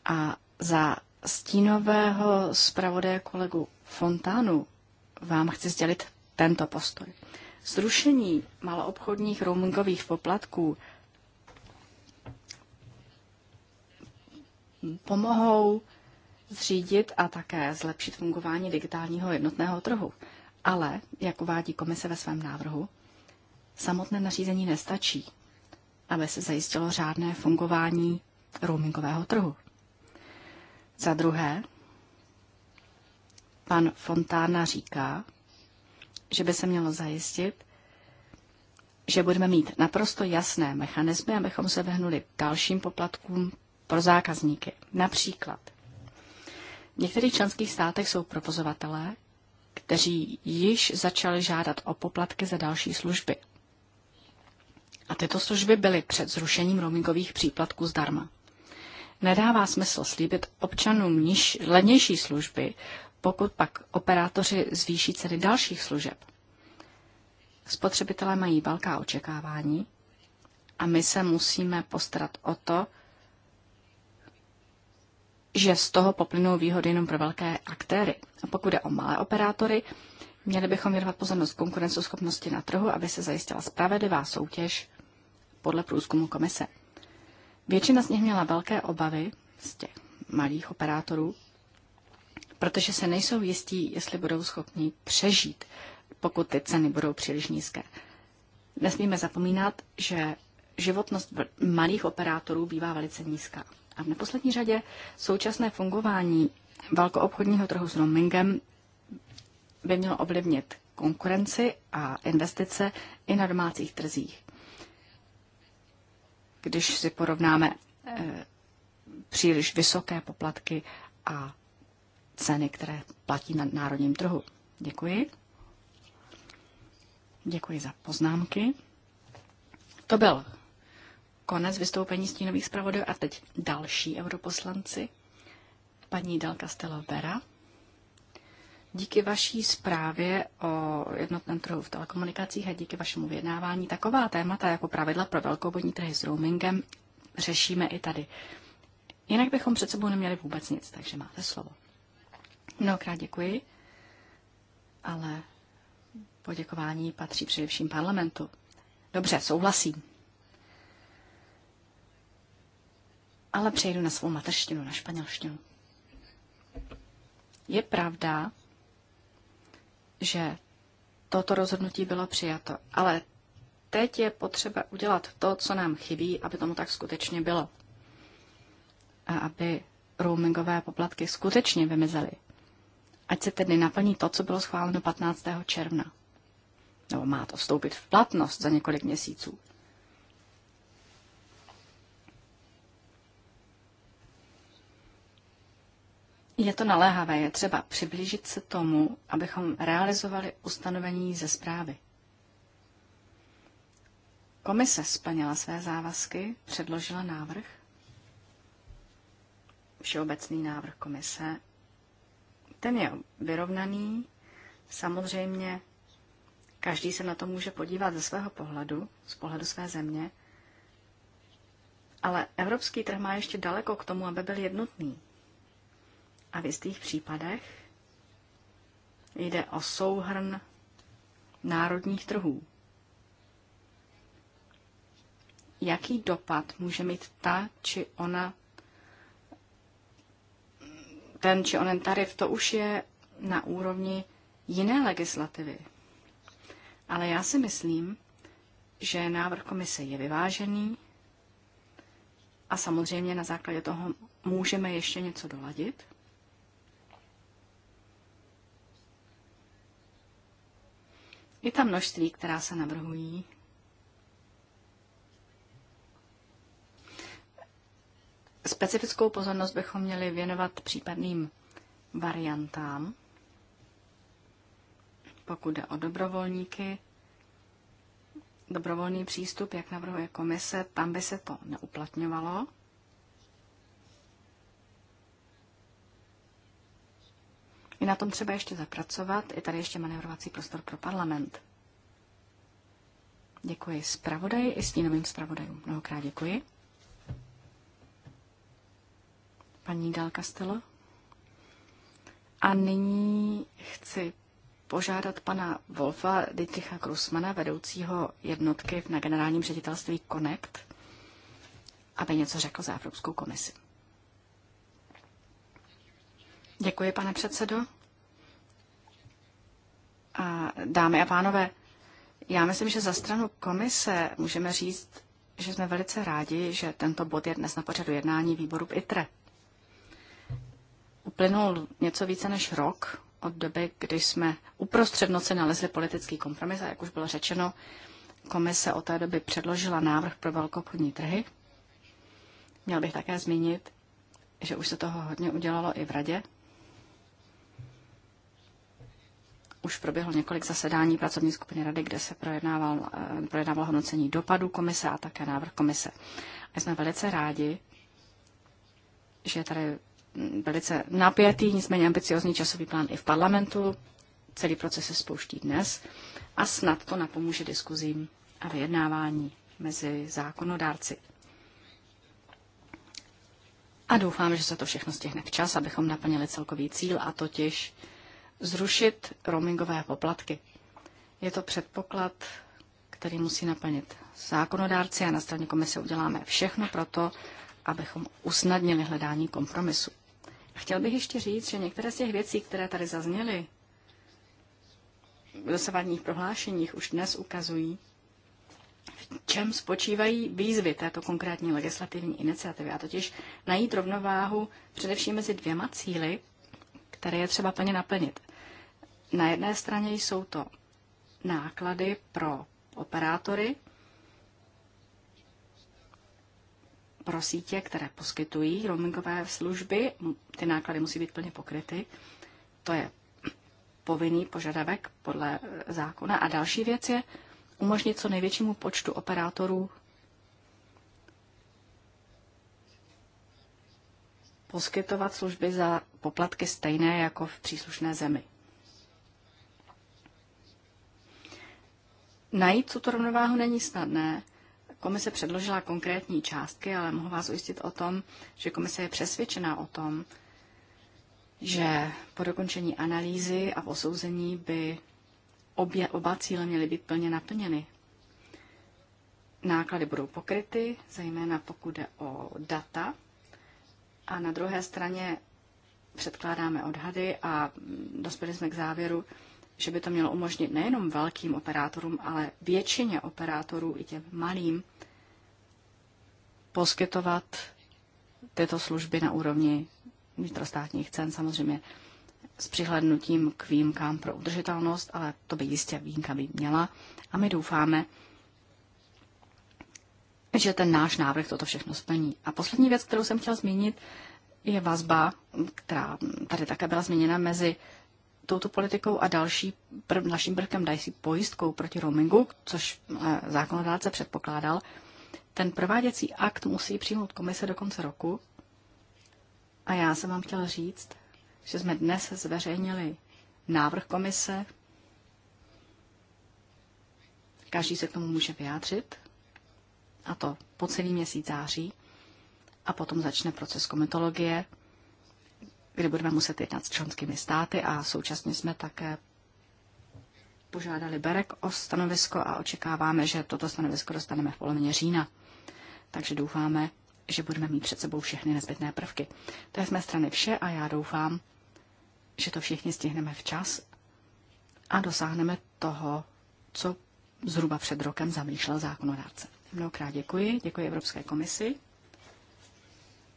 A za stínového zpravodaje kolegu Fontánu vám chci sdělit tento postoj. Zrušení maloobchodních roamingových poplatků pomohou zřídit a také zlepšit fungování digitálního jednotného trhu. Ale, jak uvádí komise ve svém návrhu, samotné nařízení nestačí, aby se zajistilo řádné fungování roamingového trhu. Za druhé, pan Fontána říká, že by se mělo zajistit, že budeme mít naprosto jasné mechanismy, abychom se vyhnuli dalším poplatkům pro zákazníky. Například, v některých členských státech jsou provozovatelé, kteří již začali žádat o poplatky za další služby. A tyto služby byly před zrušením roamingových příplatků zdarma. Nedává smysl slíbit občanům niž, lednější služby, pokud pak operátoři zvýší ceny dalších služeb. Spotřebitelé mají velká očekávání a my se musíme postarat o to, že z toho poplynou výhody jenom pro velké aktéry. A pokud je o malé operátory, měli bychom věnovat pozornost konkurenceschopnosti na trhu, aby se zajistila spravedlivá soutěž podle průzkumu komise. Většina z nich měla velké obavy z těch malých operátorů, protože se nejsou jistí, jestli budou schopni přežít, pokud ty ceny budou příliš nízké. Nesmíme zapomínat, že životnost malých operátorů bývá velice nízká. A v neposlední řadě současné fungování velkoobchodního trhu s roamingem by mělo ovlivnit konkurenci a investice i na domácích trzích když si porovnáme eh, příliš vysoké poplatky a ceny, které platí na národním trhu. Děkuji. Děkuji za poznámky. To byl konec vystoupení stínových zpravodajů a teď další europoslanci. Paní Dalka Stelovera. Vera. Díky vaší zprávě o jednotném trhu v telekomunikacích a díky vašemu vyjednávání taková témata jako pravidla pro velkobodní trhy s roamingem řešíme i tady. Jinak bychom před sebou neměli vůbec nic, takže máte slovo. Mnohokrát děkuji, ale poděkování patří především parlamentu. Dobře, souhlasím. Ale přejdu na svou mateřštinu, na španělštinu. Je pravda, že toto rozhodnutí bylo přijato. Ale teď je potřeba udělat to, co nám chybí, aby tomu tak skutečně bylo. A aby roamingové poplatky skutečně vymizely. Ať se tedy naplní to, co bylo schváleno 15. června. Nebo má to vstoupit v platnost za několik měsíců. Je to naléhavé, je třeba přiblížit se tomu, abychom realizovali ustanovení ze zprávy. Komise splnila své závazky, předložila návrh. Všeobecný návrh komise. Ten je vyrovnaný. Samozřejmě každý se na to může podívat ze svého pohledu, z pohledu své země. Ale evropský trh má ještě daleko k tomu, aby byl jednotný. A v jistých případech jde o souhrn národních trhů. Jaký dopad může mít ta či ona ten či onen tarif, to už je na úrovni jiné legislativy. Ale já si myslím, že návrh komise je vyvážený a samozřejmě na základě toho můžeme ještě něco doladit. I ta množství, která se navrhují, specifickou pozornost bychom měli věnovat případným variantám, pokud jde o dobrovolníky, dobrovolný přístup, jak navrhuje komise, tam by se to neuplatňovalo. Je na tom třeba ještě zapracovat, je tady ještě manévrovací prostor pro parlament. Děkuji zpravodaji i stínovým zpravodajům. Mnohokrát děkuji. Paní Dal Castello. A nyní chci požádat pana Wolfa Dietricha Krusmana, vedoucího jednotky na generálním ředitelství Connect, aby něco řekl za Evropskou komisi. Děkuji, pane předsedo. A dámy a pánové, já myslím, že za stranu komise můžeme říct, že jsme velice rádi, že tento bod je dnes na pořadu jednání výboru v ITRE. Uplynul něco více než rok od doby, kdy jsme uprostřed noci nalezli politický kompromis a jak už bylo řečeno, komise od té doby předložila návrh pro velkoobchodní trhy. Měl bych také zmínit, že už se toho hodně udělalo i v radě. už proběhlo několik zasedání pracovní skupiny rady, kde se projednával, eh, projednávalo hodnocení dopadů komise a také návrh komise. A jsme velice rádi, že je tady mm, velice napjatý, nicméně ambiciozní časový plán i v parlamentu. Celý proces se spouští dnes a snad to napomůže diskuzím a vyjednávání mezi zákonodárci. A doufám, že se to všechno stihne včas, abychom naplnili celkový cíl, a totiž zrušit roamingové poplatky. Je to předpoklad, který musí naplnit zákonodárci a na straně komise uděláme všechno pro to, abychom usnadnili hledání kompromisu. A chtěl bych ještě říct, že některé z těch věcí, které tady zazněly v dosavadních prohlášeních, už dnes ukazují, v čem spočívají výzvy této konkrétní legislativní iniciativy, a totiž najít rovnováhu především mezi dvěma cíly, které je třeba plně naplnit. Na jedné straně jsou to náklady pro operátory, pro sítě, které poskytují roamingové služby. Ty náklady musí být plně pokryty. To je povinný požadavek podle eh, zákona. A další věc je umožnit co největšímu počtu operátorů poskytovat služby za poplatky stejné jako v příslušné zemi. Najít tuto rovnováhu není snadné. Komise předložila konkrétní částky, ale mohu vás ujistit o tom, že komise je přesvědčená o tom, že po dokončení analýzy a posouzení by obě, oba cíle měly být plně naplněny. Náklady budou pokryty, zejména pokud jde o data. A na druhé straně předkládáme odhady a dospěli jsme k závěru, že by to mělo umožnit nejenom velkým operátorům, ale většině operátorů, i těm malým, poskytovat tyto služby na úrovni vnitrostátních cen, samozřejmě s přihlednutím k výjimkám pro udržitelnost, ale to by jistě výjimka by měla. A my doufáme, že ten náš návrh toto všechno splní. A poslední věc, kterou jsem chtěla zmínit, je vazba, která tady také byla změněna mezi touto politikou a další prv, naším prvkem si pojistkou proti roamingu, což eh, zákonodárce předpokládal, ten prováděcí akt musí přijmout komise do konce roku. A já jsem vám chtěla říct, že jsme dnes zveřejnili návrh komise. Každý se k tomu může vyjádřit, a to po celý měsíc září. A potom začne proces komitologie, kdy budeme muset jednat s členskými státy a současně jsme také požádali Berek o stanovisko a očekáváme, že toto stanovisko dostaneme v polovině října. Takže doufáme, že budeme mít před sebou všechny nezbytné prvky. To je z mé strany vše a já doufám, že to všichni stihneme včas a dosáhneme toho, co zhruba před rokem zamýšlel zákonodárce. Mnohokrát děkuji, děkuji Evropské komisi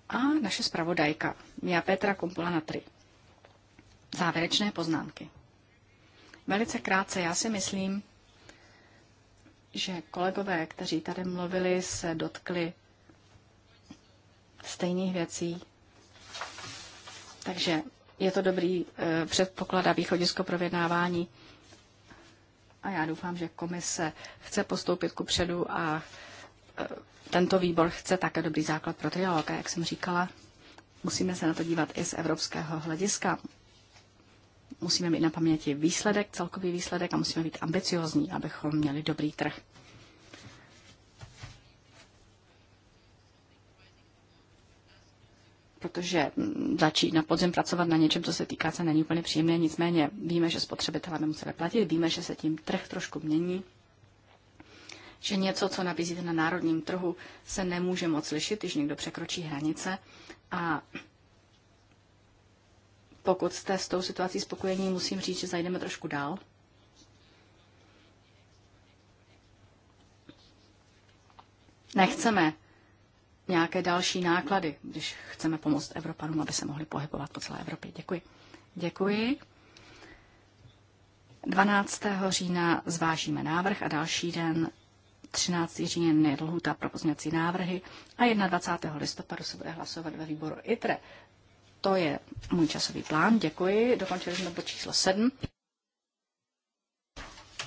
a naše zpravodajka Mia Petra Kumpula tri. Závěrečné poznámky. Velice krátce, já si myslím, že kolegové, kteří tady mluvili, se dotkli stejných věcí. Takže je to dobrý e, předpoklad a východisko pro vědnávání. A já doufám, že komise chce postoupit ku předu a tento výbor chce také dobrý základ pro trialog. A jak jsem říkala, musíme se na to dívat i z evropského hlediska. Musíme mít na paměti výsledek, celkový výsledek a musíme být ambiciozní, abychom měli dobrý trh. protože mm, začít na podzim pracovat na něčem, co se týká se není úplně příjemné, nicméně víme, že spotřebitelé nemuseli platit, víme, že se tím trh trošku mění že něco, co nabízíte na národním trhu, se nemůže moc lišit, když někdo překročí hranice. A pokud jste s tou situací spokojení, musím říct, že zajdeme trošku dál. Nechceme nějaké další náklady, když chceme pomoct Evropanům, aby se mohli pohybovat po celé Evropě. Děkuji. Děkuji. 12. října zvážíme návrh a další den 13. říjen je lhuta pro pozměňovací návrhy a 21. listopadu se bude hlasovat ve výboru ITRE. To je můj časový plán. Děkuji. Dokončili jsme bod číslo 7.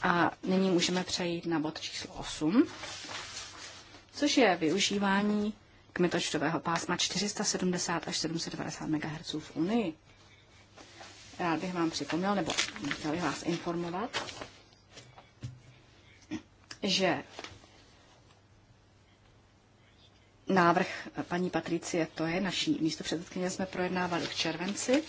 A nyní můžeme přejít na bod číslo 8, což je využívání kmitočtového pásma 470 až 790 MHz v Unii. Rád bych vám připomněl, nebo chtěl bych vás informovat, že Návrh paní Patricie, to je naší místo předsedkyně, jsme projednávali v červenci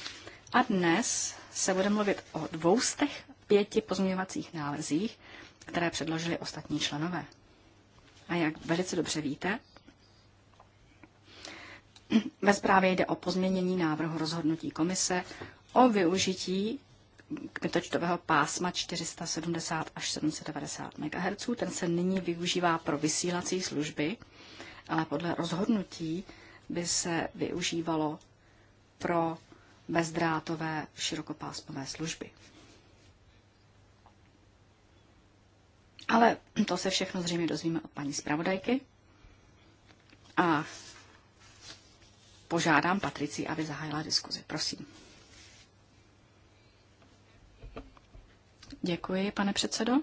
a dnes se bude mluvit o dvou z těch pěti pozměňovacích návrzích, které předložili ostatní členové. A jak velice dobře víte, ve zprávě jde o pozměnění návrhu rozhodnutí komise o využití kmitočtového pásma 470 až 790 MHz. Ten se nyní využívá pro vysílací služby ale podle rozhodnutí by se využívalo pro bezdrátové širokopásmové služby. Ale to se všechno zřejmě dozvíme od paní zpravodajky. A požádám Patrici, aby zahájila diskuzi. Prosím. Děkuji, pane předsedo.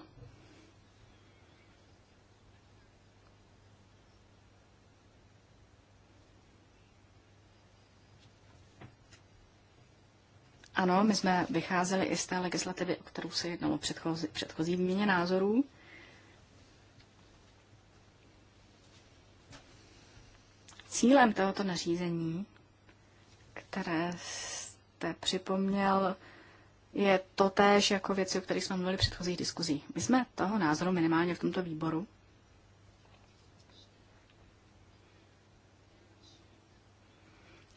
Ano, my jsme vycházeli i z té legislativy, o kterou se jednalo předchozí, předchozí výměně názorů. Cílem tohoto nařízení, které jste připomněl, je to též jako věci, o kterých jsme mluvili v předchozích diskuzích. My jsme toho názoru minimálně v tomto výboru,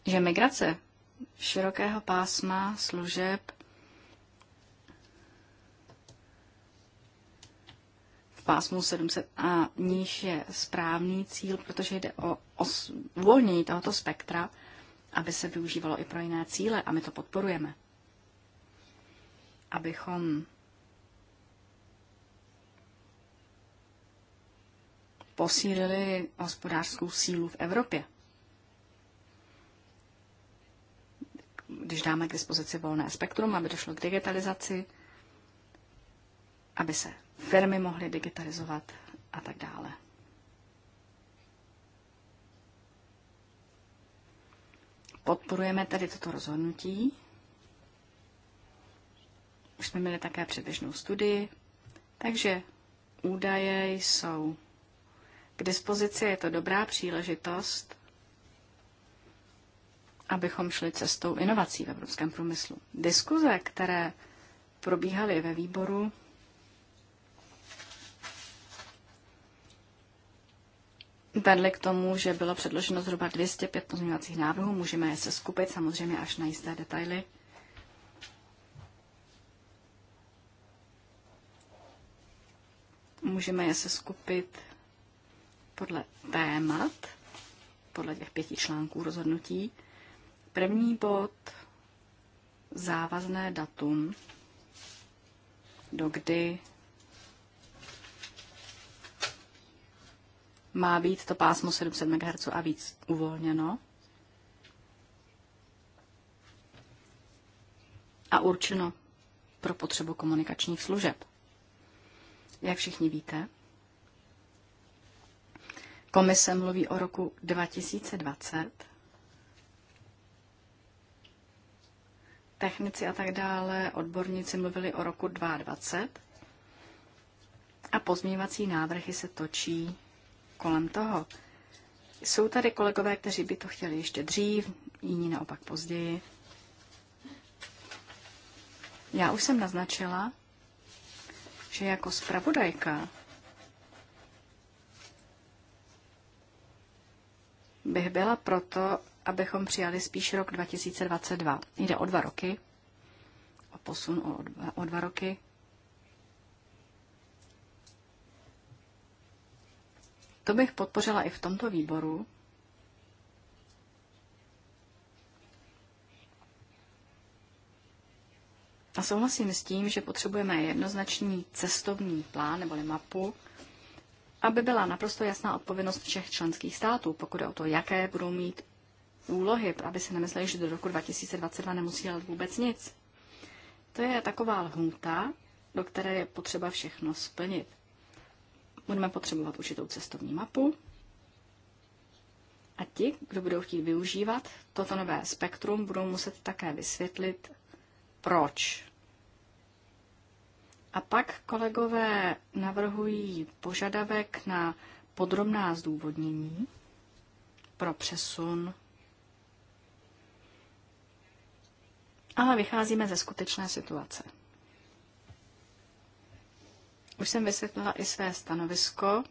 že migrace širokého pásma služeb, v pásmu 700 a níž je správný cíl, protože jde o uvolnění tohoto spektra, aby se využívalo i pro jiné cíle a my to podporujeme. Abychom posílili hospodářskou sílu v Evropě. když dáme k dispozici volné spektrum, aby došlo k digitalizaci, aby se firmy mohly digitalizovat a tak dále. Podporujeme tedy toto rozhodnutí. Už jsme měli také předběžnou studii, takže údaje jsou k dispozici, je to dobrá příležitost abychom šli cestou inovací v evropském průmyslu. Diskuze, které probíhaly ve výboru, vedly k tomu, že bylo předloženo zhruba 205 pozměňovacích návrhů. Můžeme je se skupit samozřejmě až na jisté detaily. Můžeme je se skupit podle témat, podle těch pěti článků rozhodnutí. První bod, závazné datum, do kdy má být to pásmo 700 MHz a víc uvolněno. A určeno pro potřebu komunikačních služeb. Jak všichni víte, komise mluví o roku 2020 technici a tak dále, odborníci mluvili o roku 2020 a pozměňovací návrhy se točí kolem toho. Jsou tady kolegové, kteří by to chtěli ještě dřív, jiní naopak později. Já už jsem naznačila, že jako zpravodajka bych byla proto, abychom přijali spíš rok 2022. Jde o dva roky, o posun o dva, o dva roky. To bych podpořila i v tomto výboru. A souhlasím s tím, že potřebujeme jednoznačný cestovní plán neboli mapu, aby byla naprosto jasná odpovědnost všech členských států, pokud je o to, jaké budou mít úlohy, aby si nemysleli, že do roku 2022 nemusí dělat vůbec nic. To je taková lhůta, do které je potřeba všechno splnit. Budeme potřebovat určitou cestovní mapu a ti, kdo budou chtít využívat toto nové spektrum, budou muset také vysvětlit, proč. A pak kolegové navrhují požadavek na podrobná zdůvodnění pro přesun ale vycházíme ze skutečné situace. Už jsem vysvětlila i své stanovisko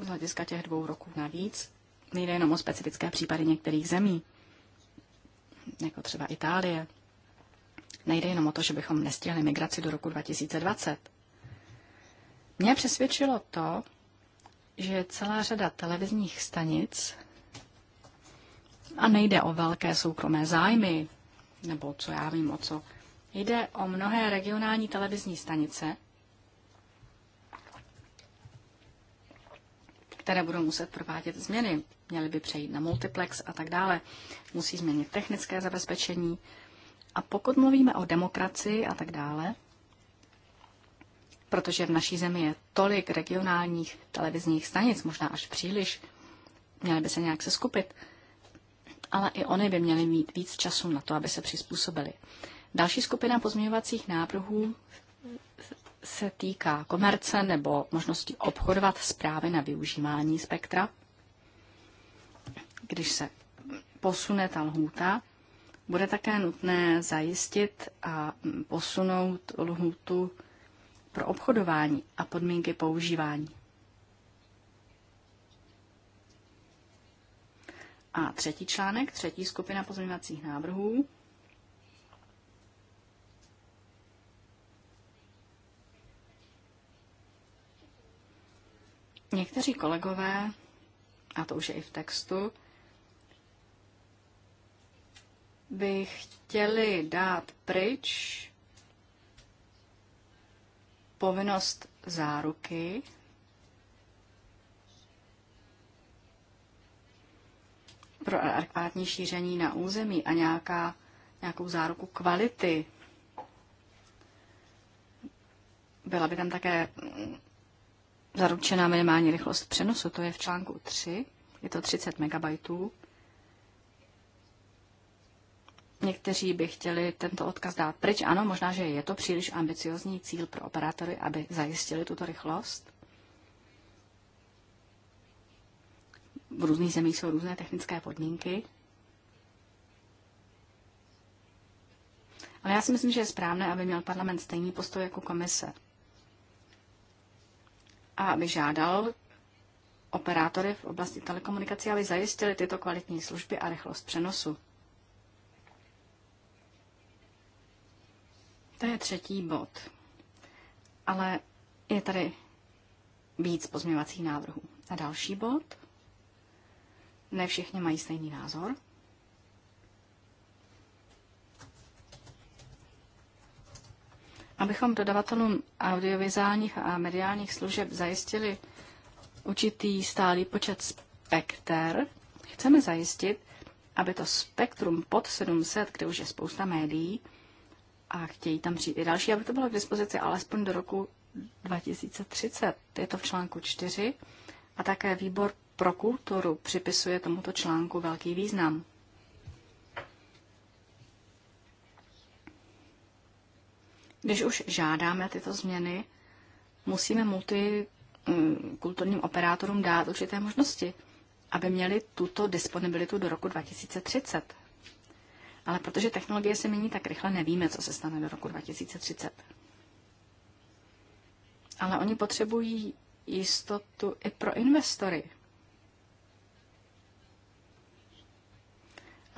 z hlediska těch dvou roků navíc. Nejde jenom o specifické případy některých zemí, jako třeba Itálie. Nejde jenom o to, že bychom nestihli migraci do roku 2020. Mě přesvědčilo to, že celá řada televizních stanic a nejde o velké soukromé zájmy, nebo co já vím o co. Jde o mnohé regionální televizní stanice, které budou muset provádět změny. Měly by přejít na multiplex a tak dále. Musí změnit technické zabezpečení. A pokud mluvíme o demokracii a tak dále, protože v naší zemi je tolik regionálních televizních stanic, možná až příliš, měly by se nějak seskupit. skupit ale i oni by měli mít víc času na to, aby se přizpůsobili. Další skupina pozměňovacích návrhů se týká komerce nebo možnosti obchodovat zprávy na využívání spektra. Když se posune ta lhůta, bude také nutné zajistit a posunout lhůtu pro obchodování a podmínky používání. A třetí článek, třetí skupina pozměňovacích návrhů. Někteří kolegové, a to už je i v textu, by chtěli dát pryč povinnost záruky pro adekvátní šíření na území a nějaká, nějakou záruku kvality. Byla by tam také zaručená minimální rychlost přenosu, to je v článku 3, je to 30 MB. Někteří by chtěli tento odkaz dát pryč. Ano, možná, že je to příliš ambiciozní cíl pro operátory, aby zajistili tuto rychlost. v různých zemích jsou různé technické podmínky. Ale já si myslím, že je správné, aby měl parlament stejný postoj jako komise. A aby žádal operátory v oblasti telekomunikací, aby zajistili tyto kvalitní služby a rychlost přenosu. To je třetí bod. Ale je tady víc pozměvacích návrhů. A další bod ne všichni mají stejný názor. Abychom dodavatelům audiovizuálních a mediálních služeb zajistili určitý stálý počet spekter, chceme zajistit, aby to spektrum pod 700, kde už je spousta médií a chtějí tam přijít i další, aby to bylo k dispozici alespoň do roku 2030. Je to v článku 4 a také výbor pro kulturu připisuje tomuto článku velký význam. Když už žádáme tyto změny, musíme multikulturním mm, operátorům dát určité možnosti, aby měli tuto disponibilitu do roku 2030. Ale protože technologie se mění tak rychle, nevíme, co se stane do roku 2030. Ale oni potřebují jistotu i pro investory.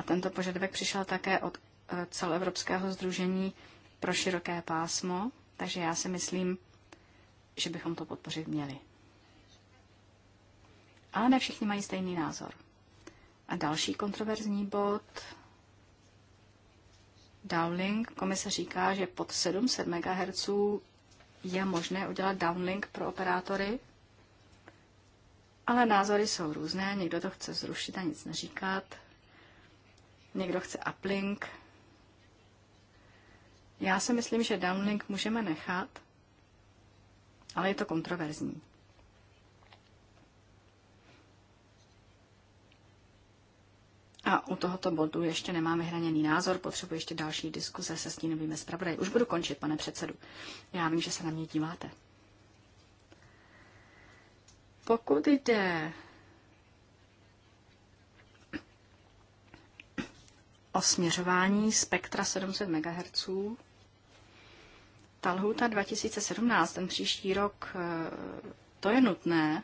A tento požadavek přišel také od eh, celoevropského združení pro široké pásmo, takže já si myslím, že bychom to podpořit měli. Ale ne všichni mají stejný názor. A další kontroverzní bod. Downlink. Komise říká, že pod 700 MHz je možné udělat downlink pro operátory, ale názory jsou různé, někdo to chce zrušit a nic neříkat někdo chce uplink. Já si myslím, že downlink můžeme nechat, ale je to kontroverzní. A u tohoto bodu ještě nemám vyhraněný názor, potřebuji ještě další diskuze se stínovými zpravodaji. Už budu končit, pane předsedu. Já vím, že se na mě díváte. Pokud jde o směřování spektra 700 MHz. Ta lhůta 2017, ten příští rok, eh, to je nutné,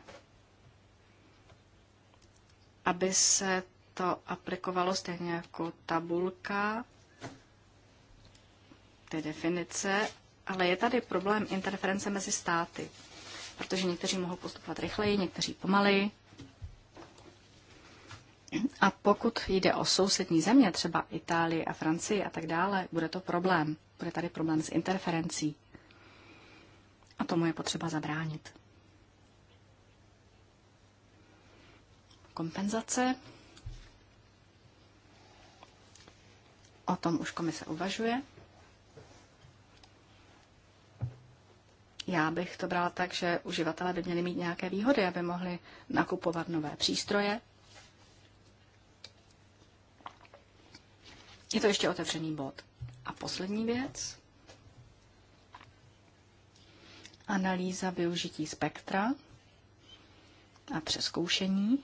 aby se to aplikovalo stejně jako tabulka, ty definice, ale je tady problém interference mezi státy, protože někteří mohou postupovat rychleji, někteří pomaleji. A pokud jde o sousední země, třeba Itálii a Francii a tak dále, bude to problém. Bude tady problém s interferencí. A tomu je potřeba zabránit. Kompenzace. O tom už komise uvažuje. Já bych to brala tak, že uživatelé by měli mít nějaké výhody, aby mohli nakupovat nové přístroje, Je to ještě otevřený bod. A poslední věc. Analýza využití spektra a přeskoušení.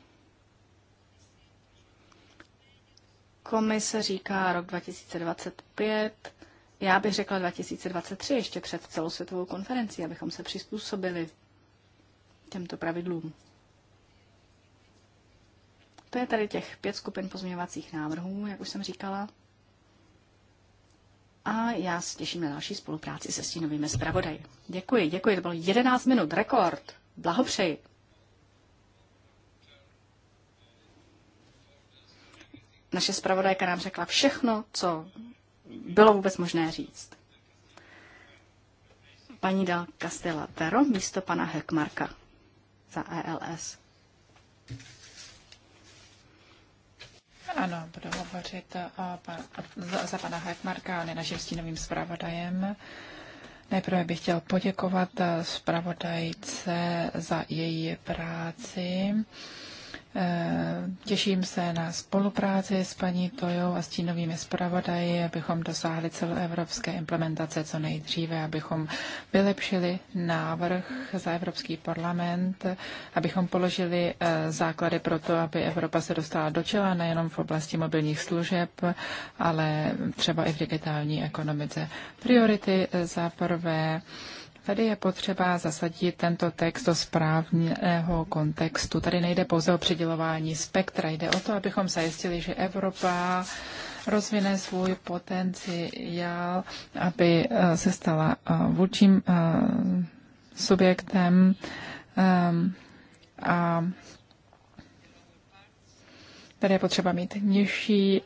Komise říká rok 2025, já bych řekla 2023, ještě před celosvětovou konferencí, abychom se přizpůsobili těmto pravidlům. To je tady těch pět skupin pozměňovacích návrhů, jak už jsem říkala. A já se těším na další spolupráci se stínovými zpravodaji. Děkuji, děkuji, to bylo 11 minut, rekord. Blahopřeji. Naše zpravodajka nám řekla všechno, co bylo vůbec možné říct. Paní Dal Castella Vero místo pana Hekmarka za ELS. Ano, budu hovořit eh, o pan, za pana Hefmarka a je naším stínovým zpravodajem. Nejprve bych chtěl poděkovat eh, zpravodajce za její práci Těším se na spolupráci s paní Tojou a s stínovými zpravodaji, abychom dosáhli celoevropské implementace co nejdříve, abychom vylepšili návrh za Evropský parlament, abychom položili eh, základy pro to, aby Evropa se dostala do čela nejenom v oblasti mobilních služeb, ale třeba i v digitální ekonomice. Priority eh, za prvé Tady je potřeba zasadit tento text do správného kontextu. Tady nejde pouze o přidělování spektra, jde o to, abychom zajistili, že Evropa rozvine svůj potenciál, aby eh, se stala eh, vůčím eh, subjektem ehm, a tady je potřeba mít nižší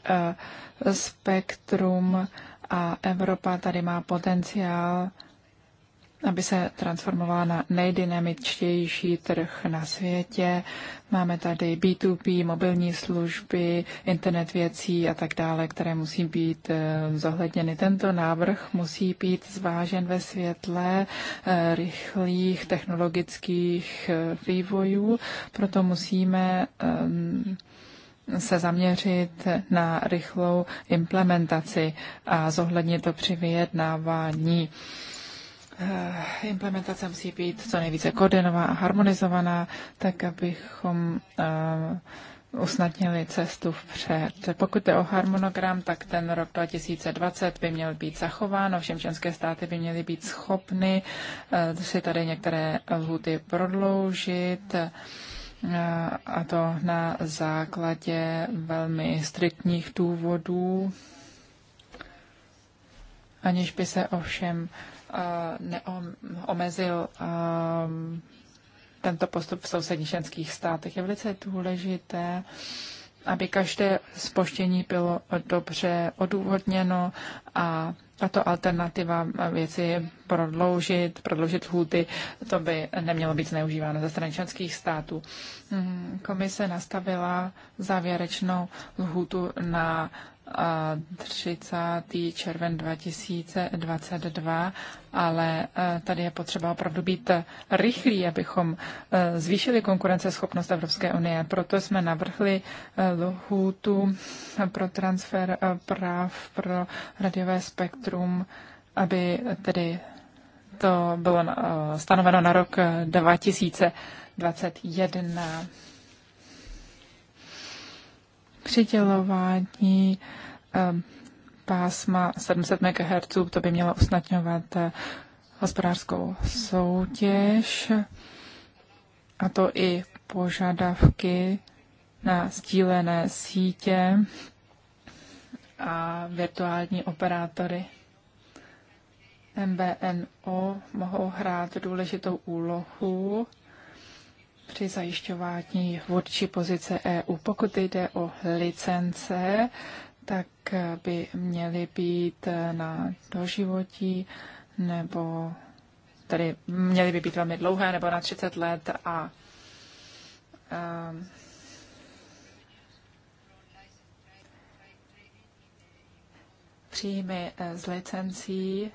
spektrum a Evropa tady má potenciál aby se transformovala na nejdynamičtější trh na světě. Máme tady B2B, mobilní služby, internet věcí a tak dále, které musí být eh, zohledněny. Tento návrh musí být zvážen ve světle eh, rychlých technologických eh, vývojů, proto musíme ehm, se zaměřit na rychlou implementaci a zohlednit to při vyjednávání. Eh, implementace musí být co nejvíce koordinovaná a harmonizovaná, tak abychom eh, usnadnili cestu vpřed. Pokud je o harmonogram, tak ten rok 2020 by měl být zachován, ovšem členské státy by měly být schopny eh, si tady některé lhuty prodloužit a to na základě velmi striktních důvodů, aniž by se ovšem Eh, neomezil eh, tento postup v sousedních členských státech. Je velice důležité, aby každé spoštění bylo dobře odůvodněno a tato alternativa věci prodloužit, prodloužit hůty, to by nemělo být zneužíváno ze strany členských států. Hmm, komise nastavila závěrečnou lhůtu na 30. červen 2022, ale e, tady je potřeba opravdu být rychlí, abychom e, zvýšili konkurenceschopnost Evropské unie. Proto jsme navrhli e, lhůtu pro transfer práv pro radiové spektrum, aby tedy to bylo stanoveno na rok 2021 přidělování ehm, pásma 700 MHz, to by mělo usnadňovat eh, hospodářskou soutěž a to i požadavky na sdílené sítě a virtuální operátory. MBNO mohou hrát důležitou úlohu při zajišťování vůdčí pozice EU. Pokud jde o licence, tak by měly být na doživotí nebo tedy měly by být velmi dlouhé nebo na 30 let a um, příjmy z licencí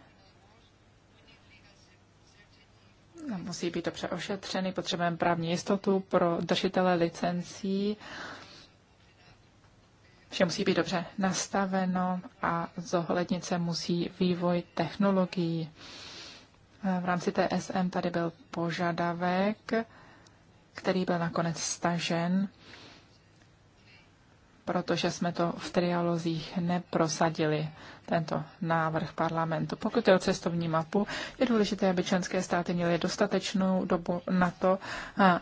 musí být dobře ošetřeny, potřebujeme právní jistotu pro držitele licencí, vše musí být dobře nastaveno a zohlednit se musí vývoj technologií. V rámci TSM tady byl požadavek, který byl nakonec stažen, protože jsme to v trialozích neprosadili, tento návrh parlamentu. Pokud je o cestovní mapu, je důležité, aby členské státy měly dostatečnou dobu na to,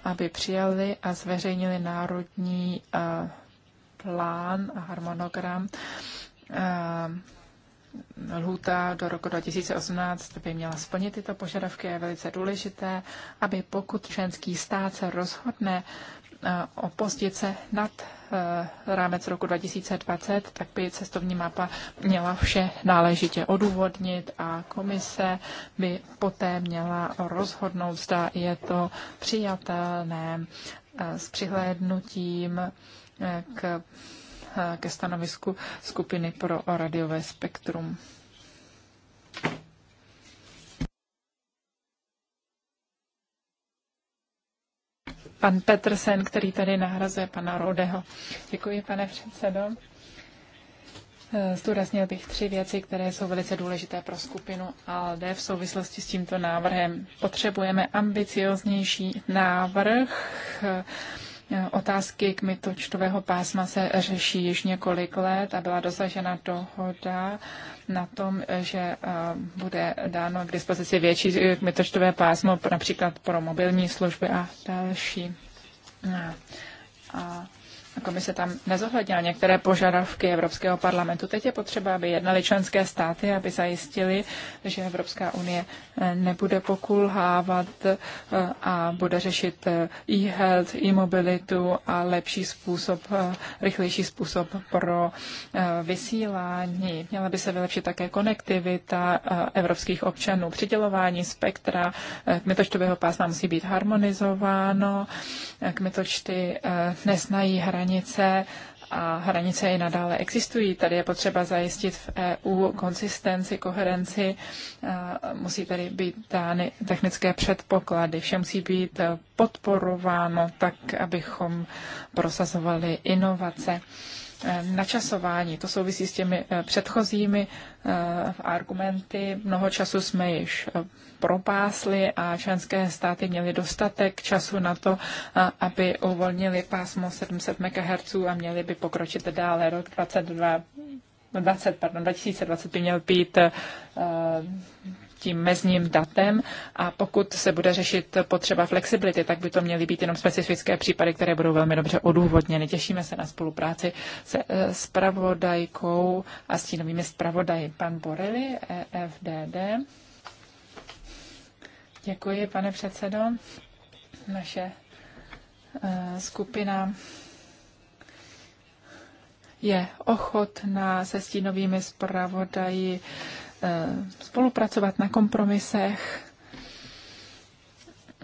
aby přijali a zveřejnili národní plán a harmonogram. Lhůta do roku 2018 by měla splnit tyto požadavky. Je velice důležité, aby pokud členský stát se rozhodne Eh, opozdit se nad eh, rámec roku 2020, tak by cestovní mapa měla vše náležitě odůvodnit a komise by poté měla rozhodnout, zda je to přijatelné eh, s přihlédnutím k, ke stanovisku skupiny pro radiové spektrum. pan Petersen, který tady nahrazuje pana Rodeho. Děkuji, pane předsedo. Zdůraznil bych tři věci, které jsou velice důležité pro skupinu ALDE v souvislosti s tímto návrhem. Potřebujeme ambicioznější návrh, Otázky kmitočtového pásma se řeší již několik let a byla dosažena dohoda na tom, že eh, bude dáno k dispozici větší eh, kmitočtové pásmo, například pro mobilní služby a další. No. A Komise tam nezohlednila některé požadavky Evropského parlamentu. Teď je potřeba, aby jednali členské státy, aby zajistili, že Evropská unie eh, nebude pokulhávat eh, a bude řešit eh, e-health, e-mobilitu a lepší způsob, rychlejší způsob pro vysílání. Měla by se vylepšit také konektivita evropských občanů. Přidělování spektra kmitočtového pásma musí být harmonizováno. Kmitočty nesnají hraní hranice a hranice i nadále existují. Tady je potřeba zajistit v EU konsistenci, koherenci, musí tady být dány technické předpoklady, vše musí být podporováno tak, abychom prosazovali inovace. Eh, načasování, to souvisí s těmi eh, předchozími eh, argumenty. Mnoho času jsme již propásli a členské státy měly dostatek času na to, aby uvolnili pásmo 700 MHz a měli by pokročit dále. Rok 22 20, pardon, 2020 by měl být tím mezním datem a pokud se bude řešit potřeba flexibility, tak by to měly být jenom specifické případy, které budou velmi dobře odůvodněny. Těšíme se na spolupráci se eh, spravodajkou a stínovými spravodaji. Pan Borely, EFDD. Děkuji, pane předsedo. Naše eh, skupina je ochotná se stínovými zpravodaji Eh, spolupracovat na kompromisech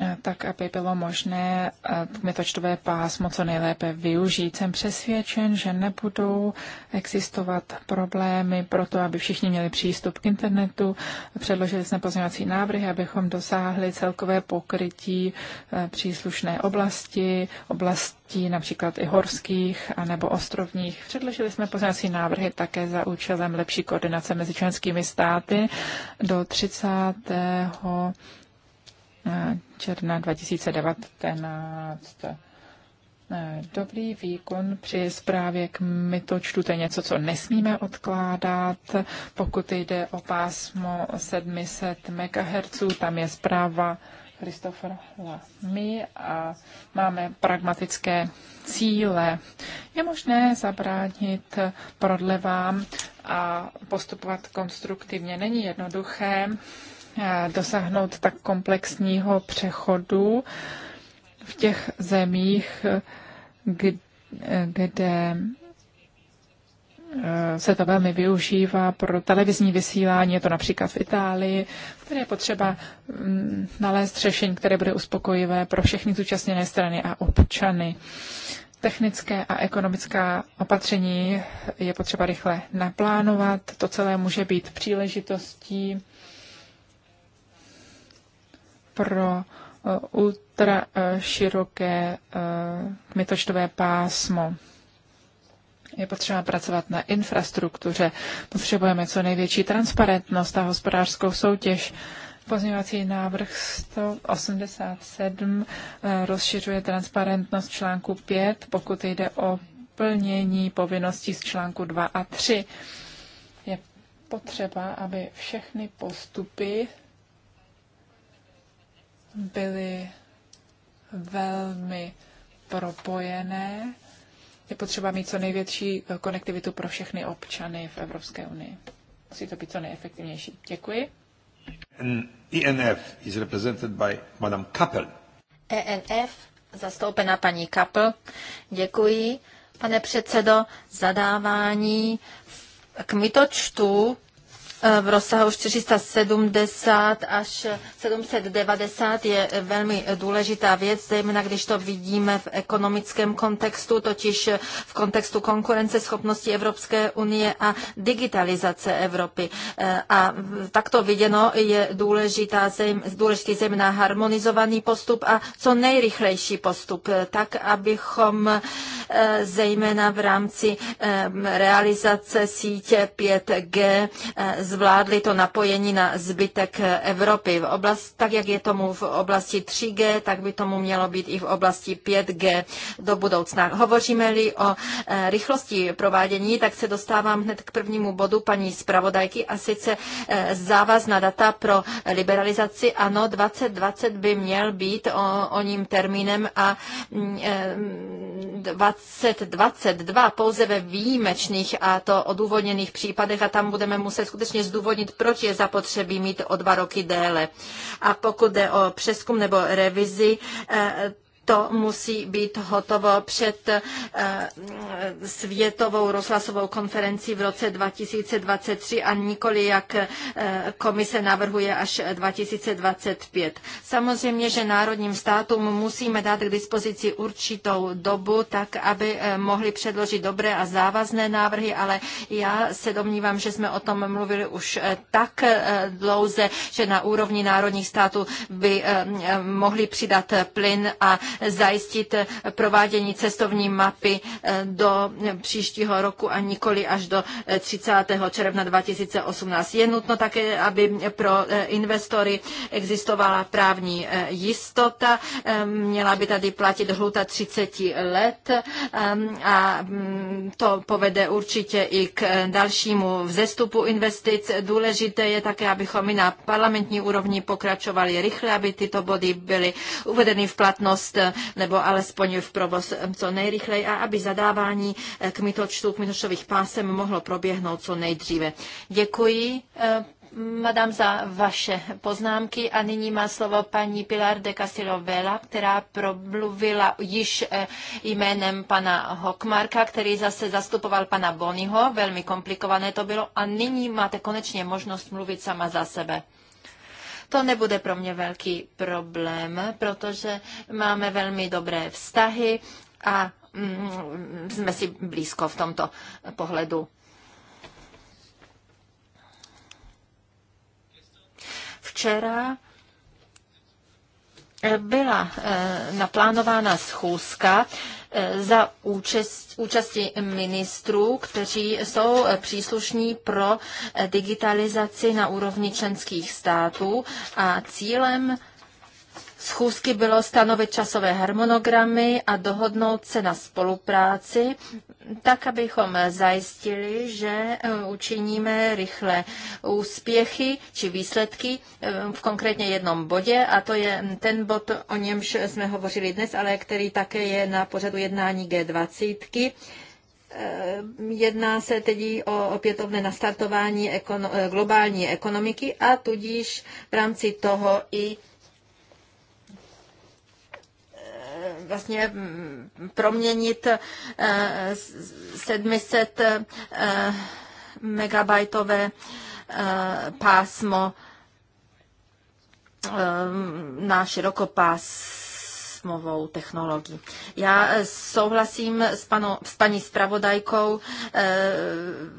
Eh, tak aby bylo možné kmitočtové eh, pásmo co nejlépe využít. Jsem přesvědčen, že nebudou existovat problémy pro to, aby všichni měli přístup k internetu. Předložili jsme pozměňovací návrhy, abychom dosáhli celkové pokrytí eh, příslušné oblasti, oblastí například i horských a nebo ostrovních. Předložili jsme pozměňovací návrhy také za účelem lepší koordinace mezi členskými státy do 30 června 2019. Eh, dobrý výkon při zprávě k mytočtu, to je něco, co nesmíme odkládat. Pokud jde o pásmo 700 MHz, tam je zpráva Christopher my a máme pragmatické cíle. Je možné zabránit prodlevám a postupovat konstruktivně. Není jednoduché Eh, dosáhnout tak komplexního přechodu v těch zemích, eh, kde eh, se to velmi využívá pro televizní vysílání, je to například v Itálii, které je potřeba mm, nalézt řešení, které bude uspokojivé pro všechny zúčastněné strany a občany. Technické a ekonomická opatření je potřeba rychle naplánovat. To celé může být příležitostí pro eh, ultra eh, široké kmitočtové eh, pásmo. Je potřeba pracovat na infrastruktuře, potřebujeme co největší transparentnost a hospodářskou soutěž. Pozměňovací návrh 187 rozšiřuje transparentnost článku 5, pokud jde o plnění povinností z článku 2 a 3. Je potřeba, aby všechny postupy byly velmi propojené. Je potřeba mít co největší konektivitu pro všechny občany v Evropské unii. Musí to být co nejefektivnější. Děkuji. ENF is represented by Madame Kappel. ENF zastoupena paní Kappel. Děkuji, pane předsedo, zadávání kmitočtu Eh, v rozsahu 470 až 790 je eh, velmi eh, důležitá věc, zejména když to vidíme v ekonomickém kontextu, totiž v kontextu konkurenceschopnosti Evropské unie a digitalizace Evropy. A takto viděno je důležitá, důležitý zejména harmonizovaný postup a co nejrychlejší postup, tak abychom zejména v rámci realizace sítě 5G zvládli to napojení na zbytek Evropy. V oblast, tak, jak je tomu v oblasti 3G, tak by tomu mělo být i v oblasti 5G do budoucna. Hovoříme-li o e, rychlosti provádění, tak se dostávám hned k prvnímu bodu paní zpravodajky a sice e, závazná data pro liberalizaci. Ano, 2020 by měl být o, o ním termínem a 2022 mm, e, pouze ve výjimečných a to odůvodněných případech a tam budeme muset skutečně vlastně zdůvodnit, proč je zapotřebí mít o dva roky déle. A pokud jde o přeskum nebo revizi, eh, to musí být hotovo před eh, světovou rozhlasovou konferencí v roce 2023 a nikoli jak eh, komise navrhuje až 2025. Samozřejmě, že národním státům musíme dát k dispozici určitou dobu, tak aby eh, mohli předložit dobré a závazné návrhy, ale já se domnívám, že jsme o tom mluvili už tak dlouze, že na úrovni národních států by mohli přidat plyn a zajistit provádění cestovní mapy eh, do příštího roku a nikoli až do 30. Eh, června 2018. Je nutno také, aby pro eh, investory existovala právní jistota, měla by tady platit hluta 30 let a mm, to povede určitě i k dalšímu vzestupu investic. Důležité je také, abychom i na parlamentní úrovni pokračovali rychle, aby tyto body byly uvedeny v platnost nebo alespoň v provoz co nejrychleji a aby zadávání eh, kmitočtů, kmitočtových pásem mohlo proběhnout co nejdříve. Děkuji eh, madam, za vaše poznámky a nyní má slovo paní Pilar de Castillo Vela, která promluvila již eh, jménem pana Hokmarka, který zase zastupoval pana Bonyho. Velmi komplikované to bylo a nyní máte konečně možnost mluvit sama za sebe. To nebude pro mě velký problém, protože máme velmi dobré vztahy a mm, jsme si blízko v tomto pohledu. Včera eh, byla eh, naplánována schůzka Eh, za účast, účasti ministrů, kteří jsou eh, příslušní pro eh, digitalizaci na úrovni členských států a cílem Schůzky bylo stanovit časové harmonogramy a dohodnout se na spolupráci tak, abychom zajistili, že eh, učiníme rychle úspěchy či výsledky eh, v konkrétně jednom bodě a to je ten bod, o němž jsme hovořili dnes, ale který také je na pořadu jednání G20. Eh, jedná se tedy o opětovné nastartování globální ekonomiky a tudíž v rámci toho i vlastně proměnit 700 eh, eh, megabajtové eh, pásmo na širokopás pásmovou technologií. Já eh, souhlasím s, panu, s paní spravodajkou eh,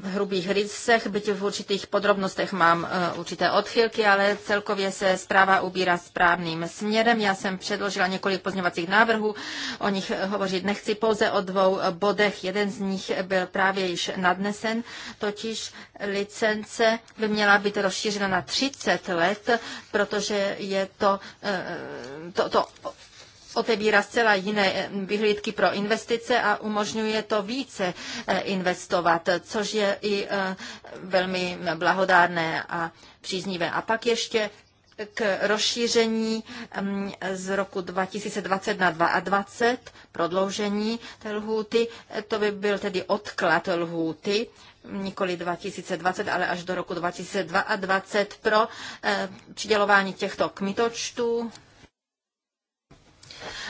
v hrubých rysech, byť v určitých podrobnostech mám eh, určité odchylky, ale celkově se zpráva ubírá správným směrem. Já jsem předložila několik pozměňovacích návrhů, o nich hovořit nechci, pouze o dvou bodech. Jeden z nich byl právě již nadnesen, totiž licence by měla být rozšířena na 30 let, protože je to, to, to otevírá zcela jiné eh, vyhlídky pro investice a umožňuje to více eh, investovat, což je i eh, velmi blahodárné a příznivé. A pak ještě k rozšíření mm, z roku 2020 na 2022, prodloužení té lhůty. To by byl tedy odklad lhůty, nikoli 2020, ale až do roku 2022 pro přidělování těchto kmitočtů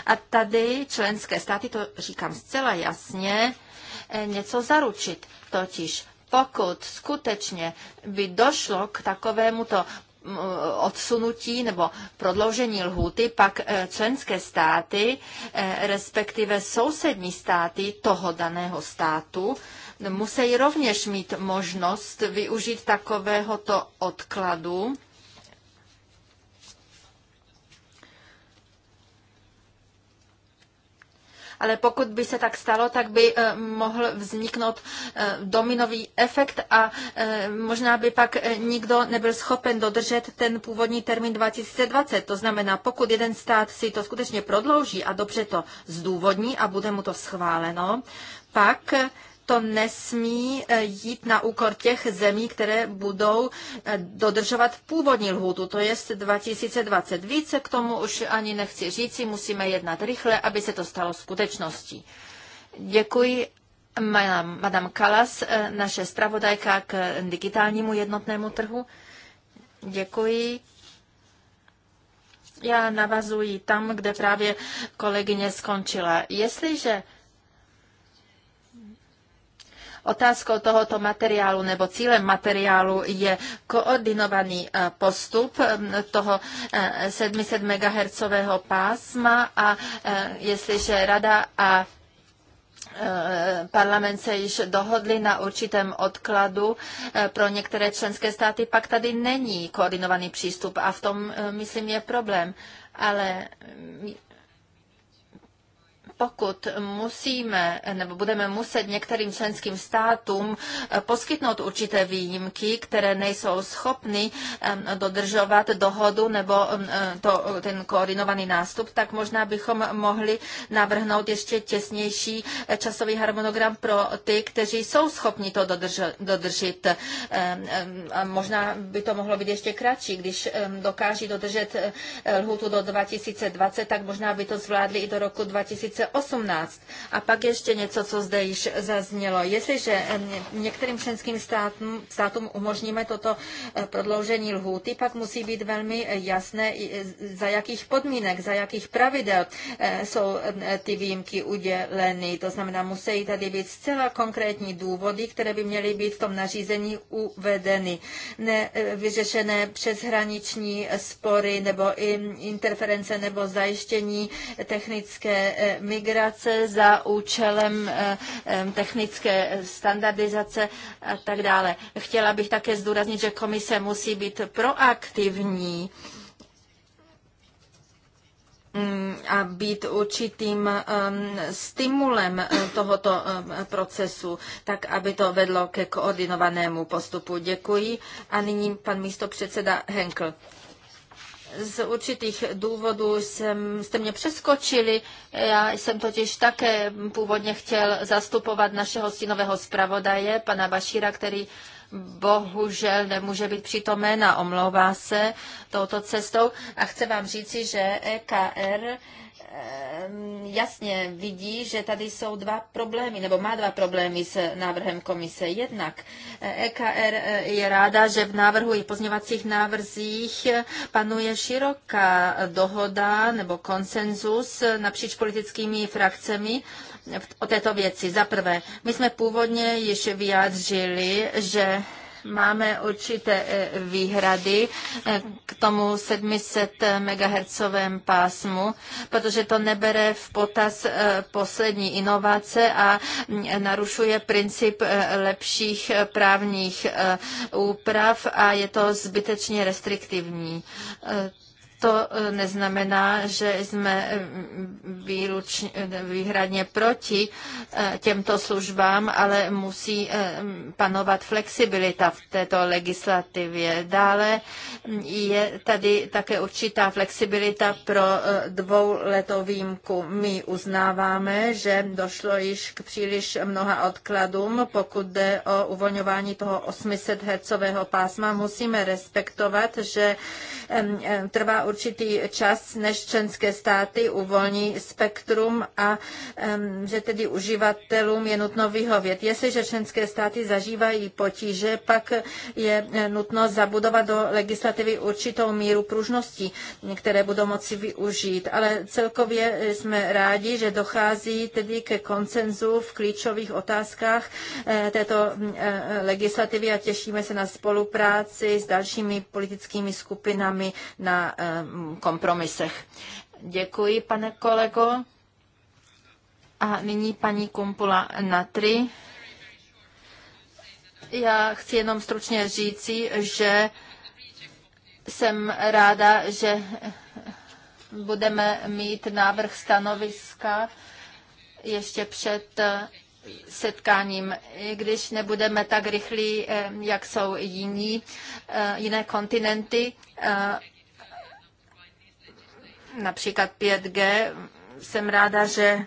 a tady členské státy, to říkám zcela jasně, eh, něco zaručit. Totiž pokud skutečně by došlo k takovémuto mm, eh, odsunutí nebo prodloužení lhůty, pak eh, členské státy, respektive sousední státy toho daného státu, musí rovněž mít možnost využít takovéhoto odkladu ale pokud by se tak stalo, tak by eh, mohl vzniknout eh, dominový efekt a eh, možná by pak nikdo nebyl schopen dodržet ten původní termín 2020. To znamená, pokud jeden stát si to skutečně prodlouží a dobře to zdůvodní a bude mu to schváleno, pak to nesmí eh, jít na úkor těch zemí, které budou eh, dodržovat původní lhůtu, to je 2020. Více k tomu už ani nechci říci, musíme jednat rychle, aby se to stalo skutečností. Děkuji Madame Kalas, eh, naše zpravodajka k digitálnímu jednotnému trhu. Děkuji. Já navazuji tam, kde právě kolegyně skončila. Jestliže Otázkou tohoto materiálu nebo cílem materiálu je koordinovaný eh, postup eh, toho 700 eh, MHz pásma a jestliže Rada a parlament se již dohodli na určitém odkladu pro některé členské státy, pak tady není koordinovaný přístup a v tom, myslím, je problém. Ale mm, pokud musíme nebo budeme muset některým členským státům eh, poskytnout určité výjimky, které nejsou schopny eh, dodržovat dohodu nebo eh, to, ten koordinovaný nástup, tak možná bychom mohli navrhnout ještě těsnější časový harmonogram pro ty, kteří jsou schopni to dodržet. Možná by to mohlo být ještě kratší, když dokáží dodržet lhutu do 2020, tak možná by to zvládli i do roku 2020. 2018. A pak ještě něco, co zde již zaznělo. Jestliže eh, některým členským státům, státům umožníme toto eh, prodloužení lhůty, pak musí být velmi eh, jasné, za jakých podmínek, za jakých pravidel jsou ty výjimky uděleny. To znamená, musí tady být zcela konkrétní důvody, které by měly být v tom nařízení uvedeny. Nevyřešené přeshraniční spory nebo interference nebo zajištění technické migrace migrace za účelem eh, technické standardizace a tak dále. Chtěla bych také zdůraznit, že komise musí být proaktivní mm, a být určitým stimulem eh, tohoto procesu, tak aby to vedlo ke koordinovanému postupu. Děkuji. A nyní pan místo předseda Henkel z určitých důvodů jsem, jste mě přeskočili. Já jsem totiž také původně chtěl zastupovat našeho stínového zpravodaje, pana Bašíra, který bohužel nemůže být přítomen a omlouvá se touto cestou. A chci vám říci, že EKR jasně vidí, že tady jsou dva problémy, nebo má dva problémy s návrhem komise. Jednak EKR eh, e eh, je ráda, že v návrhu i pozněvacích návrzích panuje široká dohoda nebo konsenzus napříč politickými frakcemi o této věci. Za prvé, my jsme původně již vyjádřili, že máme určité e, výhrady e, k tomu 700 MHz pásmu, protože to nebere v potaz e, poslední inovace a narušuje princip lepších právních úprav a je to zbytečně restriktivní to eh, neznamená, že jsme eh, výlučně, eh, výhradně proti těmto službám, ale musí panovat flexibilita v této legislativě. Dále mm, je tady také určitá flexibilita pro dvouletou výjimku. My uznáváme, že došlo již k příliš mnoha odkladům, pokud jde o uvolňování toho 800 hercového pásma. Musíme respektovat, že trvá určitý čas, než členské státy uvolní spektrum a že tedy uživatelům je nutno vyhovět. Jestliže členské státy zažívají potíže, pak je eh, nutno zabudovat do legislativy určitou míru pružnosti, které budou moci využít. Ale celkově eh, jsme rádi, že dochází tedy ke koncenzu v klíčových otázkách eh, této mm, legislativy a těšíme se na spolupráci s dalšími politickými skupinami velmi na eh, kompromisech. Děkuji, pane kolego. A nyní paní Kumpula Natry. Já chci jenom stručně říci, že jsem ráda, že budeme mít návrh stanoviska ještě před setkáním, i když nebudeme tak rychlí, eh, jak jsou jiní, eh, jiné kontinenty, eh, například 5G. Jsem ráda, že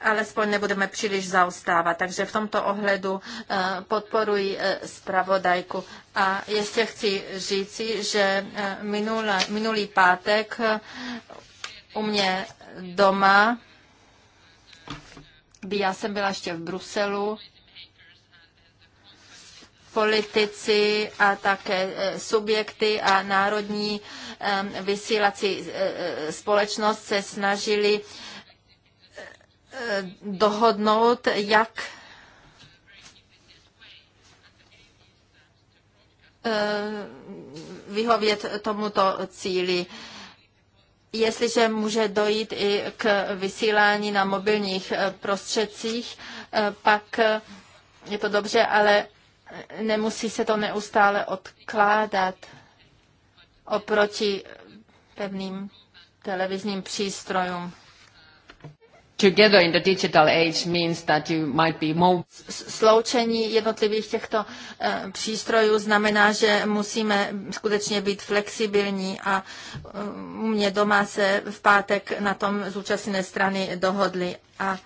alespoň nebudeme příliš zaostávat. Takže v tomto ohledu podporuji zpravodajku. A ještě chci říci, že minulý, minulý pátek u mě doma já jsem byla ještě v Bruselu. Politici a také e, subjekty a národní vysílací e, e, společnost se snažili dohodnout, jak vyhovět tomuto cíli jestliže může dojít i k vysílání na mobilních eh, prostředcích, eh, pak eh, je to dobře, ale nemusí se to neustále odkládat oproti pevným televizním přístrojům together in the digital age means that you might be more... Sloučení jednotlivých těchto eh, přístrojů znamená, že musíme skutečně být flexibilní a eh, u mě doma se v pátek na tom zúčastněné strany dohodly a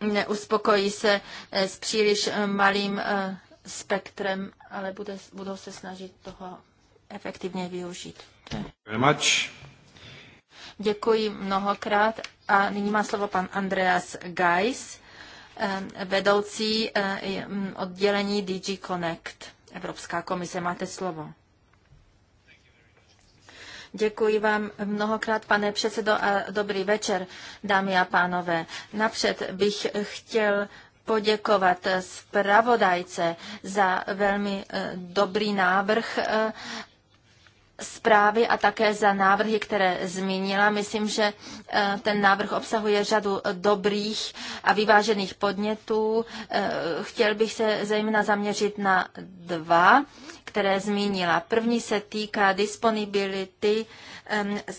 neuspokojí se eh, s příliš malým spektrem, ale bude, budou se snažit toho efektivně využít. Very much. Děkuji mnohokrát a nyní má slovo pan Andreas Geis, vedoucí eh, mm, oddělení DG Connect. Evropská komise, máte slovo. Děkuji vám mnohokrát, pane předsedo, a dobrý večer, dámy a pánové. Napřed bych chtěl poděkovat zpravodajce za velmi eh, dobrý návrh eh, zprávy a také za návrhy, které zmínila. Myslím, že eh, ten návrh obsahuje řadu dobrých a vyvážených podnětů. Eh, chtěl bych se zejména zaměřit na dva, které zmínila. První se týká disponibility 700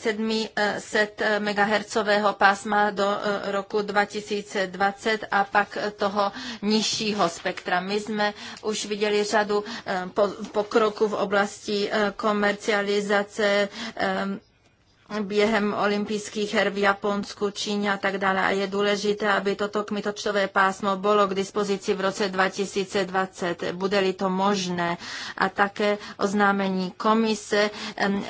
ehm, eh, eh, MHz pásma do eh, roku 2020 a pak toho nižšího spektra. My jsme už viděli řadu pokroku v oblasti komercializace ehm, během olympijských her v Japonsku, Číně a tak dále. A je důležité, aby toto kmitočtové pásmo bylo k dispozici v roce 2020, bude-li to možné. A také oznámení komise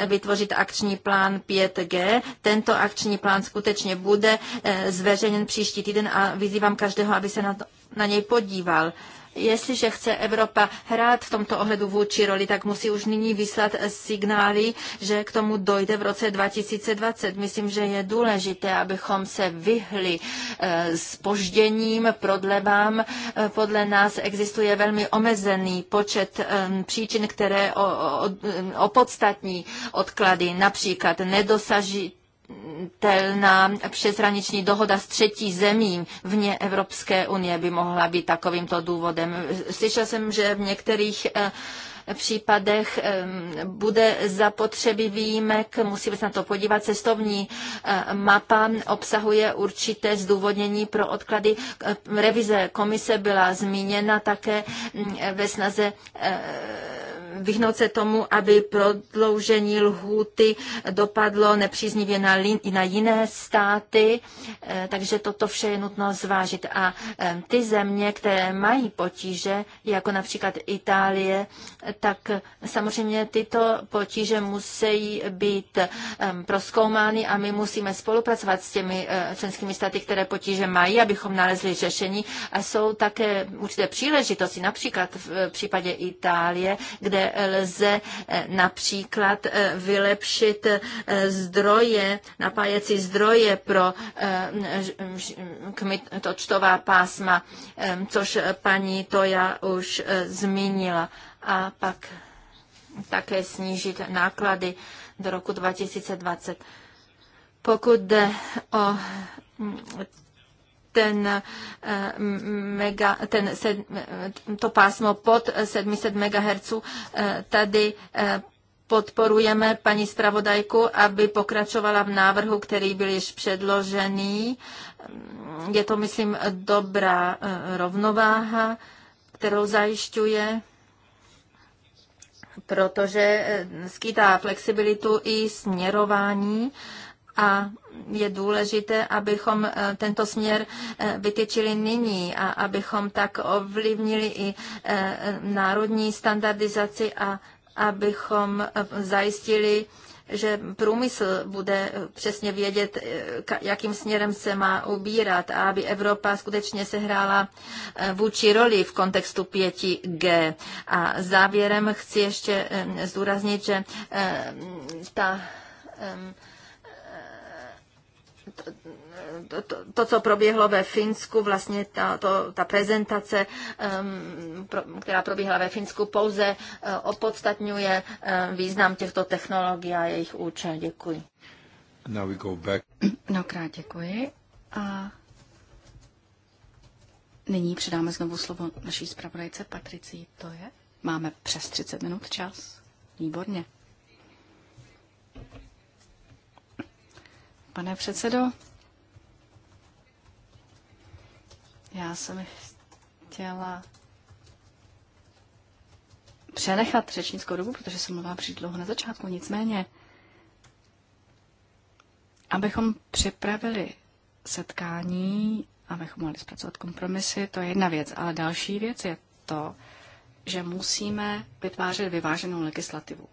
vytvořit akční plán 5G. Tento akční plán skutečně bude eh, zveřejněn příští týden a vyzývám každého, aby se na, to, na něj podíval. Jestliže chce Evropa hrát v tomto ohledu vůči roli, tak musí už nyní vyslat signály, že k tomu dojde v roce 2020. Myslím, že je důležité, abychom se vyhli spožděním, eh, prodlevám. Eh, podle nás existuje velmi omezený počet eh, příčin, které opodstatní odklady, například nedosažit telná přeshraniční dohoda s třetí zemí vně Evropské unie by mohla být takovýmto důvodem. Slyšel jsem, že v některých eh, případech ehm, bude zapotřebí výjimek, musíme se na to podívat. Cestovní eh, mapa obsahuje určité zdůvodnění pro odklady. Eh, revize komise byla zmíněna také mm, ve snaze vyhnout se tomu, aby prodloužení lhůty dopadlo nepříznivě na, na jiné státy, eh, takže toto vše je nutno zvážit. A eh, ty země, které mají potíže, jako například Itálie, tak samozřejmě tyto potíže musí být eh, proskoumány a my musíme spolupracovat s těmi členskými státy, které potíže mají, abychom nalezli řešení. A jsou také určité příležitosti, například v případě Itálie, kde lze eh, například eh, vylepšit eh, zdroje, napájecí zdroje pro točtová pásma, což paní Toja už zmínila. A pak také snížit náklady do roku 2020. Pokud jde o ten, eh, mega, ten sed, to pásmo pod 700 MHz eh, tady eh, podporujeme paní zpravodajku, aby pokračovala v návrhu, který byl již předložený. Je to, myslím, dobrá rovnováha, kterou zajišťuje protože skýtá flexibilitu i směrování a je důležité, abychom eh, tento směr eh, vytyčili nyní a abychom tak ovlivnili i eh, národní standardizaci a abychom zajistili, že průmysl bude přesně vědět, jakým směrem se má ubírat a aby Evropa skutečně sehrála vůči roli v kontextu 5G. A závěrem chci ještě zdůraznit, že ta to, to, to, co proběhlo ve Finsku, vlastně ta, to, ta prezentace, pro, která proběhla ve Finsku, pouze eh, opodstatňuje eh, význam těchto technologií a jejich účel. Děkuji. Now we go back. krát děkuji. A nyní předáme znovu slovo naší zpravodajce Patrici je. Máme přes 30 minut čas. Výborně. Pane předsedo, já jsem chtěla přenechat řečnickou dobu, protože jsem mluvila příliš dlouho na začátku. Nicméně, abychom připravili setkání, abychom mohli zpracovat kompromisy, to je jedna věc. Ale další věc je to, že musíme vytvářet vyváženou legislativu.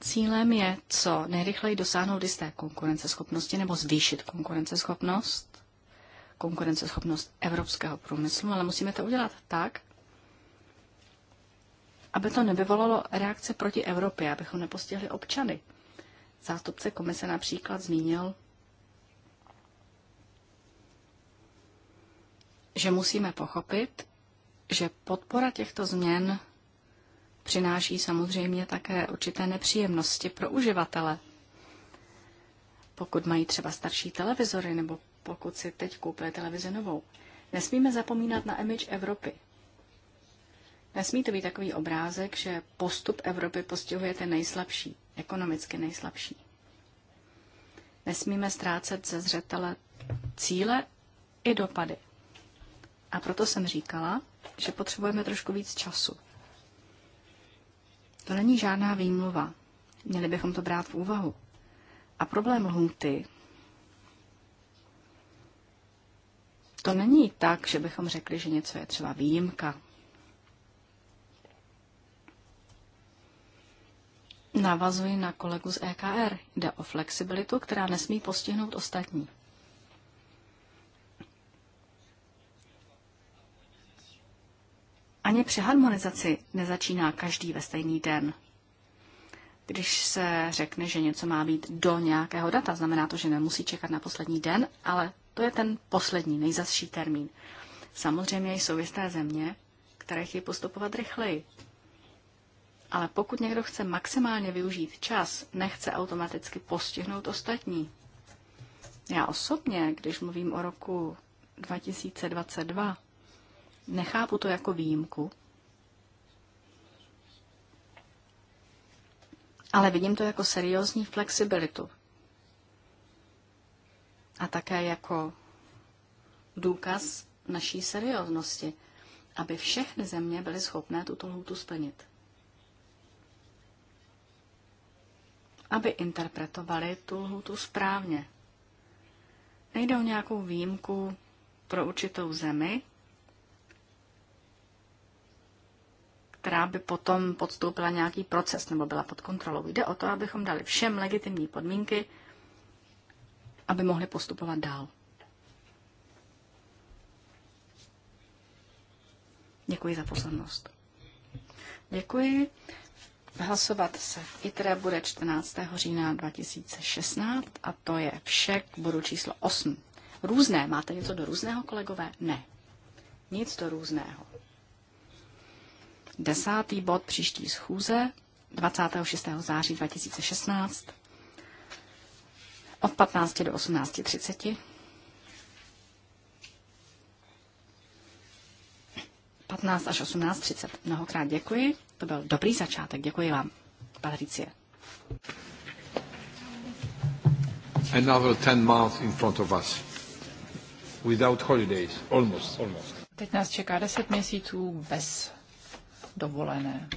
Cílem je co nejrychleji dosáhnout jisté konkurenceschopnosti nebo zvýšit konkurenceschopnost, konkurenceschopnost evropského průmyslu, ale musíme to udělat tak, aby to nevyvolalo reakce proti Evropě, abychom nepostihli občany. Zástupce komise například zmínil, že musíme pochopit, že podpora těchto změn přináší samozřejmě také určité nepříjemnosti pro uživatele. Pokud mají třeba starší televizory nebo pokud si teď koupili televizi novou. Nesmíme zapomínat na image Evropy. Nesmí to být takový obrázek, že postup Evropy postihuje ten nejslabší, ekonomicky nejslabší. Nesmíme ztrácet ze zřetele cíle i dopady. A proto jsem říkala, že potřebujeme trošku víc času. To není žádná výmluva. Měli bychom to brát v úvahu. A problém lhůty to není tak, že bychom řekli, že něco je třeba výjimka. Navazuji na kolegu z EKR. Jde o flexibilitu, která nesmí postihnout ostatní. Ani při harmonizaci nezačíná každý ve stejný den. Když se řekne, že něco má být do nějakého data, znamená to, že nemusí čekat na poslední den, ale to je ten poslední, nejzasší termín. Samozřejmě jsou jisté země, které chtějí postupovat rychleji. Ale pokud někdo chce maximálně využít čas, nechce automaticky postihnout ostatní. Já osobně, když mluvím o roku 2022, Nechápu to jako výjimku, ale vidím to jako seriózní flexibilitu. A také jako důkaz naší serióznosti, aby všechny země byly schopné tuto lhůtu splnit. Aby interpretovali tu lhůtu správně. Nejde o nějakou výjimku pro určitou zemi, která by potom podstoupila nějaký proces nebo byla pod kontrolou. Jde o to, abychom dali všem legitimní podmínky, aby mohli postupovat dál. Děkuji za pozornost. Děkuji. Hlasovat se ITRE bude 14. října 2016 a to je vše k bodu číslo 8. Různé. Máte něco do různého, kolegové? Ne. Nic do různého. Desátý bod příští schůze 26. září 2016 od 15 do 18.30. 15 až 18.30. Mnohokrát děkuji. To byl dobrý začátek. Děkuji vám, Patricie. Another 10 months in front of us. Without holidays. Almost. Almost. Teď nás čeká 10 měsíců bez dovolené.